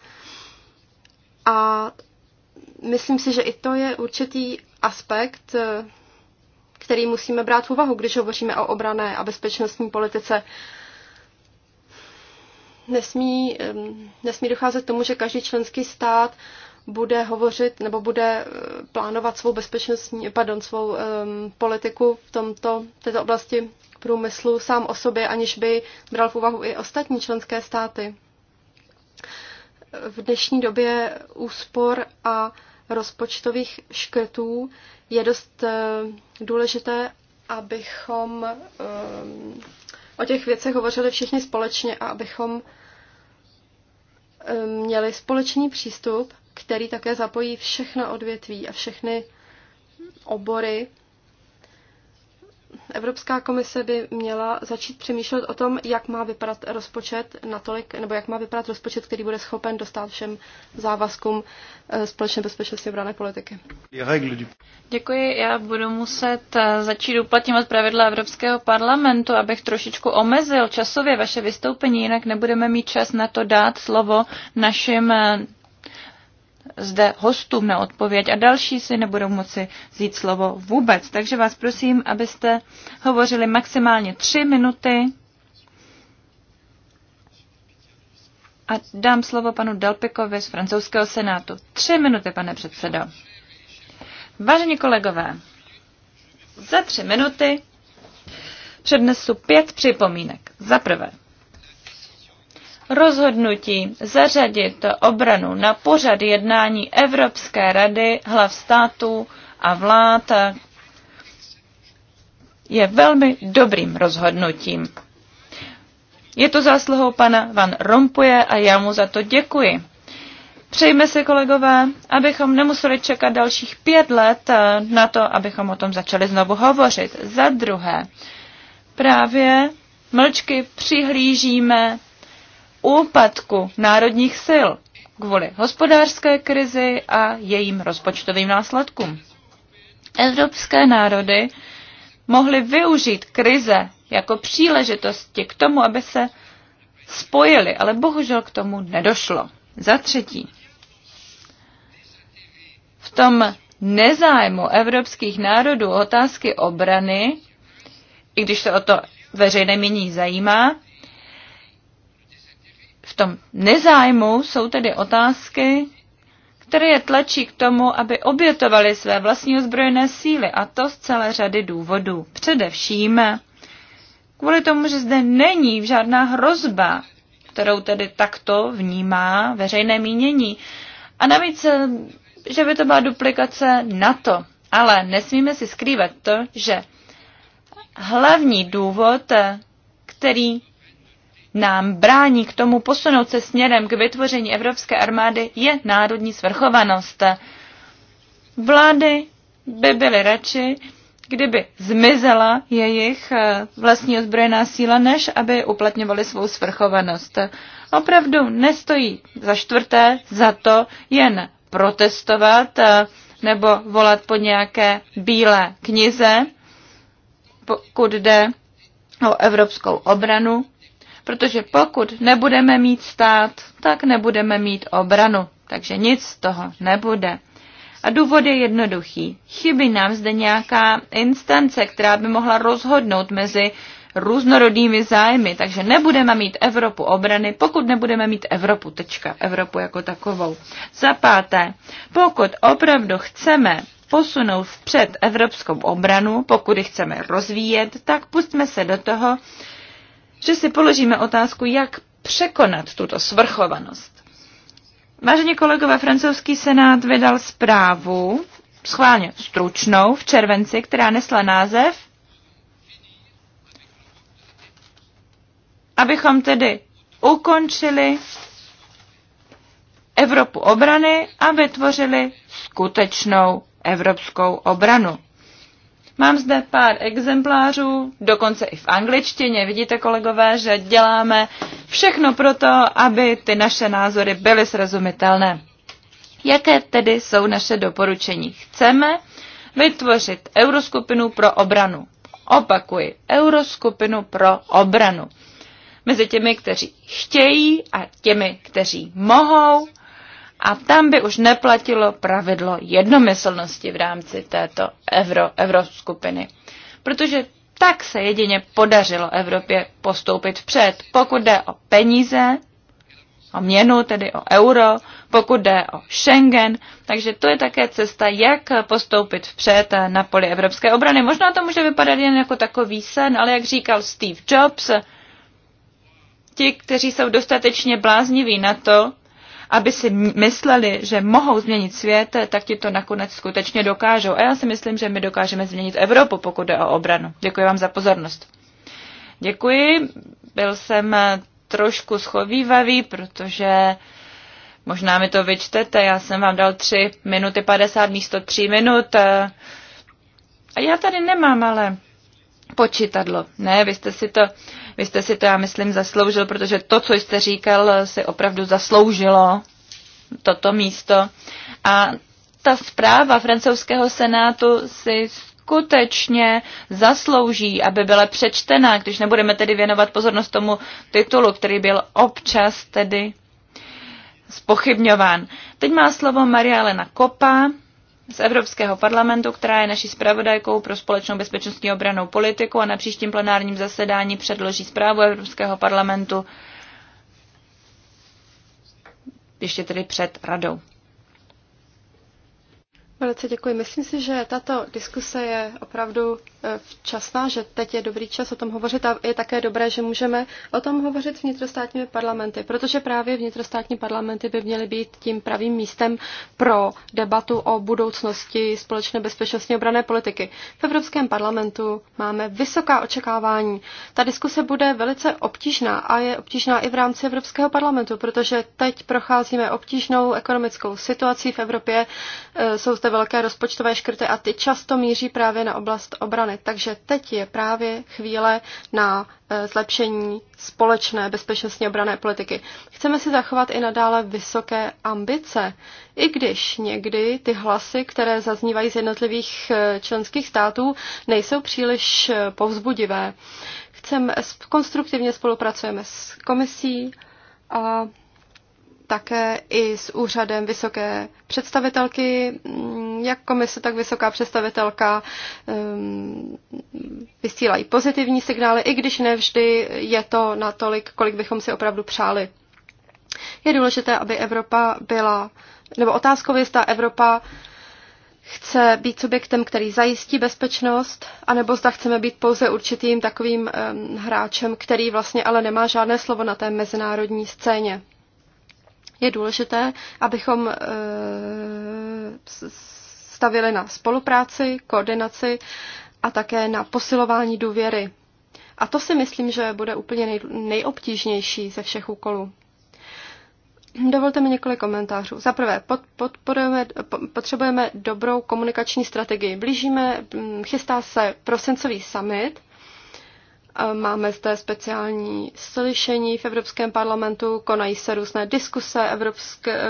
a myslím si, že i to je určitý aspekt, eh, který musíme brát v úvahu, když hovoříme o obrané a bezpečnostní politice. Nesmí, nesmí docházet k tomu, že každý členský stát bude hovořit nebo bude eh, plánovat svou bezpečnostní, pardon, svou um, politiku v tomto, této oblasti průmyslu sám o sobě, aniž by bral v úvahu i ostatní členské státy. V dnešní době úspor a rozpočtových škrtů je dost eh, důležité, abychom um, o těch věcech hovořili všichni společně a abychom ehm, měli společný přístup který také zapojí všechna odvětví a všechny obory. Evropská komise by měla začít přemýšlet o tom, jak má vypadat rozpočet natolik, nebo jak má vypadat rozpočet, který bude schopen dostat všem závazkům eh, společné bezpečnosti obrané politiky. Děkuji, já budu muset eh, začít uplatňovat pravidla Evropského parlamentu, abych trošičku omezil časově vaše vystoupení, jinak nebudeme mít čas na to dát slovo našim eh, zde hostům na odpověď a další si nebudou moci vzít slovo vůbec. Takže vás prosím, abyste hovořili maximálně tři minuty. A dám slovo panu Dalpikovi z francouzského senátu. Tři minuty, pane předsedo. Vážení kolegové, za tři minuty přednesu pět připomínek. Za prvé, rozhodnutí zařadit obranu na pořad jednání Evropské rady hlav států a vlád je velmi dobrým rozhodnutím. Je to zásluhou pana Van Rompuje a já mu za to děkuji. Přejme si, kolegové, abychom nemuseli čekat dalších pět let na to, abychom o tom začali znovu hovořit. Za druhé, právě mlčky přihlížíme úpadku národních sil kvůli hospodářské krizi a jejím rozpočtovým následkům. Evropské národy mohly využít krize jako příležitosti k tomu, aby se spojili, ale bohužel k tomu nedošlo. Za třetí, v tom nezájmu evropských národů otázky obrany, i když se o to veřejné mění zajímá, tom nezájmu jsou tedy otázky, které je tlačí k tomu, aby obětovali své vlastní ozbrojené síly, a to z celé řady důvodů. Především kvůli tomu, že zde není žádná hrozba, kterou tedy takto vnímá veřejné mínění. A navíc, že by to byla duplikace NATO. Ale nesmíme si skrývat to, že hlavní důvod, který nám brání k tomu posunout se směrem k vytvoření evropské armády, je národní svrchovanost. Vlády by byly radši, kdyby zmizela jejich eh, vlastní ozbrojená síla, než aby uplatňovali svou svrchovanost. Opravdu nestojí za čtvrté za to jen protestovat eh, nebo volat po nějaké bílé knize, pokud jde o evropskou obranu, protože pokud nebudeme mít stát, tak nebudeme mít obranu, takže nic z toho nebude. A důvod je jednoduchý. Chybí nám zde nějaká instance, která by mohla rozhodnout mezi různorodými zájmy, takže nebudeme mít Evropu obrany, pokud nebudeme mít Evropu, tečka, Evropu jako takovou. Za páté, pokud opravdu chceme posunout vpřed evropskou obranu, pokud ji chceme rozvíjet, tak pustme se do toho, že si položíme otázku, jak překonat tuto svrchovanost. Vážení kolegové, francouzský senát vydal zprávu, schválně stručnou, v červenci, která nesla název abychom tedy ukončili Evropu obrany a vytvořili skutečnou evropskou obranu. Mám zde pár exemplářů, dokonce i v angličtině. Vidíte, kolegové, že děláme všechno pro to, aby ty naše názory byly srozumitelné. Jaké tedy jsou naše doporučení? Chceme vytvořit euroskupinu pro obranu. Opakuji, euroskupinu pro obranu. Mezi těmi, kteří chtějí a těmi, kteří mohou, a tam by už neplatilo pravidlo jednomyslnosti v rámci této euro, euroskupiny. Protože tak se jedině podařilo Evropě postoupit vpřed. Pokud jde o peníze, o měnu, tedy o euro, pokud jde o Schengen. Takže to je také cesta, jak postoupit vpřed na poli evropské obrany. Možná to může vypadat jen jako takový sen, ale jak říkal Steve Jobs, ti, kteří jsou dostatečně blázniví na to, aby si mysleli, že mohou změnit svět, tak ti to nakonec skutečně dokážou. A já si myslím, že my dokážeme změnit Evropu, pokud jde o obranu. Děkuji vám za pozornost. Děkuji. Byl jsem trošku schovývavý, protože možná mi to vyčtete. Já jsem vám dal 3 minuty 50 místo 3 minut. A já tady nemám ale počítadlo. Ne, vy jste si to vy jste si to, já myslím, zasloužil, protože to, co jste říkal, si opravdu zasloužilo toto místo. A ta zpráva francouzského senátu si skutečně zaslouží, aby byla přečtená, když nebudeme tedy věnovat pozornost tomu titulu, který byl občas tedy spochybňován. Teď má slovo Maria Elena Kopa z Evropského parlamentu, která je naší zpravodajkou pro společnou bezpečnostní obranou politiku a na příštím plenárním zasedání předloží zprávu Evropského parlamentu ještě tedy před radou. Velice děkuji. Myslím si, že tato diskuse je opravdu e, včasná, že teď je dobrý čas o tom hovořit a je také dobré, že můžeme o tom hovořit s vnitrostátními parlamenty, protože právě vnitrostátní parlamenty by měly být tím pravým místem pro debatu o budoucnosti společné bezpečnostní obrané politiky. V Evropském parlamentu máme vysoká očekávání. Ta diskuse bude velice obtížná a je obtížná i v rámci Evropského parlamentu, protože teď procházíme obtížnou ekonomickou situací v Evropě. E, jsou se velké rozpočtové škrty a ty často míří právě na oblast obrany. Takže teď je právě chvíle na e, zlepšení společné bezpečnostní obrané politiky. Chceme si zachovat i nadále vysoké ambice, i když někdy ty hlasy, které zaznívají z jednotlivých e, členských států, nejsou příliš e, povzbudivé. Chceme, konstruktivně spolupracujeme s komisí a také i s úřadem vysoké představitelky, mm, jak komise, tak vysoká představitelka mm, vysílají pozitivní signály, i když nevždy je to natolik, kolik bychom si opravdu přáli. Je důležité, aby Evropa byla, nebo otázkou je, zda Evropa chce být subjektem, který zajistí bezpečnost, anebo zda chceme být pouze určitým takovým um, hráčem, který vlastně ale nemá žádné slovo na té mezinárodní scéně. Je důležité, abychom eh, stavili na spolupráci, koordinaci a také na posilování důvěry. A to si myslím, že bude úplně nejobtížnější ze všech úkolů. Dovolte mi několik komentářů. Za prvé, potřebujeme dobrou komunikační strategii. Blížíme, chystá se prosincový summit Máme zde speciální slyšení v Evropském parlamentu, konají se různé diskuse evropské,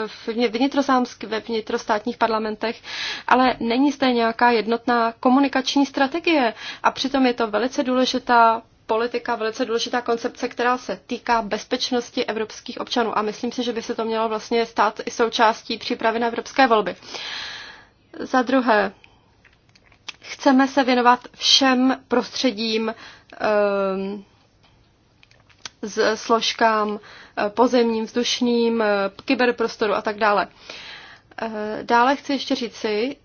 ve vnitrostátních parlamentech, ale není zde nějaká jednotná komunikační strategie a přitom je to velice důležitá politika, velice důležitá koncepce, která se týká bezpečnosti evropských občanů a myslím si, že by se to mělo vlastně stát i součástí přípravy na evropské volby. Za druhé, Chceme se věnovat všem prostředím, s ehm, složkám eh, pozemním, vzdušním, eh, kyberprostoru a tak dále. Eh, dále chci ještě říci,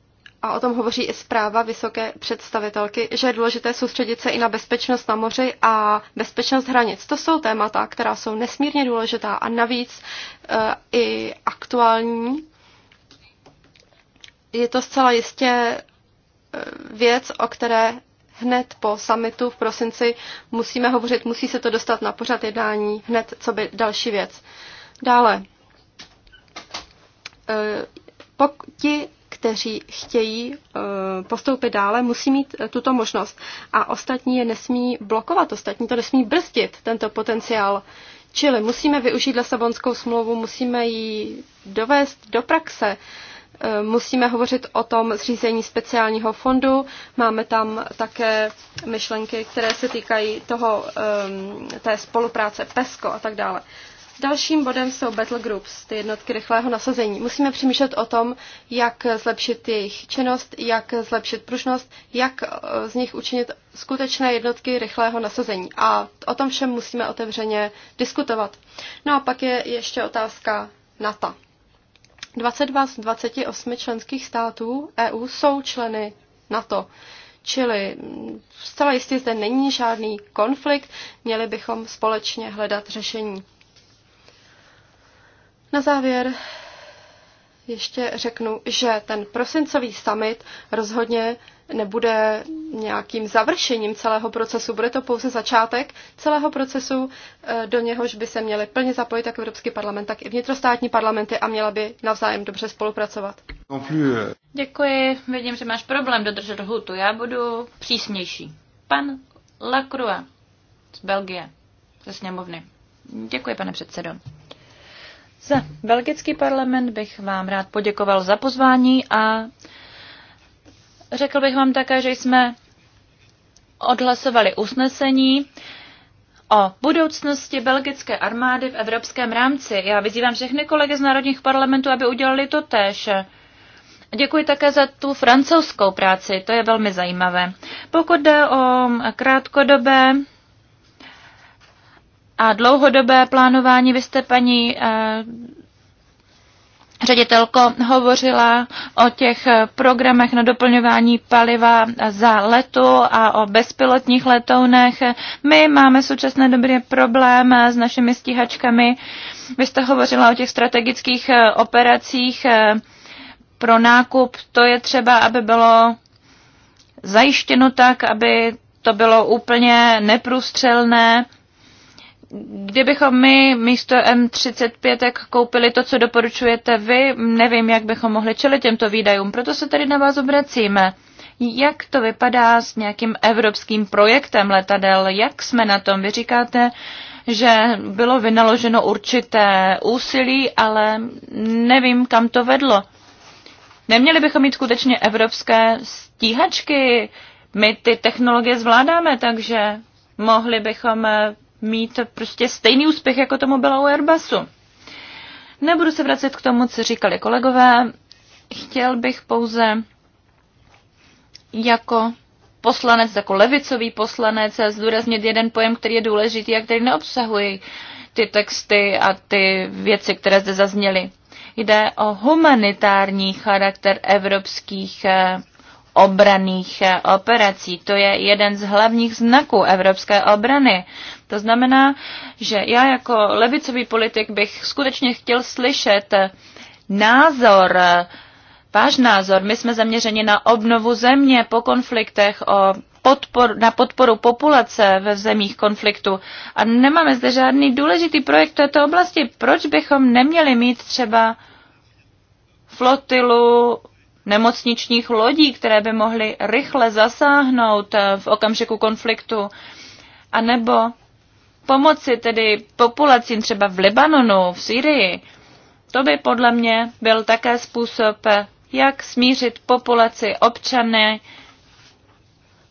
a o tom hovoří i zpráva vysoké představitelky, že je důležité soustředit se i na bezpečnost na moři a bezpečnost hranic. To jsou témata, která jsou nesmírně důležitá a navíc i aktuální. Je to zcela jistě věc, o které hned po summitu v prosinci musíme hovořit, musí se to dostat na pořad jednání hned, co by další věc. Dále, eh, ti, kteří chtějí eh, postoupit dále, musí mít eh, tuto možnost a ostatní je nesmí blokovat, ostatní to nesmí brzdit, tento potenciál. Čili musíme využít Lesabonskou smlouvu, musíme ji dovést do praxe. Uh, Eh, musíme hovořit o tom zřízení speciálního fondu. Máme tam také myšlenky, které se týkají toho, ehm, té spolupráce PESCO a tak dále. Dalším bodem jsou battle groups, ty jednotky rychlého nasazení. Musíme přemýšlet o tom, jak zlepšit jejich činnost, jak zlepšit pružnost, jak eh, z nich učinit skutečné jednotky rychlého nasazení. A o tom všem musíme otevřeně diskutovat. No a pak je ještě otázka NATO. 22 z 28 členských států EU jsou členy NATO. Čili zcela jistě zde není žádný konflikt, měli bychom společně hledat řešení. Na závěr ještě řeknu, že ten prosincový summit rozhodně nebude nějakým završením celého procesu, bude to pouze začátek celého procesu, eh, do něhož by se měly plně zapojit jak Evropský parlament, tak i vnitrostátní parlamenty a měla by navzájem dobře spolupracovat. Děkuji, vidím, že máš problém dodržet hutu. Já budu přísnější. Pan Lacroix z Belgie, ze sněmovny. Děkuji, pane předsedo. Za belgický parlament bych vám rád poděkoval za pozvání a Řekl bych vám také, že jsme odhlasovali usnesení o budoucnosti belgické armády v evropském rámci. Já vyzývám všechny kolegy z národních parlamentů, aby udělali to též. Děkuji také za tu francouzskou práci, to je velmi zajímavé. Pokud jde o krátkodobé a dlouhodobé plánování, vy jste paní eh, ředitelko hovořila o těch programech na doplňování paliva za letu a o bezpilotních letounech. My máme současné době problém s našimi stíhačkami. Vy jste hovořila o těch strategických eh, operacích eh, pro nákup. To je třeba, aby bylo zajištěno tak, aby to bylo úplně neprůstřelné kdybychom my místo M35 koupili to, co doporučujete vy, nevím, jak bychom mohli čelit těmto výdajům, proto se tady na vás obracíme. Jak to vypadá s nějakým evropským projektem letadel? Jak jsme na tom? Vy říkáte, že bylo vynaloženo určité úsilí, ale nevím, kam to vedlo. Neměli bychom mít skutečně evropské stíhačky. My ty technologie zvládáme, takže mohli bychom mít prostě stejný úspěch, jako tomu bylo u Airbusu. Nebudu se vracet k tomu, co říkali kolegové. Chtěl bych pouze jako poslanec, jako levicový poslanec zdůraznit jeden pojem, který je důležitý a který neobsahuje ty texty a ty věci, které zde zazněly. Jde o humanitární charakter evropských eh, obraných eh, operací. To je jeden z hlavních znaků evropské obrany. To znamená, že já jako levicový politik bych skutečně chtěl slyšet názor, váš názor. My jsme zaměřeni na obnovu země po konfliktech, o podpor, na podporu populace ve zemích konfliktu a nemáme zde žádný důležitý projekt v této oblasti. Proč bychom neměli mít třeba flotilu nemocničních lodí, které by mohly rychle zasáhnout v okamžiku konfliktu, anebo pomoci tedy populacím třeba v Libanonu, v Syrii, to by podle mě byl také způsob, jak smířit populaci občany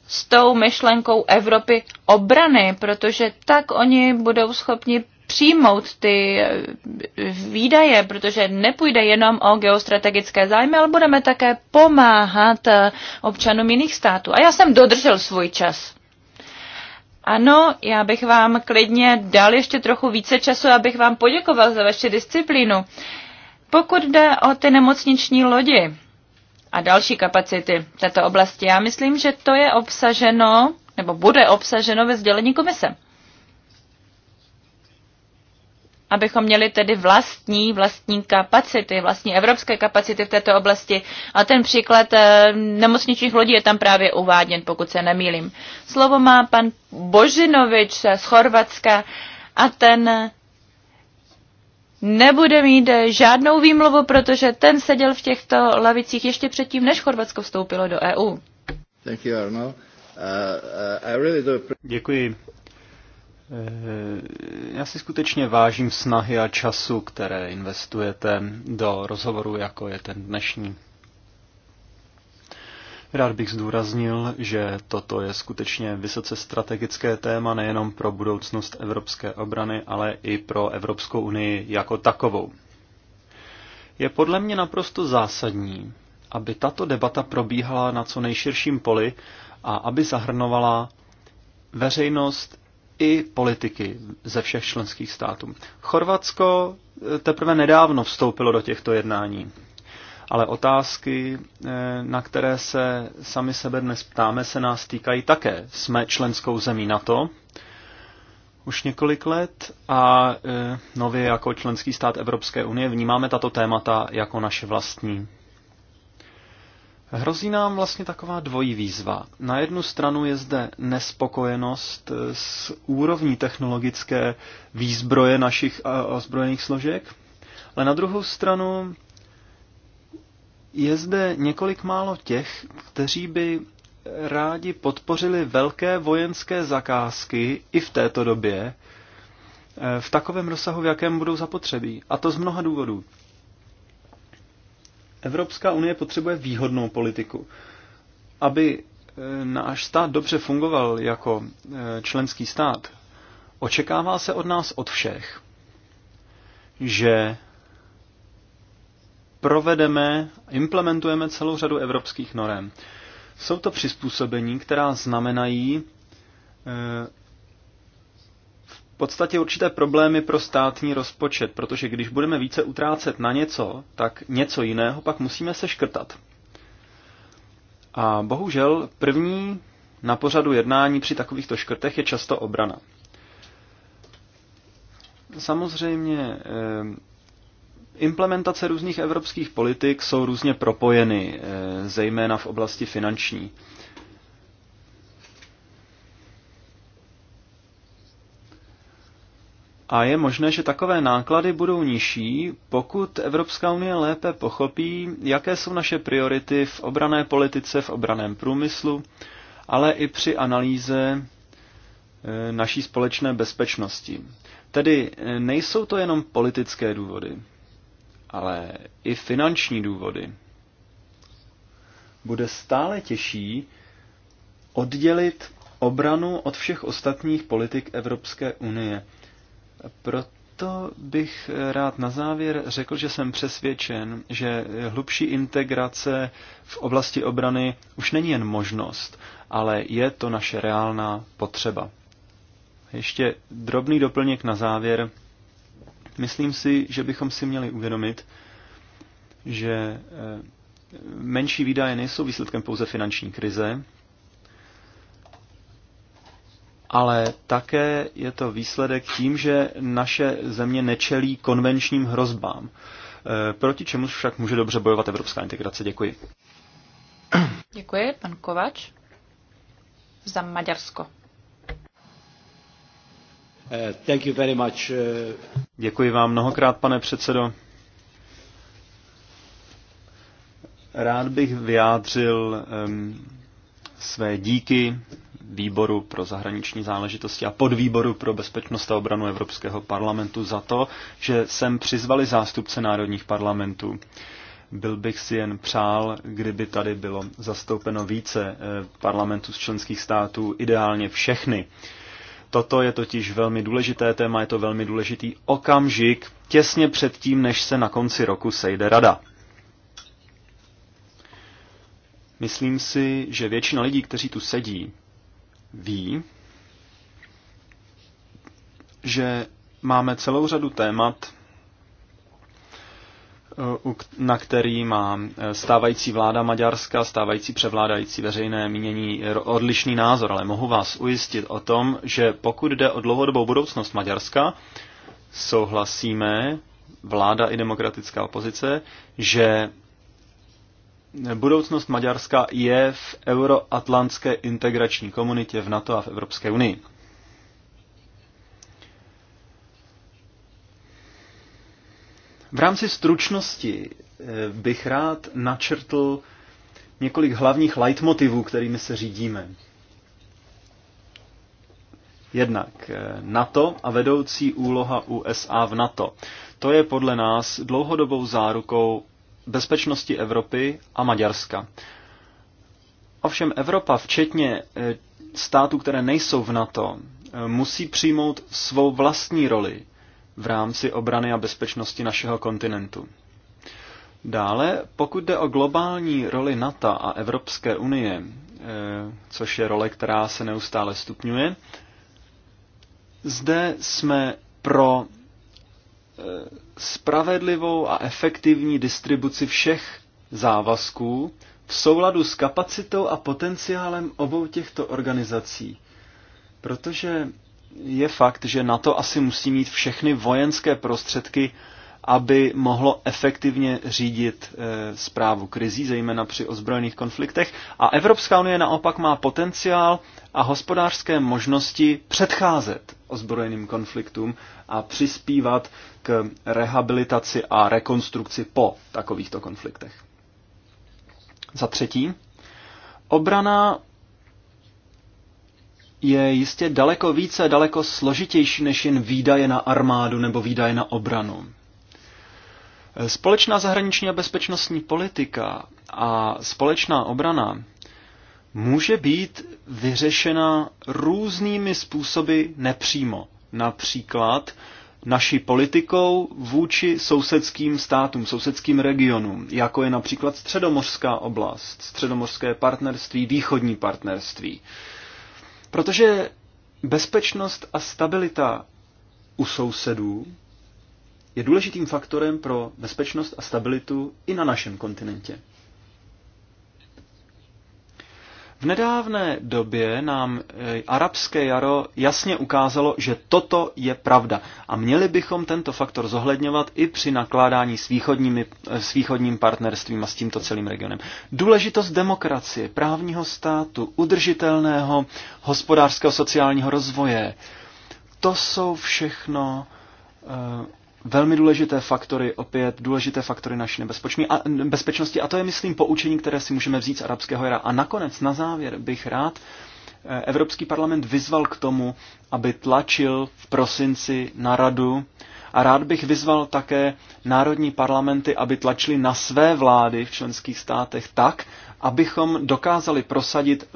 s tou myšlenkou Evropy obrany, protože tak oni budou schopni přijmout ty eh, výdaje, protože nepůjde jenom o geostrategické zájmy, ale budeme také pomáhat eh, občanům jiných států. A já jsem dodržel svůj čas. Ano, já bych vám klidně dal ještě trochu více času, abych vám poděkoval za vaši disciplínu. Pokud jde o ty nemocniční lodi a další kapacity této oblasti, já myslím, že to je obsaženo, nebo bude obsaženo ve sdělení komise abychom měli tedy vlastní, vlastní kapacity, vlastní evropské kapacity v této oblasti. A ten příklad eh, nemocničních lodí je tam právě uváděn, pokud se nemýlím. Slovo má pan Božinovič z Chorvatska a ten nebude mít žádnou výmluvu, protože ten seděl v těchto lavicích ještě předtím, než Chorvatsko vstoupilo do EU. Uh, uh, Děkuji, Eh, já si skutečně vážím snahy a času, které investujete do rozhovoru, jako je ten dnešní. Rád bych zdůraznil, že toto je skutečně vysoce strategické téma nejenom pro budoucnost evropské obrany, ale i pro Evropskou unii jako takovou. Je podle mě naprosto zásadní, aby tato debata probíhala na co nejširším poli a aby zahrnovala veřejnost i politiky ze všech členských států. Chorvatsko eh, teprve nedávno vstoupilo do těchto jednání, ale otázky, eh, na které se sami sebe dnes ptáme, se nás týkají také. Jsme členskou zemí NATO už několik let a eh, nově jako členský stát Evropské unie vnímáme tato témata jako naše vlastní. Hrozí nám vlastně taková dvojí výzva. Na jednu stranu je zde nespokojenost eh, s úrovní technologické výzbroje našich eh, ozbrojených složek, ale na druhou stranu je zde několik málo těch, kteří by rádi podpořili velké vojenské zakázky i v této době eh, v takovém rozsahu, v jakém budou zapotřebí. A to z mnoha důvodů. Evropská unie potřebuje výhodnou politiku. Aby e, náš stát dobře fungoval jako e, členský stát, očekává se od nás od všech, že provedeme, implementujeme celou řadu evropských norem. Jsou to přizpůsobení, která znamenají e, podstatě určité problémy pro státní rozpočet, protože když budeme více utrácet na něco, tak něco jiného pak musíme seškrtat. A bohužel první na pořadu jednání při takovýchto škrtech je často obrana. Samozřejmě eh, implementace různých evropských politik jsou různě propojeny, eh, zejména v oblasti finanční. A je možné, že takové náklady budou nižší, pokud Evropská unie lépe pochopí, jaké jsou naše priority v obrané politice, v obraném průmyslu, ale i při analýze e, naší společné bezpečnosti. Tedy e, nejsou to jenom politické důvody, ale i finanční důvody. Bude stále těžší oddělit obranu od všech ostatních politik Evropské unie proto bych rád na závěr řekl, že jsem přesvědčen, že hlubší integrace v oblasti obrany už není jen možnost, ale je to naše reálná potřeba. Ještě drobný doplněk na závěr. Myslím si, že bychom si měli uvědomit, že eh, menší výdaje nejsou výsledkem pouze finanční krize, ale také je to výsledek tím, že naše země nečelí konvenčním hrozbám. Eh, proti čemu však může dobře bojovat evropská integrace? Děkuji. Děkuji, pan Kovač. Za Maďarsko. Eh, thank you very much. Eh. Děkuji vám mnohokrát, pane předsedo. Rád bych vyjádřil um, své díky výboru pro zahraniční záležitosti a podvýboru pro bezpečnost a obranu Evropského parlamentu za to, že sem přizvali zástupce národních parlamentů. Byl bych si jen přál, kdyby tady bylo zastoupeno více eh, parlamentů z členských států, ideálně všechny. Toto je totiž velmi důležité téma, je to velmi důležitý okamžik, těsně před tím, než se na konci roku sejde rada. Myslím si, že většina lidí, kteří tu sedí, ví, že máme celou řadu témat, eh, na který má eh, stávající vláda Maďarska, stávající převládající veřejné mínění eh, odlišný názor, ale mohu vás ujistit o tom, že pokud jde o dlouhodobou budoucnost Maďarska, souhlasíme, vláda i demokratická opozice, že budoucnost Maďarska je v euroatlantské integrační komunitě v NATO a v Evropské unii. V rámci stručnosti eh, bych rád načrtl několik hlavních leitmotivů, kterými se řídíme. Jednak eh, NATO a vedoucí úloha USA v NATO. To je podle nás dlouhodobou zárukou bezpečnosti Evropy a Maďarska. Ovšem Evropa, včetně e, států, které nejsou v NATO, e, musí přijmout svou vlastní roli v rámci obrany a bezpečnosti našeho kontinentu. Dále, pokud jde o globální roli NATO a Evropské unie, e, což je role, která se neustále stupňuje, zde jsme pro spravedlivou a efektivní distribuci všech závazků v souladu s kapacitou a potenciálem obou těchto organizací. Protože je fakt, že NATO asi musí mít všechny vojenské prostředky aby mohlo efektivně řídit zprávu eh, krizí, zejména při ozbrojených konfliktech. A Evropská unie naopak má potenciál a hospodářské možnosti předcházet ozbrojeným konfliktům a přispívat k rehabilitaci a rekonstrukci po takovýchto konfliktech. Za třetí, obrana je jistě daleko více, daleko složitější než jen výdaje na armádu nebo výdaje na obranu. Společná zahraniční a bezpečnostní politika a společná obrana může být vyřešena různými způsoby nepřímo. Například naší politikou vůči sousedským státům, sousedským regionům, jako je například středomořská oblast, středomořské partnerství, východní partnerství. Protože bezpečnost a stabilita u sousedů je důležitým faktorem pro bezpečnost a stabilitu i na našem kontinentě. V nedávné době nám eh, arabské jaro jasně ukázalo, že toto je pravda a měli bychom tento faktor zohledňovat i při nakládání s, východními, eh, s východním partnerstvím a s tímto celým regionem. Důležitost demokracie, právního státu, udržitelného hospodářského sociálního rozvoje, to jsou všechno eh, velmi důležité faktory, opět důležité faktory naší a, bezpečnosti. A to je, myslím, poučení, které si můžeme vzít z arabského jara. A nakonec, na závěr, bych rád eh, Evropský parlament vyzval k tomu, aby tlačil v prosinci na radu a rád bych vyzval také národní parlamenty, aby tlačili na své vlády v členských státech tak, abychom dokázali prosadit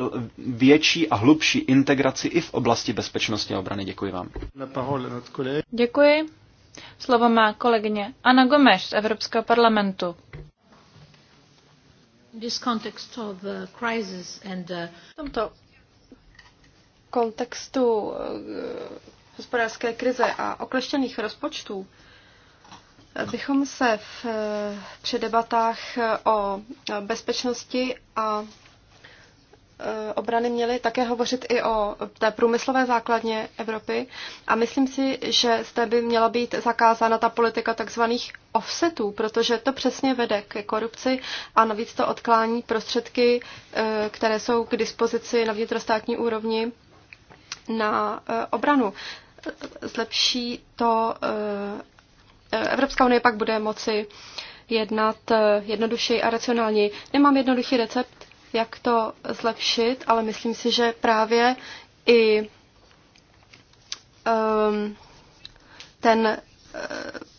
větší a hlubší integraci i v oblasti bezpečnosti a obrany. Děkuji vám. Děkuji. Slovo má kolegyně Ana Gomeš z Evropského parlamentu. Uh, uh, v tomto kontextu uh, hospodářské krize a okleštěných rozpočtů bychom se v, při debatách o bezpečnosti a Eh, obrany měli také hovořit i o té průmyslové základně Evropy a myslím si, že zde by měla být zakázána ta politika takzvaných offsetů, protože to přesně vede ke korupci a navíc to odklání prostředky, eh, které jsou k dispozici na vnitrostátní úrovni na eh, obranu. Zlepší to, Evropská unie pak bude moci jednat jednodušeji a racionálněji. Nemám jednoduchý recept, jak to zlepšit, ale myslím si, že právě i um, ten uh,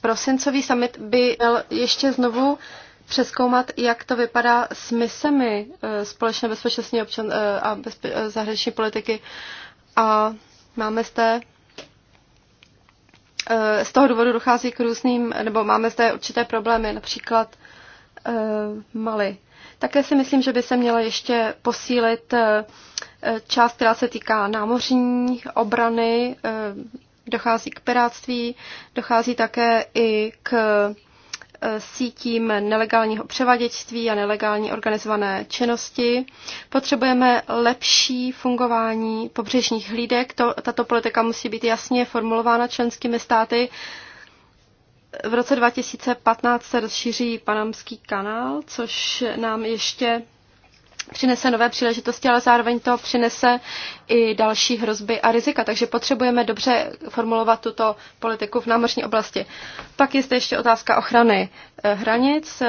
prosincový summit by měl ještě znovu přeskoumat, jak to vypadá s misemi uh, společné bezpečnostní občan, uh, a bezpe- uh, zahraniční politiky. A máme zde uh, z toho důvodu dochází k různým, nebo máme zde určité problémy, například uh, Mali. Také si myslím, že by se měla ještě posílit eh, část, která se týká námořní obrany, eh, dochází k piráctví, dochází také i k eh, sítím nelegálního převaděčství a nelegální organizované činnosti. Potřebujeme lepší fungování pobřežních hlídek. To, tato politika musí být jasně formulována členskými státy v roce 2015 se rozšíří Panamský kanál, což nám ještě přinese nové příležitosti, ale zároveň to přinese i další hrozby a rizika. Takže potřebujeme dobře formulovat tuto politiku v námořní oblasti. Pak je zde ještě otázka ochrany eh, hranic.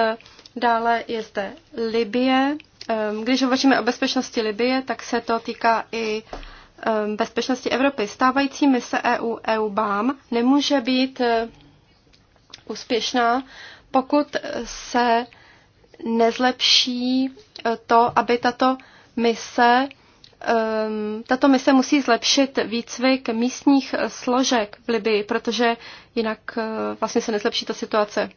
Dále je zde Libie. Ehm, když hovoříme o bezpečnosti Libie, tak se to týká i ehm, bezpečnosti Evropy. Stávající mise EU EUBAM nemůže být eh, úspěšná, pokud se nezlepší eh, to, aby tato mise, ehm, tato mise musí zlepšit výcvik místních složek v Libii, protože jinak eh, vlastně se nezlepší ta situace.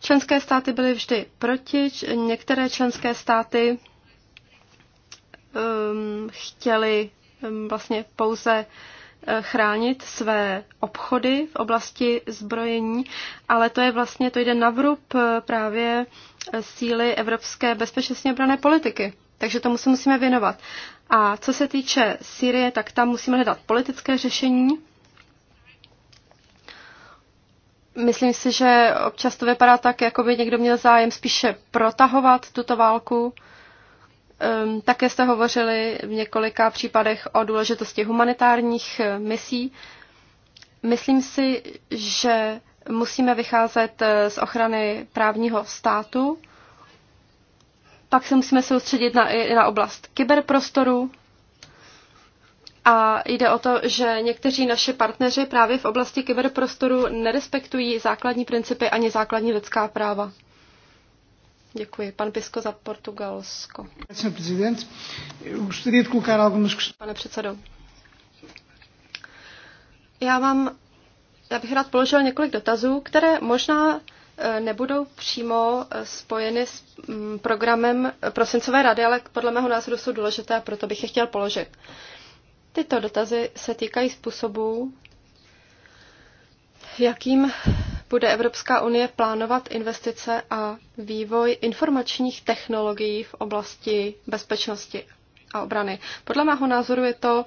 Členské státy byly vždy proti, některé členské státy ehm, chtěly ehm, vlastně pouze Eh, chránit své obchody v oblasti zbrojení, ale to je vlastně, to jde navrub eh, právě eh, síly evropské bezpečnostně obrané politiky. Takže tomu se musíme věnovat. A co se týče Syrie, tak tam musíme hledat politické řešení. Myslím si, že občas to vypadá tak, jako by někdo měl zájem spíše protahovat tuto válku, Ehm, také jste hovořili v několika případech o důležitosti humanitárních eh, misí. Myslím si, že musíme vycházet eh, z ochrany právního státu. Pak se musíme soustředit na, i na oblast kyberprostoru. A jde o to, že někteří naši partneři právě v oblasti kyberprostoru nerespektují základní principy ani základní lidská práva. Děkuji. Pan Pisko za Portugalsko. Pane předsedo, já vám, já bych rád položil několik dotazů, které možná eh, nebudou přímo eh, spojeny s mm, programem eh, prosincové rady, ale podle mého názoru jsou důležité, proto bych je chtěl položit. Tyto dotazy se týkají způsobů, jakým bude Evropská unie plánovat investice a vývoj informačních technologií v oblasti bezpečnosti a obrany. Podle mého názoru je to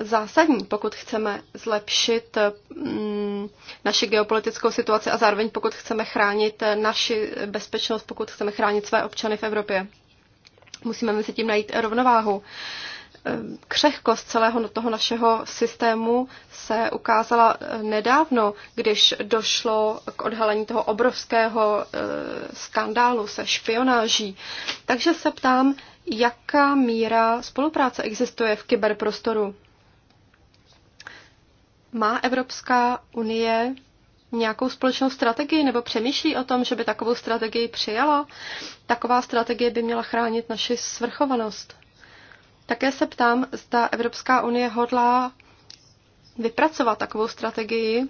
zásadní, pokud chceme zlepšit mm, naši geopolitickou situaci a zároveň pokud chceme chránit naši bezpečnost, pokud chceme chránit své občany v Evropě. Musíme mezi tím najít rovnováhu křehkost celého toho našeho systému se ukázala eh, nedávno, když došlo k odhalení toho obrovského eh, skandálu se špionáží. Takže se ptám, jaká míra spolupráce existuje v kyberprostoru? Má Evropská unie nějakou společnou strategii nebo přemýšlí o tom, že by takovou strategii přijala? Taková strategie by měla chránit naši svrchovanost. Také se ptám, zda Evropská unie hodlá vypracovat takovou strategii,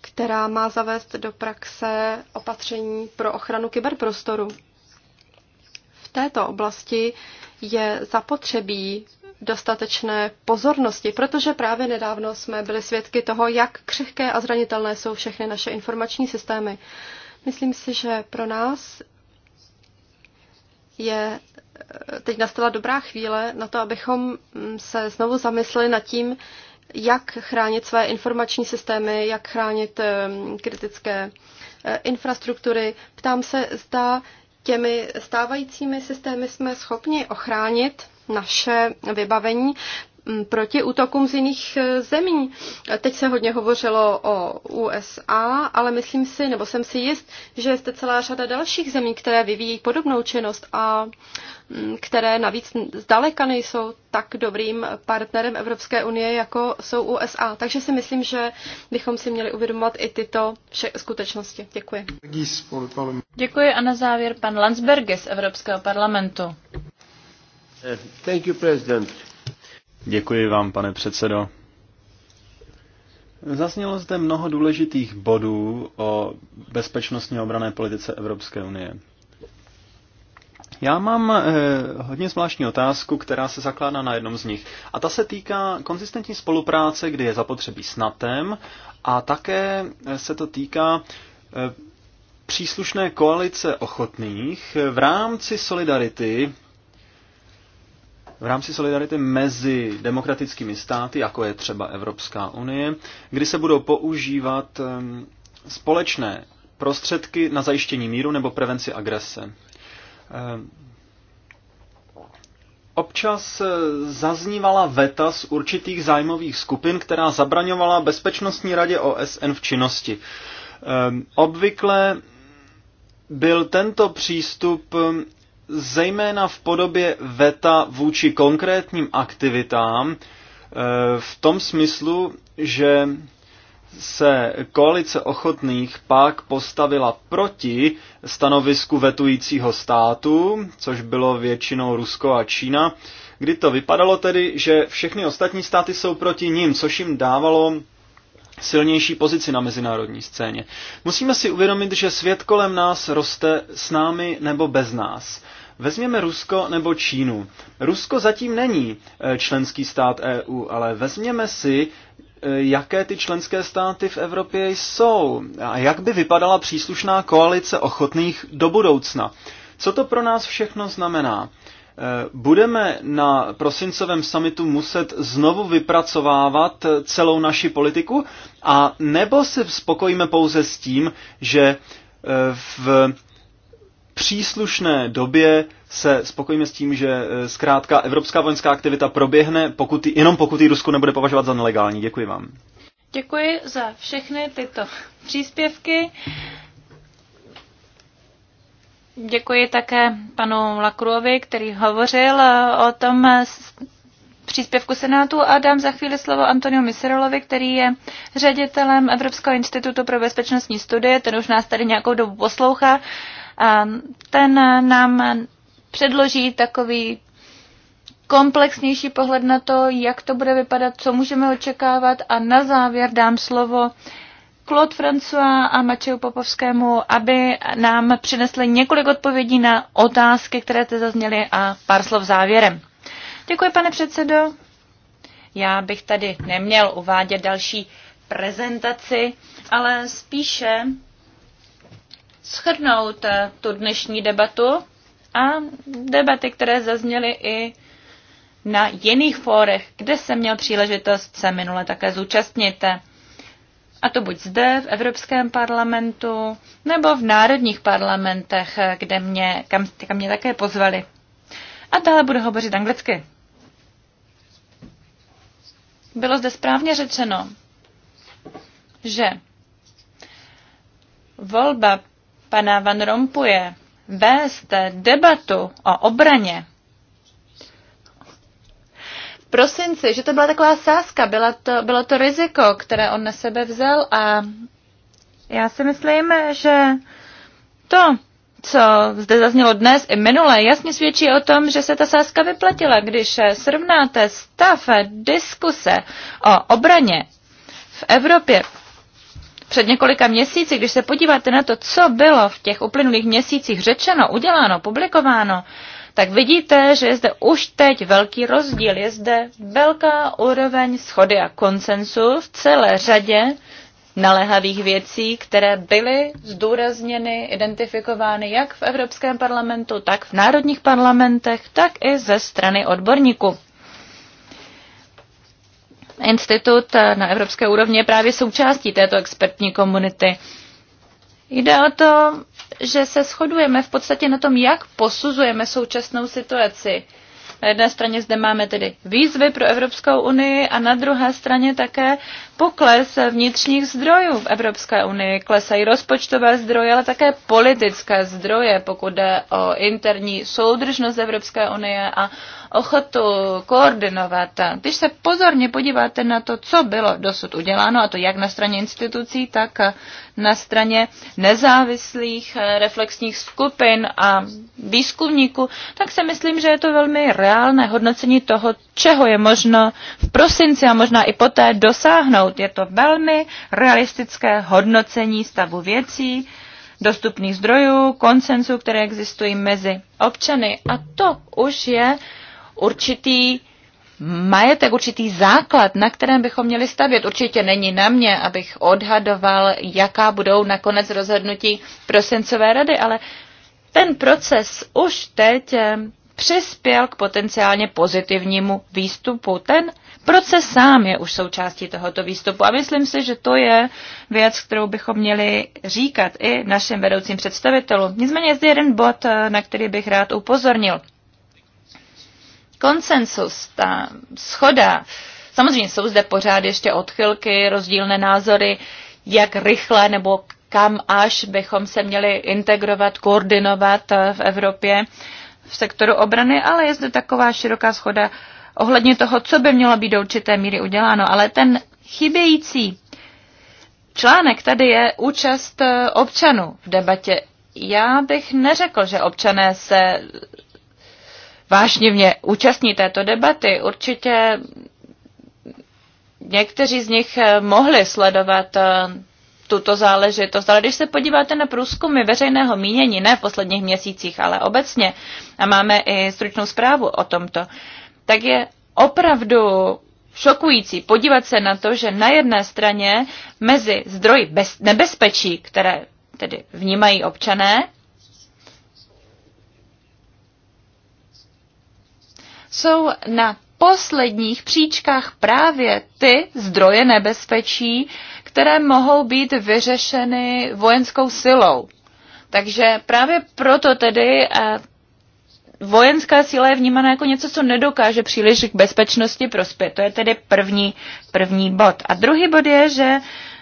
která má zavést do praxe opatření pro ochranu kyberprostoru. V této oblasti je zapotřebí dostatečné pozornosti, protože právě nedávno jsme byli svědky toho, jak křehké a zranitelné jsou všechny naše informační systémy. Myslím si, že pro nás je teď nastala dobrá chvíle na to, abychom mm, se znovu zamysleli nad tím, jak chránit své informační systémy, jak chránit kritické eh, infrastruktury. Ptám se, zda těmi stávajícími systémy jsme schopni ochránit naše vybavení proti útokům z jiných e, zemí. Teď se hodně hovořilo o USA, ale myslím si, nebo jsem si jist, že jste celá řada dalších zemí, které vyvíjí podobnou činnost a které navíc zdaleka nejsou tak dobrým partnerem Evropské unie, jako jsou USA. Takže si myslím, že bychom si měli uvědomovat i tyto vše skutečnosti. Děkuji. Děkuji a na závěr pan z Evropského parlamentu. Eh, thank you, President. Děkuji vám, pane předsedo. Zaznělo zde mnoho důležitých bodů o bezpečnostní obrané politice Evropské unie. Já mám eh, hodně zvláštní otázku, která se zakládá na jednom z nich. A ta se týká konzistentní spolupráce, kdy je zapotřebí s NATEM a také se to týká eh, příslušné koalice ochotných v rámci solidarity v rámci solidarity mezi demokratickými státy, jako je třeba Evropská unie, kdy se budou používat společné prostředky na zajištění míru nebo prevenci agrese. Občas e, zaznívala veta z určitých zájmových skupin, která zabraňovala Bezpečnostní radě OSN v činnosti. Obvykle byl tento přístup zejména v podobě veta vůči konkrétním aktivitám, eh, v tom smyslu, že se koalice ochotných pak postavila proti stanovisku vetujícího státu, což bylo většinou Rusko a Čína, kdy to vypadalo tedy, že všechny ostatní státy jsou proti ním, což jim dávalo silnější pozici na mezinárodní scéně. Musíme si uvědomit, že svět kolem nás roste s námi nebo bez nás. Vezměme Rusko nebo Čínu. Rusko zatím není eh, členský stát EU, ale vezměme si, eh, jaké ty členské státy v Evropě jsou a jak by vypadala příslušná koalice ochotných do budoucna. Co to pro nás všechno znamená? Eh, budeme na prosincovém summitu muset znovu vypracovávat eh, celou naši politiku a nebo se spokojíme pouze s tím, že eh, v příslušné době se spokojíme s tím, že zkrátka evropská vojenská aktivita proběhne, pokud, jenom pokud ji Rusko nebude považovat za nelegální. Děkuji vám. Děkuji za všechny tyto příspěvky. Děkuji také panu Lakruovi, který hovořil eh, o tom eh, příspěvku Senátu a dám za chvíli slovo Antoniu Miserolovi, který je ředitelem Evropského institutu pro bezpečnostní studie, ten už nás tady nějakou dobu poslouchá. A ten eh, nám předloží takový komplexnější pohled na to, jak to bude vypadat, co můžeme očekávat a na závěr dám slovo Claude François a Mačeju Popovskému, aby nám přinesli několik odpovědí na otázky, které jste zazněly a pár slov závěrem. Děkuji, pane předsedo. Já bych tady neměl uvádět další prezentaci, ale spíše shrnout tu dnešní debatu a debaty, které zazněly i na jiných fórech, kde jsem měl příležitost se minule také zúčastnit. A to buď zde, v Evropském parlamentu, nebo v národních parlamentech, kde mě, kam, kam mě také pozvali. A dále budu hovořit anglicky. Bylo zde správně řečeno, že volba pana Van Rompuje vést debatu o obraně prosinci, že to byla taková sázka, byla to, bylo to riziko, které on na sebe vzal a já si myslím, že to, co zde zaznělo dnes i minule, jasně svědčí o tom, že se ta sázka vyplatila, když srovnáte stav diskuse o obraně v Evropě před několika měsíci, když se podíváte na to, co bylo v těch uplynulých měsících řečeno, uděláno, publikováno, tak vidíte, že je zde už teď velký rozdíl. Je zde velká úroveň schody a konsensu v celé řadě naléhavých věcí, které byly zdůrazněny, identifikovány jak v Evropském parlamentu, tak v národních parlamentech, tak i ze strany odborníků. Institut na evropské úrovni je právě součástí této expertní komunity. Jde o to, že se shodujeme v podstatě na tom, jak posuzujeme současnou situaci. Na jedné straně zde máme tedy výzvy pro Evropskou unii a na druhé straně také pokles vnitřních zdrojů v Evropské unii. Klesají rozpočtové zdroje, ale také politické zdroje, pokud jde o interní soudržnost Evropské unie a ochotu koordinovat. Když se pozorně podíváte na to, co bylo dosud uděláno, a to jak na straně institucí, tak na straně nezávislých reflexních skupin a výzkumníků, tak si myslím, že je to velmi reálné hodnocení toho, čeho je možno v prosinci a možná i poté dosáhnout dosáhnout. Je to velmi realistické hodnocení stavu věcí, dostupných zdrojů, koncenzu, které existují mezi občany. A to už je určitý majetek, určitý základ, na kterém bychom měli stavět. Určitě není na mě, abych odhadoval, jaká budou nakonec rozhodnutí prosincové rady, ale ten proces už teď eh, přispěl k potenciálně pozitivnímu výstupu. Ten proces sám je už součástí tohoto výstupu a myslím si, že to je věc, kterou bychom měli říkat i našim vedoucím představitelům. Nicméně je zde jeden bod, eh, na který bych rád upozornil. Konsensus, ta schoda, samozřejmě jsou zde pořád ještě odchylky, rozdílné názory, jak rychle nebo kam až bychom se měli integrovat, koordinovat eh, v Evropě v sektoru obrany, ale je zde taková široká schoda ohledně toho, co by mělo být do určité míry uděláno. Ale ten chybějící článek tady je účast eh, občanů v debatě. Já bych neřekl, že občané se vášnivně účastní této debaty. Určitě někteří z nich eh, mohli sledovat eh, tuto záležitost. Ale když se podíváte na průzkumy veřejného mínění, ne v posledních měsících, ale obecně, a máme i stručnou zprávu o tomto, tak je opravdu šokující podívat se na to, že na jedné straně mezi zdroji bez, nebezpečí, které tedy vnímají občané, jsou na posledních příčkách právě ty zdroje nebezpečí, které mohou být vyřešeny vojenskou silou. Takže právě proto tedy eh, vojenská síla je vnímána jako něco, co nedokáže příliš k bezpečnosti prospět. To je tedy první, první bod. A druhý bod je, že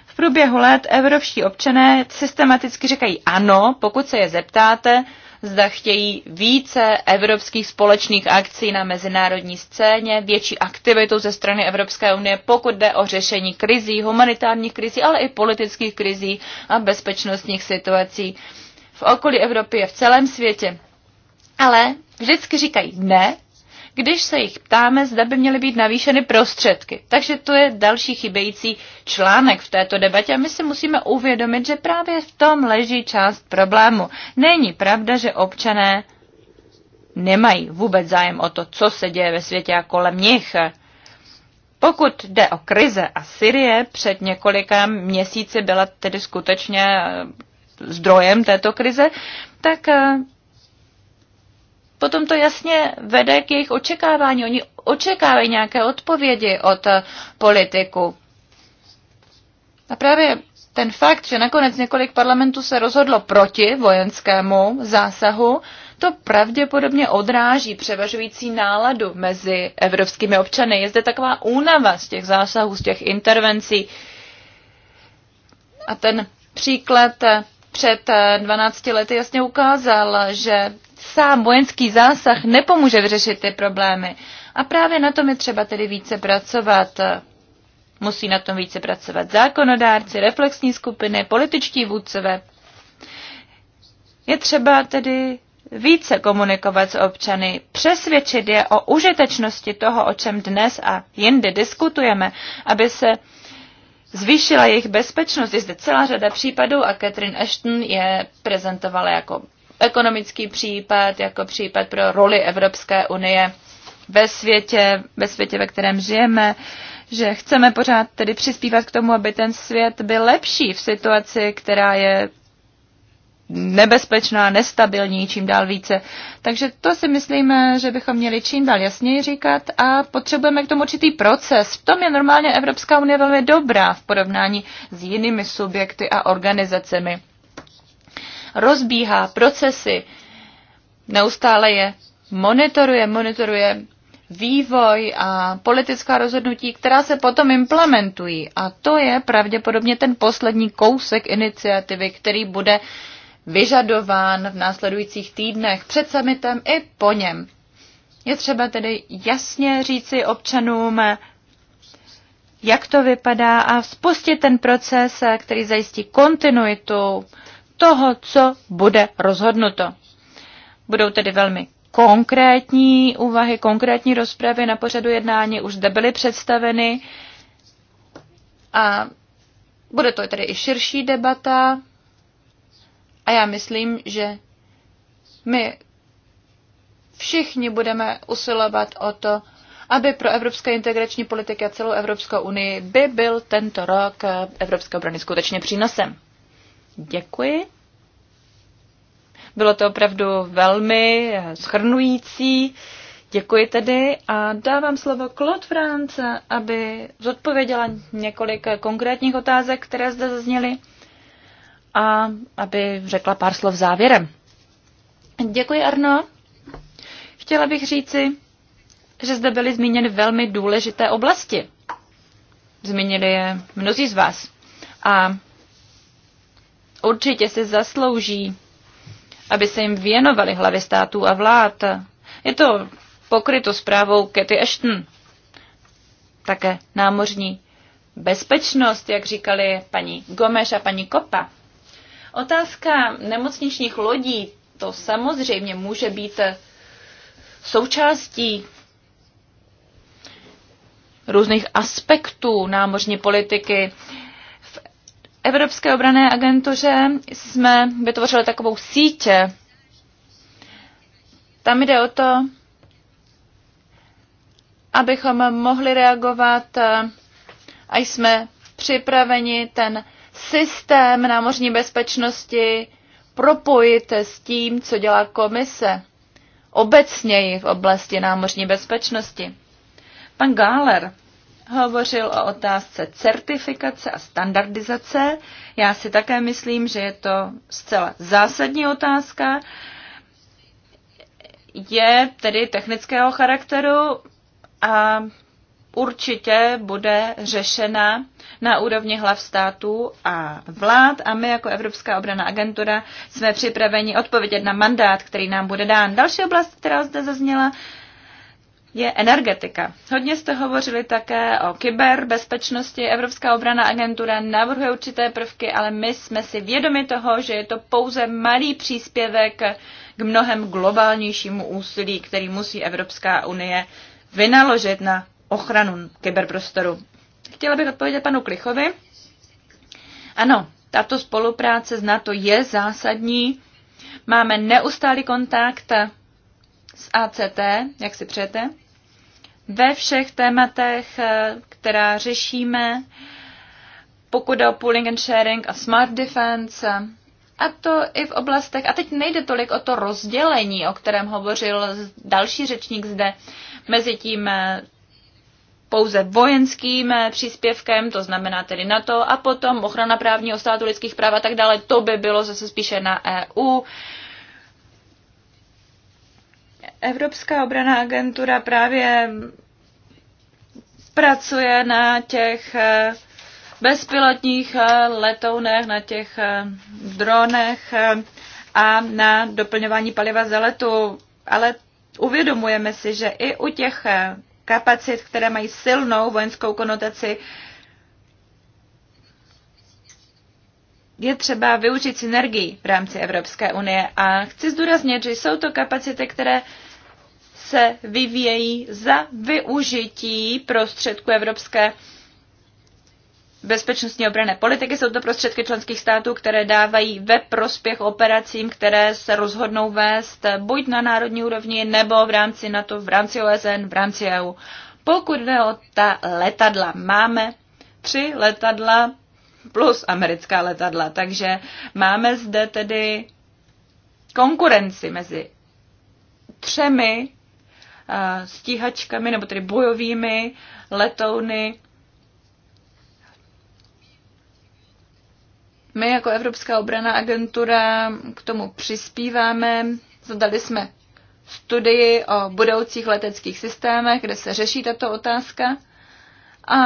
v průběhu let evropští občané systematicky říkají ano, pokud se je zeptáte, zda chtějí více evropských společných akcí na mezinárodní scéně, větší aktivitu ze strany Evropské unie, pokud jde o řešení krizí, humanitárních krizí, ale i politických krizí a bezpečnostních situací v okolí Evropy a v celém světě. Ale vždycky říkají ne, když se jich ptáme, zda by měly být navýšeny prostředky. Takže to je další chybějící článek v této debatě a my si musíme uvědomit, že právě v tom leží část problému. Není pravda, že občané nemají vůbec zájem o to, co se děje ve světě a kolem nich. Pokud jde o krize a Syrie, před několika měsíci byla tedy skutečně eh, zdrojem této krize, tak eh, potom to jasně vede k jejich očekávání. Oni očekávají nějaké odpovědi od eh, politiku. A právě ten fakt, že nakonec několik parlamentů se rozhodlo proti vojenskému zásahu, to pravděpodobně odráží převažující náladu mezi evropskými občany. Je zde taková únava z těch zásahů, z těch intervencí. A ten příklad eh, před 12 eh, lety jasně ukázal, že sám vojenský zásah nepomůže vyřešit ty problémy. A právě na tom je třeba tedy více pracovat. Musí na tom více pracovat zákonodárci, reflexní skupiny, političtí vůdcové. Je třeba tedy více komunikovat s občany, přesvědčit je o užitečnosti toho, o čem dnes a jindy diskutujeme, aby se zvýšila jejich bezpečnost. Je zde celá řada případů a Catherine Ashton je prezentovala jako ekonomický případ, jako případ pro roli Evropské unie ve světě, ve světě, ve kterém žijeme, že chceme pořád tedy přispívat k tomu, aby ten svět byl lepší v situaci, která je nebezpečná, nestabilní, čím dál více. Takže to si myslíme, že bychom měli čím dál jasněji říkat a potřebujeme k tomu určitý proces. V tom je normálně Evropská unie velmi dobrá v porovnání s jinými subjekty a organizacemi rozbíhá procesy, neustále je monitoruje, monitoruje vývoj a politická rozhodnutí, která se potom implementují. A to je pravděpodobně ten poslední kousek iniciativy, který bude vyžadován v následujících týdnech před samitem i po něm. Je třeba tedy jasně říci občanům, jak to vypadá a spustit ten proces, který zajistí kontinuitu toho, co bude rozhodnuto. Budou tedy velmi konkrétní úvahy, konkrétní rozpravy na pořadu jednání, už zde byly představeny a bude to tedy i širší debata a já myslím, že my všichni budeme usilovat o to, aby pro evropské integrační politiky a celou Evropskou unii by byl tento rok Evropské obrany skutečně přínosem. Děkuji. Bylo to opravdu velmi eh, schrnující. Děkuji tedy a dávám slovo Claude France, aby zodpověděla několik konkrétních otázek, které zde zazněly a aby řekla pár slov závěrem. Děkuji, Arno. Chtěla bych říci, že zde byly zmíněny velmi důležité oblasti. Zmínili je mnozí z vás. A určitě si zaslouží, aby se jim věnovali hlavy států a vlád. Je to pokryto zprávou Katy Ashton. Také námořní bezpečnost, jak říkali paní Gomeš a paní Kopa. Otázka nemocničních lodí, to samozřejmě může být součástí různých aspektů námořní politiky. Evropské obrané agentuře jsme vytvořili takovou sítě. Tam jde o to, abychom mohli reagovat eh, a jsme připraveni ten systém námořní bezpečnosti propojit s tím, co dělá komise obecněji v oblasti námořní bezpečnosti. Pan Gáler hovořil o otázce certifikace a standardizace. Já si také myslím, že je to zcela zásadní otázka. Je tedy technického charakteru a určitě bude řešena na úrovni hlav států a vlád a my jako Evropská obrana agentura jsme připraveni odpovědět na mandát, který nám bude dán. Další oblast, která zde zazněla, je energetika. Hodně jste hovořili také o kyberbezpečnosti. Evropská obrana agentura navrhuje určité prvky, ale my jsme si vědomi toho, že je to pouze malý příspěvek k mnohem globálnějšímu úsilí, který musí Evropská unie vynaložit na ochranu kyberprostoru. Chtěla bych odpovědět panu Klichovi. Ano, tato spolupráce s NATO je zásadní. Máme neustálý kontakt s ACT, jak si přejete ve všech tématech, eh, která řešíme, pokud jde o pooling and sharing a smart defense, a to i v oblastech, a teď nejde tolik o to rozdělení, o kterém hovořil další řečník zde, mezi tím eh, pouze vojenským eh, příspěvkem, to znamená tedy NATO, a potom ochrana právního státu, lidských práv a tak dále, to by bylo zase spíše na EU. Evropská obraná agentura právě pracuje na těch eh, bezpilotních eh, letounech, na těch eh, dronech a na doplňování paliva ze letu. Ale uvědomujeme si, že i u těch kapacit, které mají silnou vojenskou konotaci, je třeba využít synergii v rámci Evropské unie. A chci zdůraznit, že jsou to kapacity, které se vyvíjejí za využití prostředků Evropské bezpečnostní obrané politiky. Jsou to prostředky členských států, které dávají ve prospěch operacím, které se rozhodnou vést buď na národní úrovni, nebo v rámci NATO, v rámci OSN, v rámci EU. Pokud jde o ta letadla, máme tři letadla plus americká letadla, takže máme zde tedy konkurenci mezi třemi stíhačkami, nebo tedy bojovými letouny. My jako Evropská obrana agentura k tomu přispíváme. Zadali jsme studii o budoucích leteckých systémech, kde se řeší tato otázka a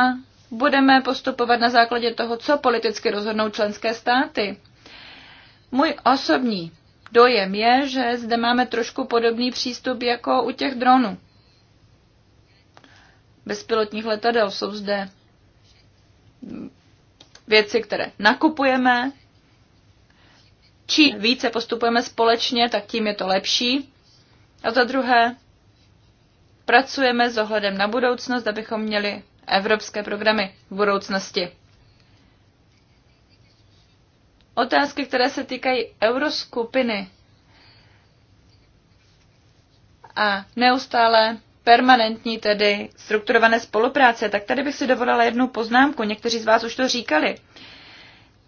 budeme postupovat na základě toho, co politicky rozhodnou členské státy. Můj osobní dojem je, že zde máme trošku podobný přístup jako u těch dronů. Bezpilotních letadel jsou zde věci, které nakupujeme. Čím více postupujeme společně, tak tím je to lepší. A za druhé, pracujeme s ohledem na budoucnost, abychom měli evropské programy v budoucnosti otázky, které se týkají euroskupiny a neustále permanentní tedy strukturované spolupráce, tak tady bych si dovolila jednu poznámku. Někteří z vás už to říkali.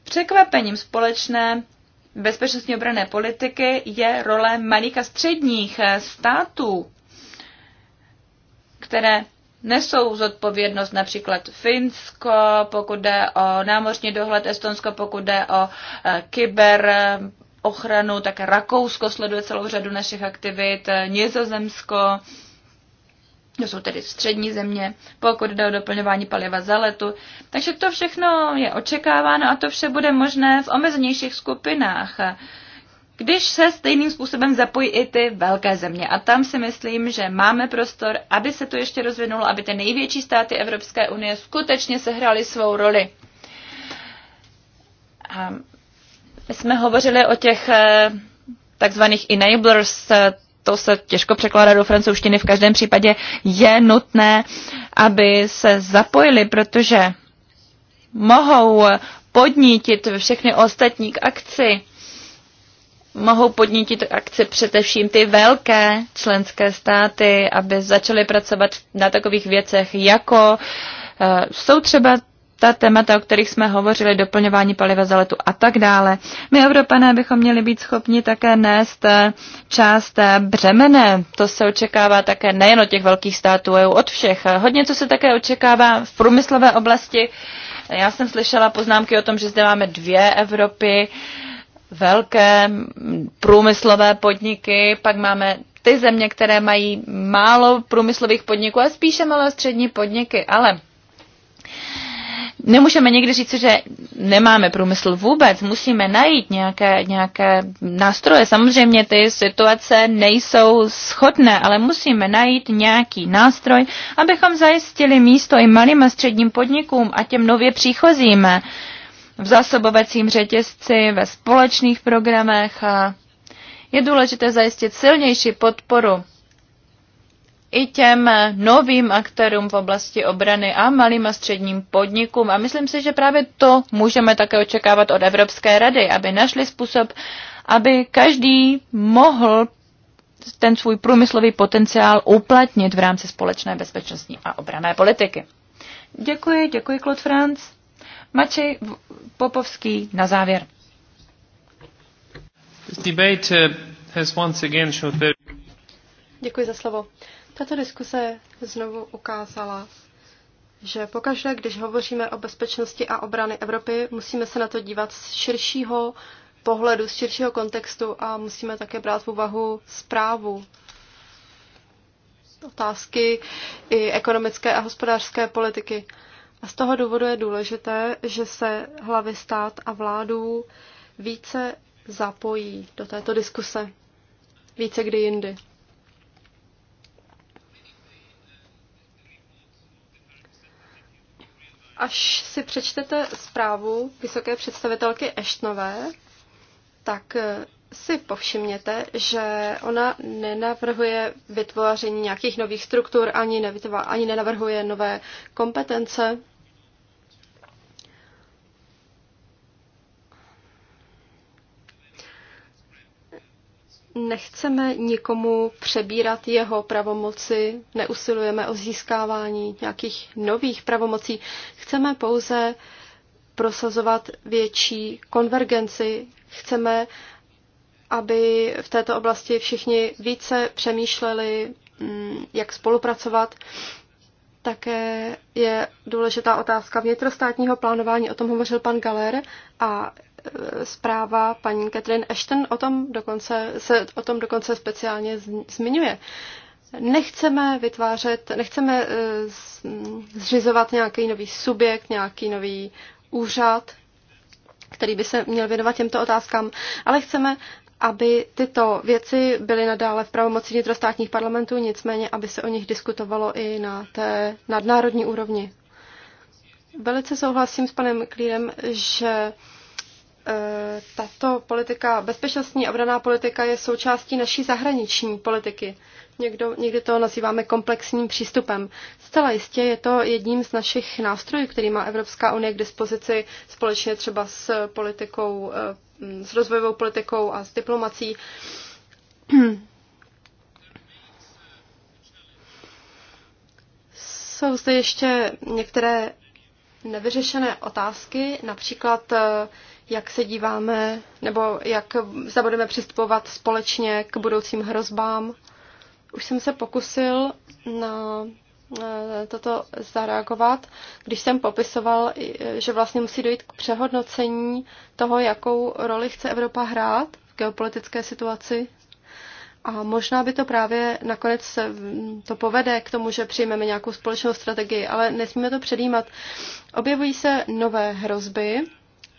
Překvapením společné bezpečnostní obrané politiky je role malých a středních států, které nesou zodpovědnost například Finsko, pokud jde o námořní dohled, Estonsko, pokud jde o eh, kyber eh, ochranu, také Rakousko sleduje celou řadu našich aktivit, eh, Nizozemsko, to jsou tedy střední země, pokud jde o doplňování paliva za letu. Takže to všechno je očekáváno a to vše bude možné v omezenějších skupinách když se stejným způsobem zapojí i ty velké země. A tam si myslím, že máme prostor, aby se to ještě rozvinulo, aby ty největší státy Evropské unie skutečně sehrály svou roli. A my jsme hovořili o těch eh, takzvaných enablers, eh, to se těžko překládá do francouzštiny, v každém případě je nutné, aby se zapojili, protože mohou podnítit všechny ostatní k akci mohou podnítit akce především ty velké členské státy, aby začaly pracovat na takových věcech, jako eh, jsou třeba ta témata, o kterých jsme hovořili, doplňování paliva za letu a tak dále. My, Evropané, bychom měli být schopni také nést eh, část eh, břemene. To se očekává také nejen od těch velkých států ale od všech. Hodně, co se také očekává v průmyslové oblasti. Já jsem slyšela poznámky o tom, že zde máme dvě Evropy. Uh, velké průmyslové podniky, pak máme ty země, které mají málo průmyslových podniků a spíše malé a střední podniky, ale nemůžeme někdy říct, že nemáme průmysl vůbec, musíme najít nějaké, nějaké nástroje. Samozřejmě ty situace nejsou schodné, ale musíme najít nějaký nástroj, abychom zajistili místo i malým a středním podnikům a těm nově příchozím v zásobovacím řetězci, ve společných programech a je důležité zajistit silnější podporu i těm novým aktérům v oblasti obrany a malým a středním podnikům. A myslím si, že právě to můžeme také očekávat od Evropské rady, aby našli způsob, aby každý mohl ten svůj průmyslový potenciál uplatnit v rámci společné bezpečnostní a obrané politiky. Děkuji, děkuji, Claude France. Mači Popovský na závěr. Uh, Děkuji za slovo. Tato diskuse znovu ukázala, že pokaždé, když hovoříme o bezpečnosti a obrany Evropy, musíme se na to dívat z širšího pohledu, z širšího kontextu a musíme také brát v úvahu zprávu otázky i ekonomické a hospodářské politiky. A z toho důvodu je důležité, že se hlavy stát a vládů více zapojí do této diskuse, více kdy jindy. Až si přečtete zprávu vysoké představitelky Eštnové, tak si povšimněte, že ona nenavrhuje vytvoření nějakých nových struktur, ani, nevytvá, ani nenavrhuje nové kompetence. Nechceme nikomu přebírat jeho pravomoci, neusilujeme o získávání nějakých nových pravomocí. Chceme pouze prosazovat větší konvergenci, chceme aby v této oblasti všichni více přemýšleli, mm, jak spolupracovat. Také je důležitá otázka vnitrostátního plánování, o tom hovořil pan Galer a e, zpráva paní Catherine Ashton o tom dokonce, se o tom dokonce speciálně zmiňuje. Nechceme vytvářet, nechceme e, zřizovat nějaký nový subjekt, nějaký nový úřad, který by se měl věnovat těmto otázkám, ale chceme aby tyto věci byly nadále v pravomoci vnitrostátních parlamentů, nicméně, aby se o nich diskutovalo i na té nadnárodní úrovni. Velice souhlasím s panem Klírem, že Eh, tato politika, bezpečnostní a obraná politika je součástí naší zahraniční politiky. Někdo, někdy to nazýváme komplexním přístupem. Zcela jistě je to jedním z našich nástrojů, který má Evropská unie k dispozici společně třeba s politikou, eh, s rozvojovou politikou a s diplomací. Jsou zde ještě některé nevyřešené otázky, například eh, jak se díváme, nebo jak zabudeme přistupovat společně k budoucím hrozbám. Už jsem se pokusil na eh, toto zareagovat, když jsem popisoval, že vlastně musí dojít k přehodnocení toho, jakou roli chce Evropa hrát v geopolitické situaci. A možná by to právě nakonec eh, to povede k tomu, že přijmeme nějakou společnou strategii, ale nesmíme to předjímat. Objevují se nové hrozby,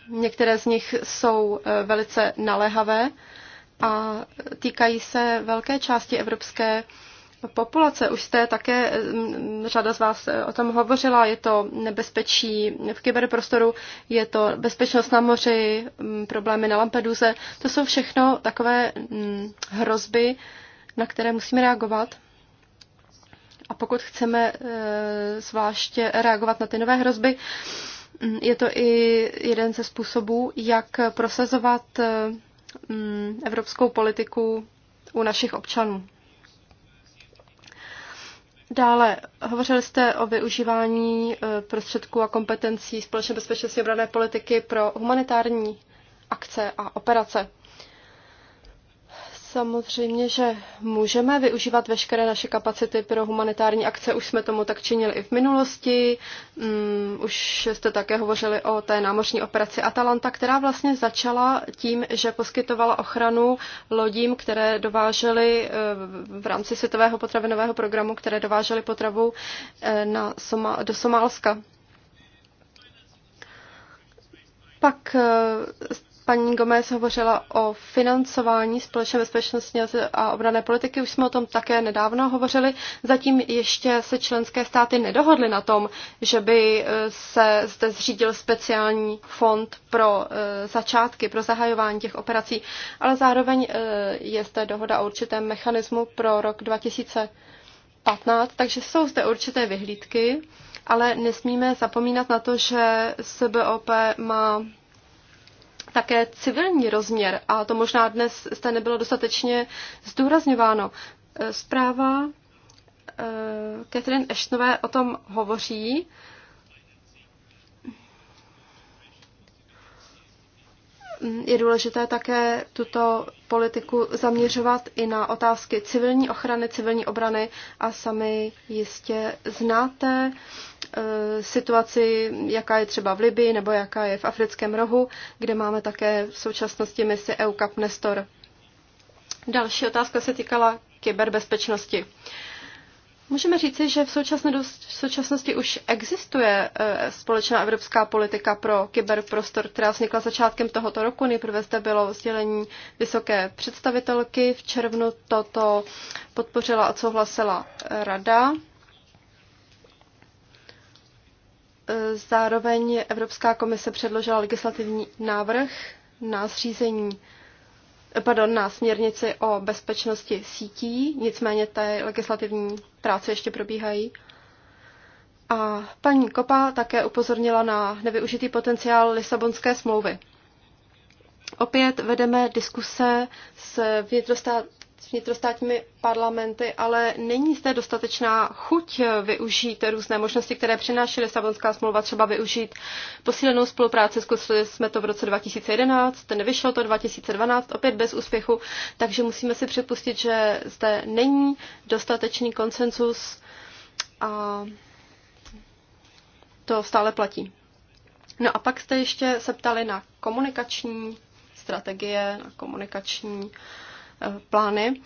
Některé z nich jsou eh, velice naléhavé a týkají se velké části evropské populace. Už jste také, eh, řada z vás eh, o tom hovořila, je to nebezpečí v kyberprostoru, je to bezpečnost na moři, mm, problémy na Lampeduze. To jsou všechno takové mm, hrozby, na které musíme reagovat. A pokud chceme zvláště reagovat na ty nové hrozby, Mm, je to i jeden ze způsobů, jak prosazovat mm, evropskou politiku u našich občanů. Dále, hovořili jste o využívání e, prostředků a kompetencí společné bezpečnosti obrané politiky pro humanitární akce a operace. Samozřejmě, že můžeme využívat veškeré naše kapacity pro humanitární akce. Už jsme tomu tak činili i v minulosti. Um, už jste také hovořili o té námořní operaci Atalanta, která vlastně začala tím, že poskytovala ochranu lodím, které dovážely eh, v rámci Světového potravinového programu, které dovážely potravu eh, na Soma- do Somálska. Pak eh, paní Gomez hovořila o financování společné bezpečnostní a obrané politiky. Už jsme o tom také nedávno hovořili. Zatím ještě se členské státy nedohodly na tom, že by e, se zde zřídil speciální fond pro e, začátky, pro zahajování těch operací, ale zároveň e, je zde dohoda o určitém mechanismu pro rok 2015, takže jsou zde určité vyhlídky ale nesmíme zapomínat na to, že SBOP má také civilní rozměr, a to možná dnes zde nebylo dostatečně zdůrazňováno. E, zpráva e, Catherine Ashtonové o tom hovoří. Je důležité také tuto politiku zaměřovat i na otázky civilní ochrany, civilní obrany a sami jistě znáte Eh, situaci, jaká je třeba v Libii nebo jaká je v africkém rohu, kde máme také v současnosti misi EUCAP Nestor. Další otázka se týkala kyberbezpečnosti. Můžeme říci, že v, současné, v současnosti už existuje eh, společná evropská politika pro kyberprostor, která vznikla začátkem tohoto roku. Nejprve zde bylo sdělení vysoké představitelky. V červnu toto podpořila a souhlasila rada. Zároveň Evropská komise předložila legislativní návrh na zřízení pardon, na směrnici o bezpečnosti sítí, nicméně té legislativní práce ještě probíhají. A paní Kopa také upozornila na nevyužitý potenciál Lisabonské smlouvy. Opět vedeme diskuse s, vnitrostát, s vnitrostátními parlamenty, ale není zde dostatečná chuť využít různé možnosti, které přináší Lisabonská smlouva, třeba využít posílenou spolupráci. Zkusili jsme to v roce 2011, nevyšlo to 2012, opět bez úspěchu, takže musíme si připustit, že zde není dostatečný konsensus a to stále platí. No a pak jste ještě se ptali na komunikační strategie, na komunikační uh, plány.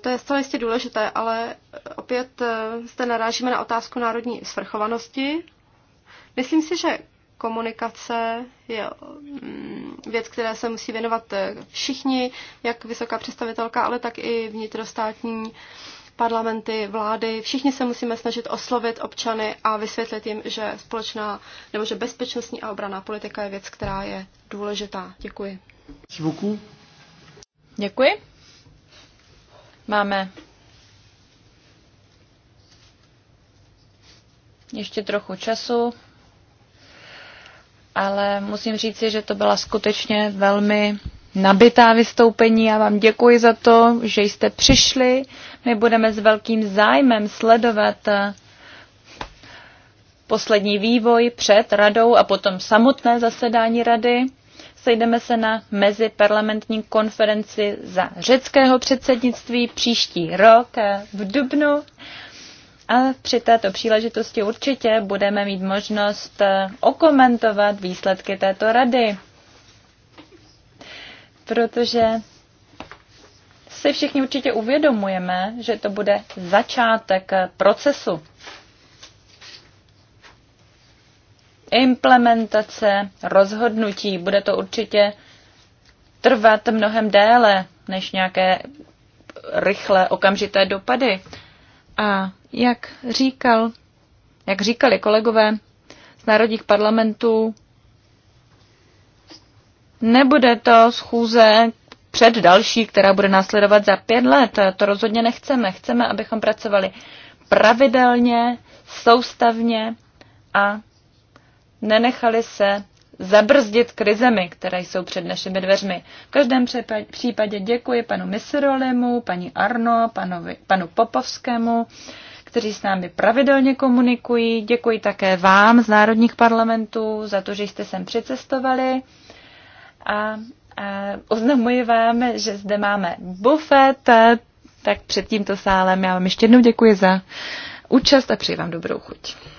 To je zcela jistě důležité, ale opět eh, zde narážíme na otázku národní svrchovanosti. Myslím si, že komunikace je mm, věc, které se musí věnovat eh, všichni, jak vysoká představitelka, ale tak i vnitrostátní parlamenty, vlády. Všichni se musíme snažit oslovit občany a vysvětlit jim, že společná nebo že bezpečnostní a obraná politika je věc, která je důležitá. Děkuji. Děkuji. Máme ještě trochu času, ale musím říci, že to byla skutečně velmi nabitá vystoupení. Já vám děkuji za to, že jste přišli. My budeme s velkým zájmem sledovat poslední vývoj před radou a potom samotné zasedání rady. Sejdeme se na meziparlamentní konferenci za řeckého předsednictví příští rok v Dubnu. A při této příležitosti určitě budeme mít možnost eh, okomentovat výsledky této rady. Protože si všichni určitě uvědomujeme, že to bude začátek procesu implementace rozhodnutí. Bude to určitě trvat mnohem déle než nějaké rychlé okamžité dopady. A jak říkal, jak říkali kolegové z národních parlamentů, nebude to schůze před další, která bude následovat za pět let. To rozhodně nechceme. Chceme, abychom pracovali pravidelně, soustavně a nenechali se zabrzdit krizemi, které jsou před našimi dveřmi. V každém případě děkuji panu Miserolemu, paní Arno, panovi, panu Popovskému, kteří s námi pravidelně komunikují. Děkuji také vám z národních parlamentů za to, že jste sem přicestovali. A, a oznamuji vám, že zde máme bufet, tak před tímto sálem já vám ještě jednou děkuji za účast a přeji vám dobrou chuť.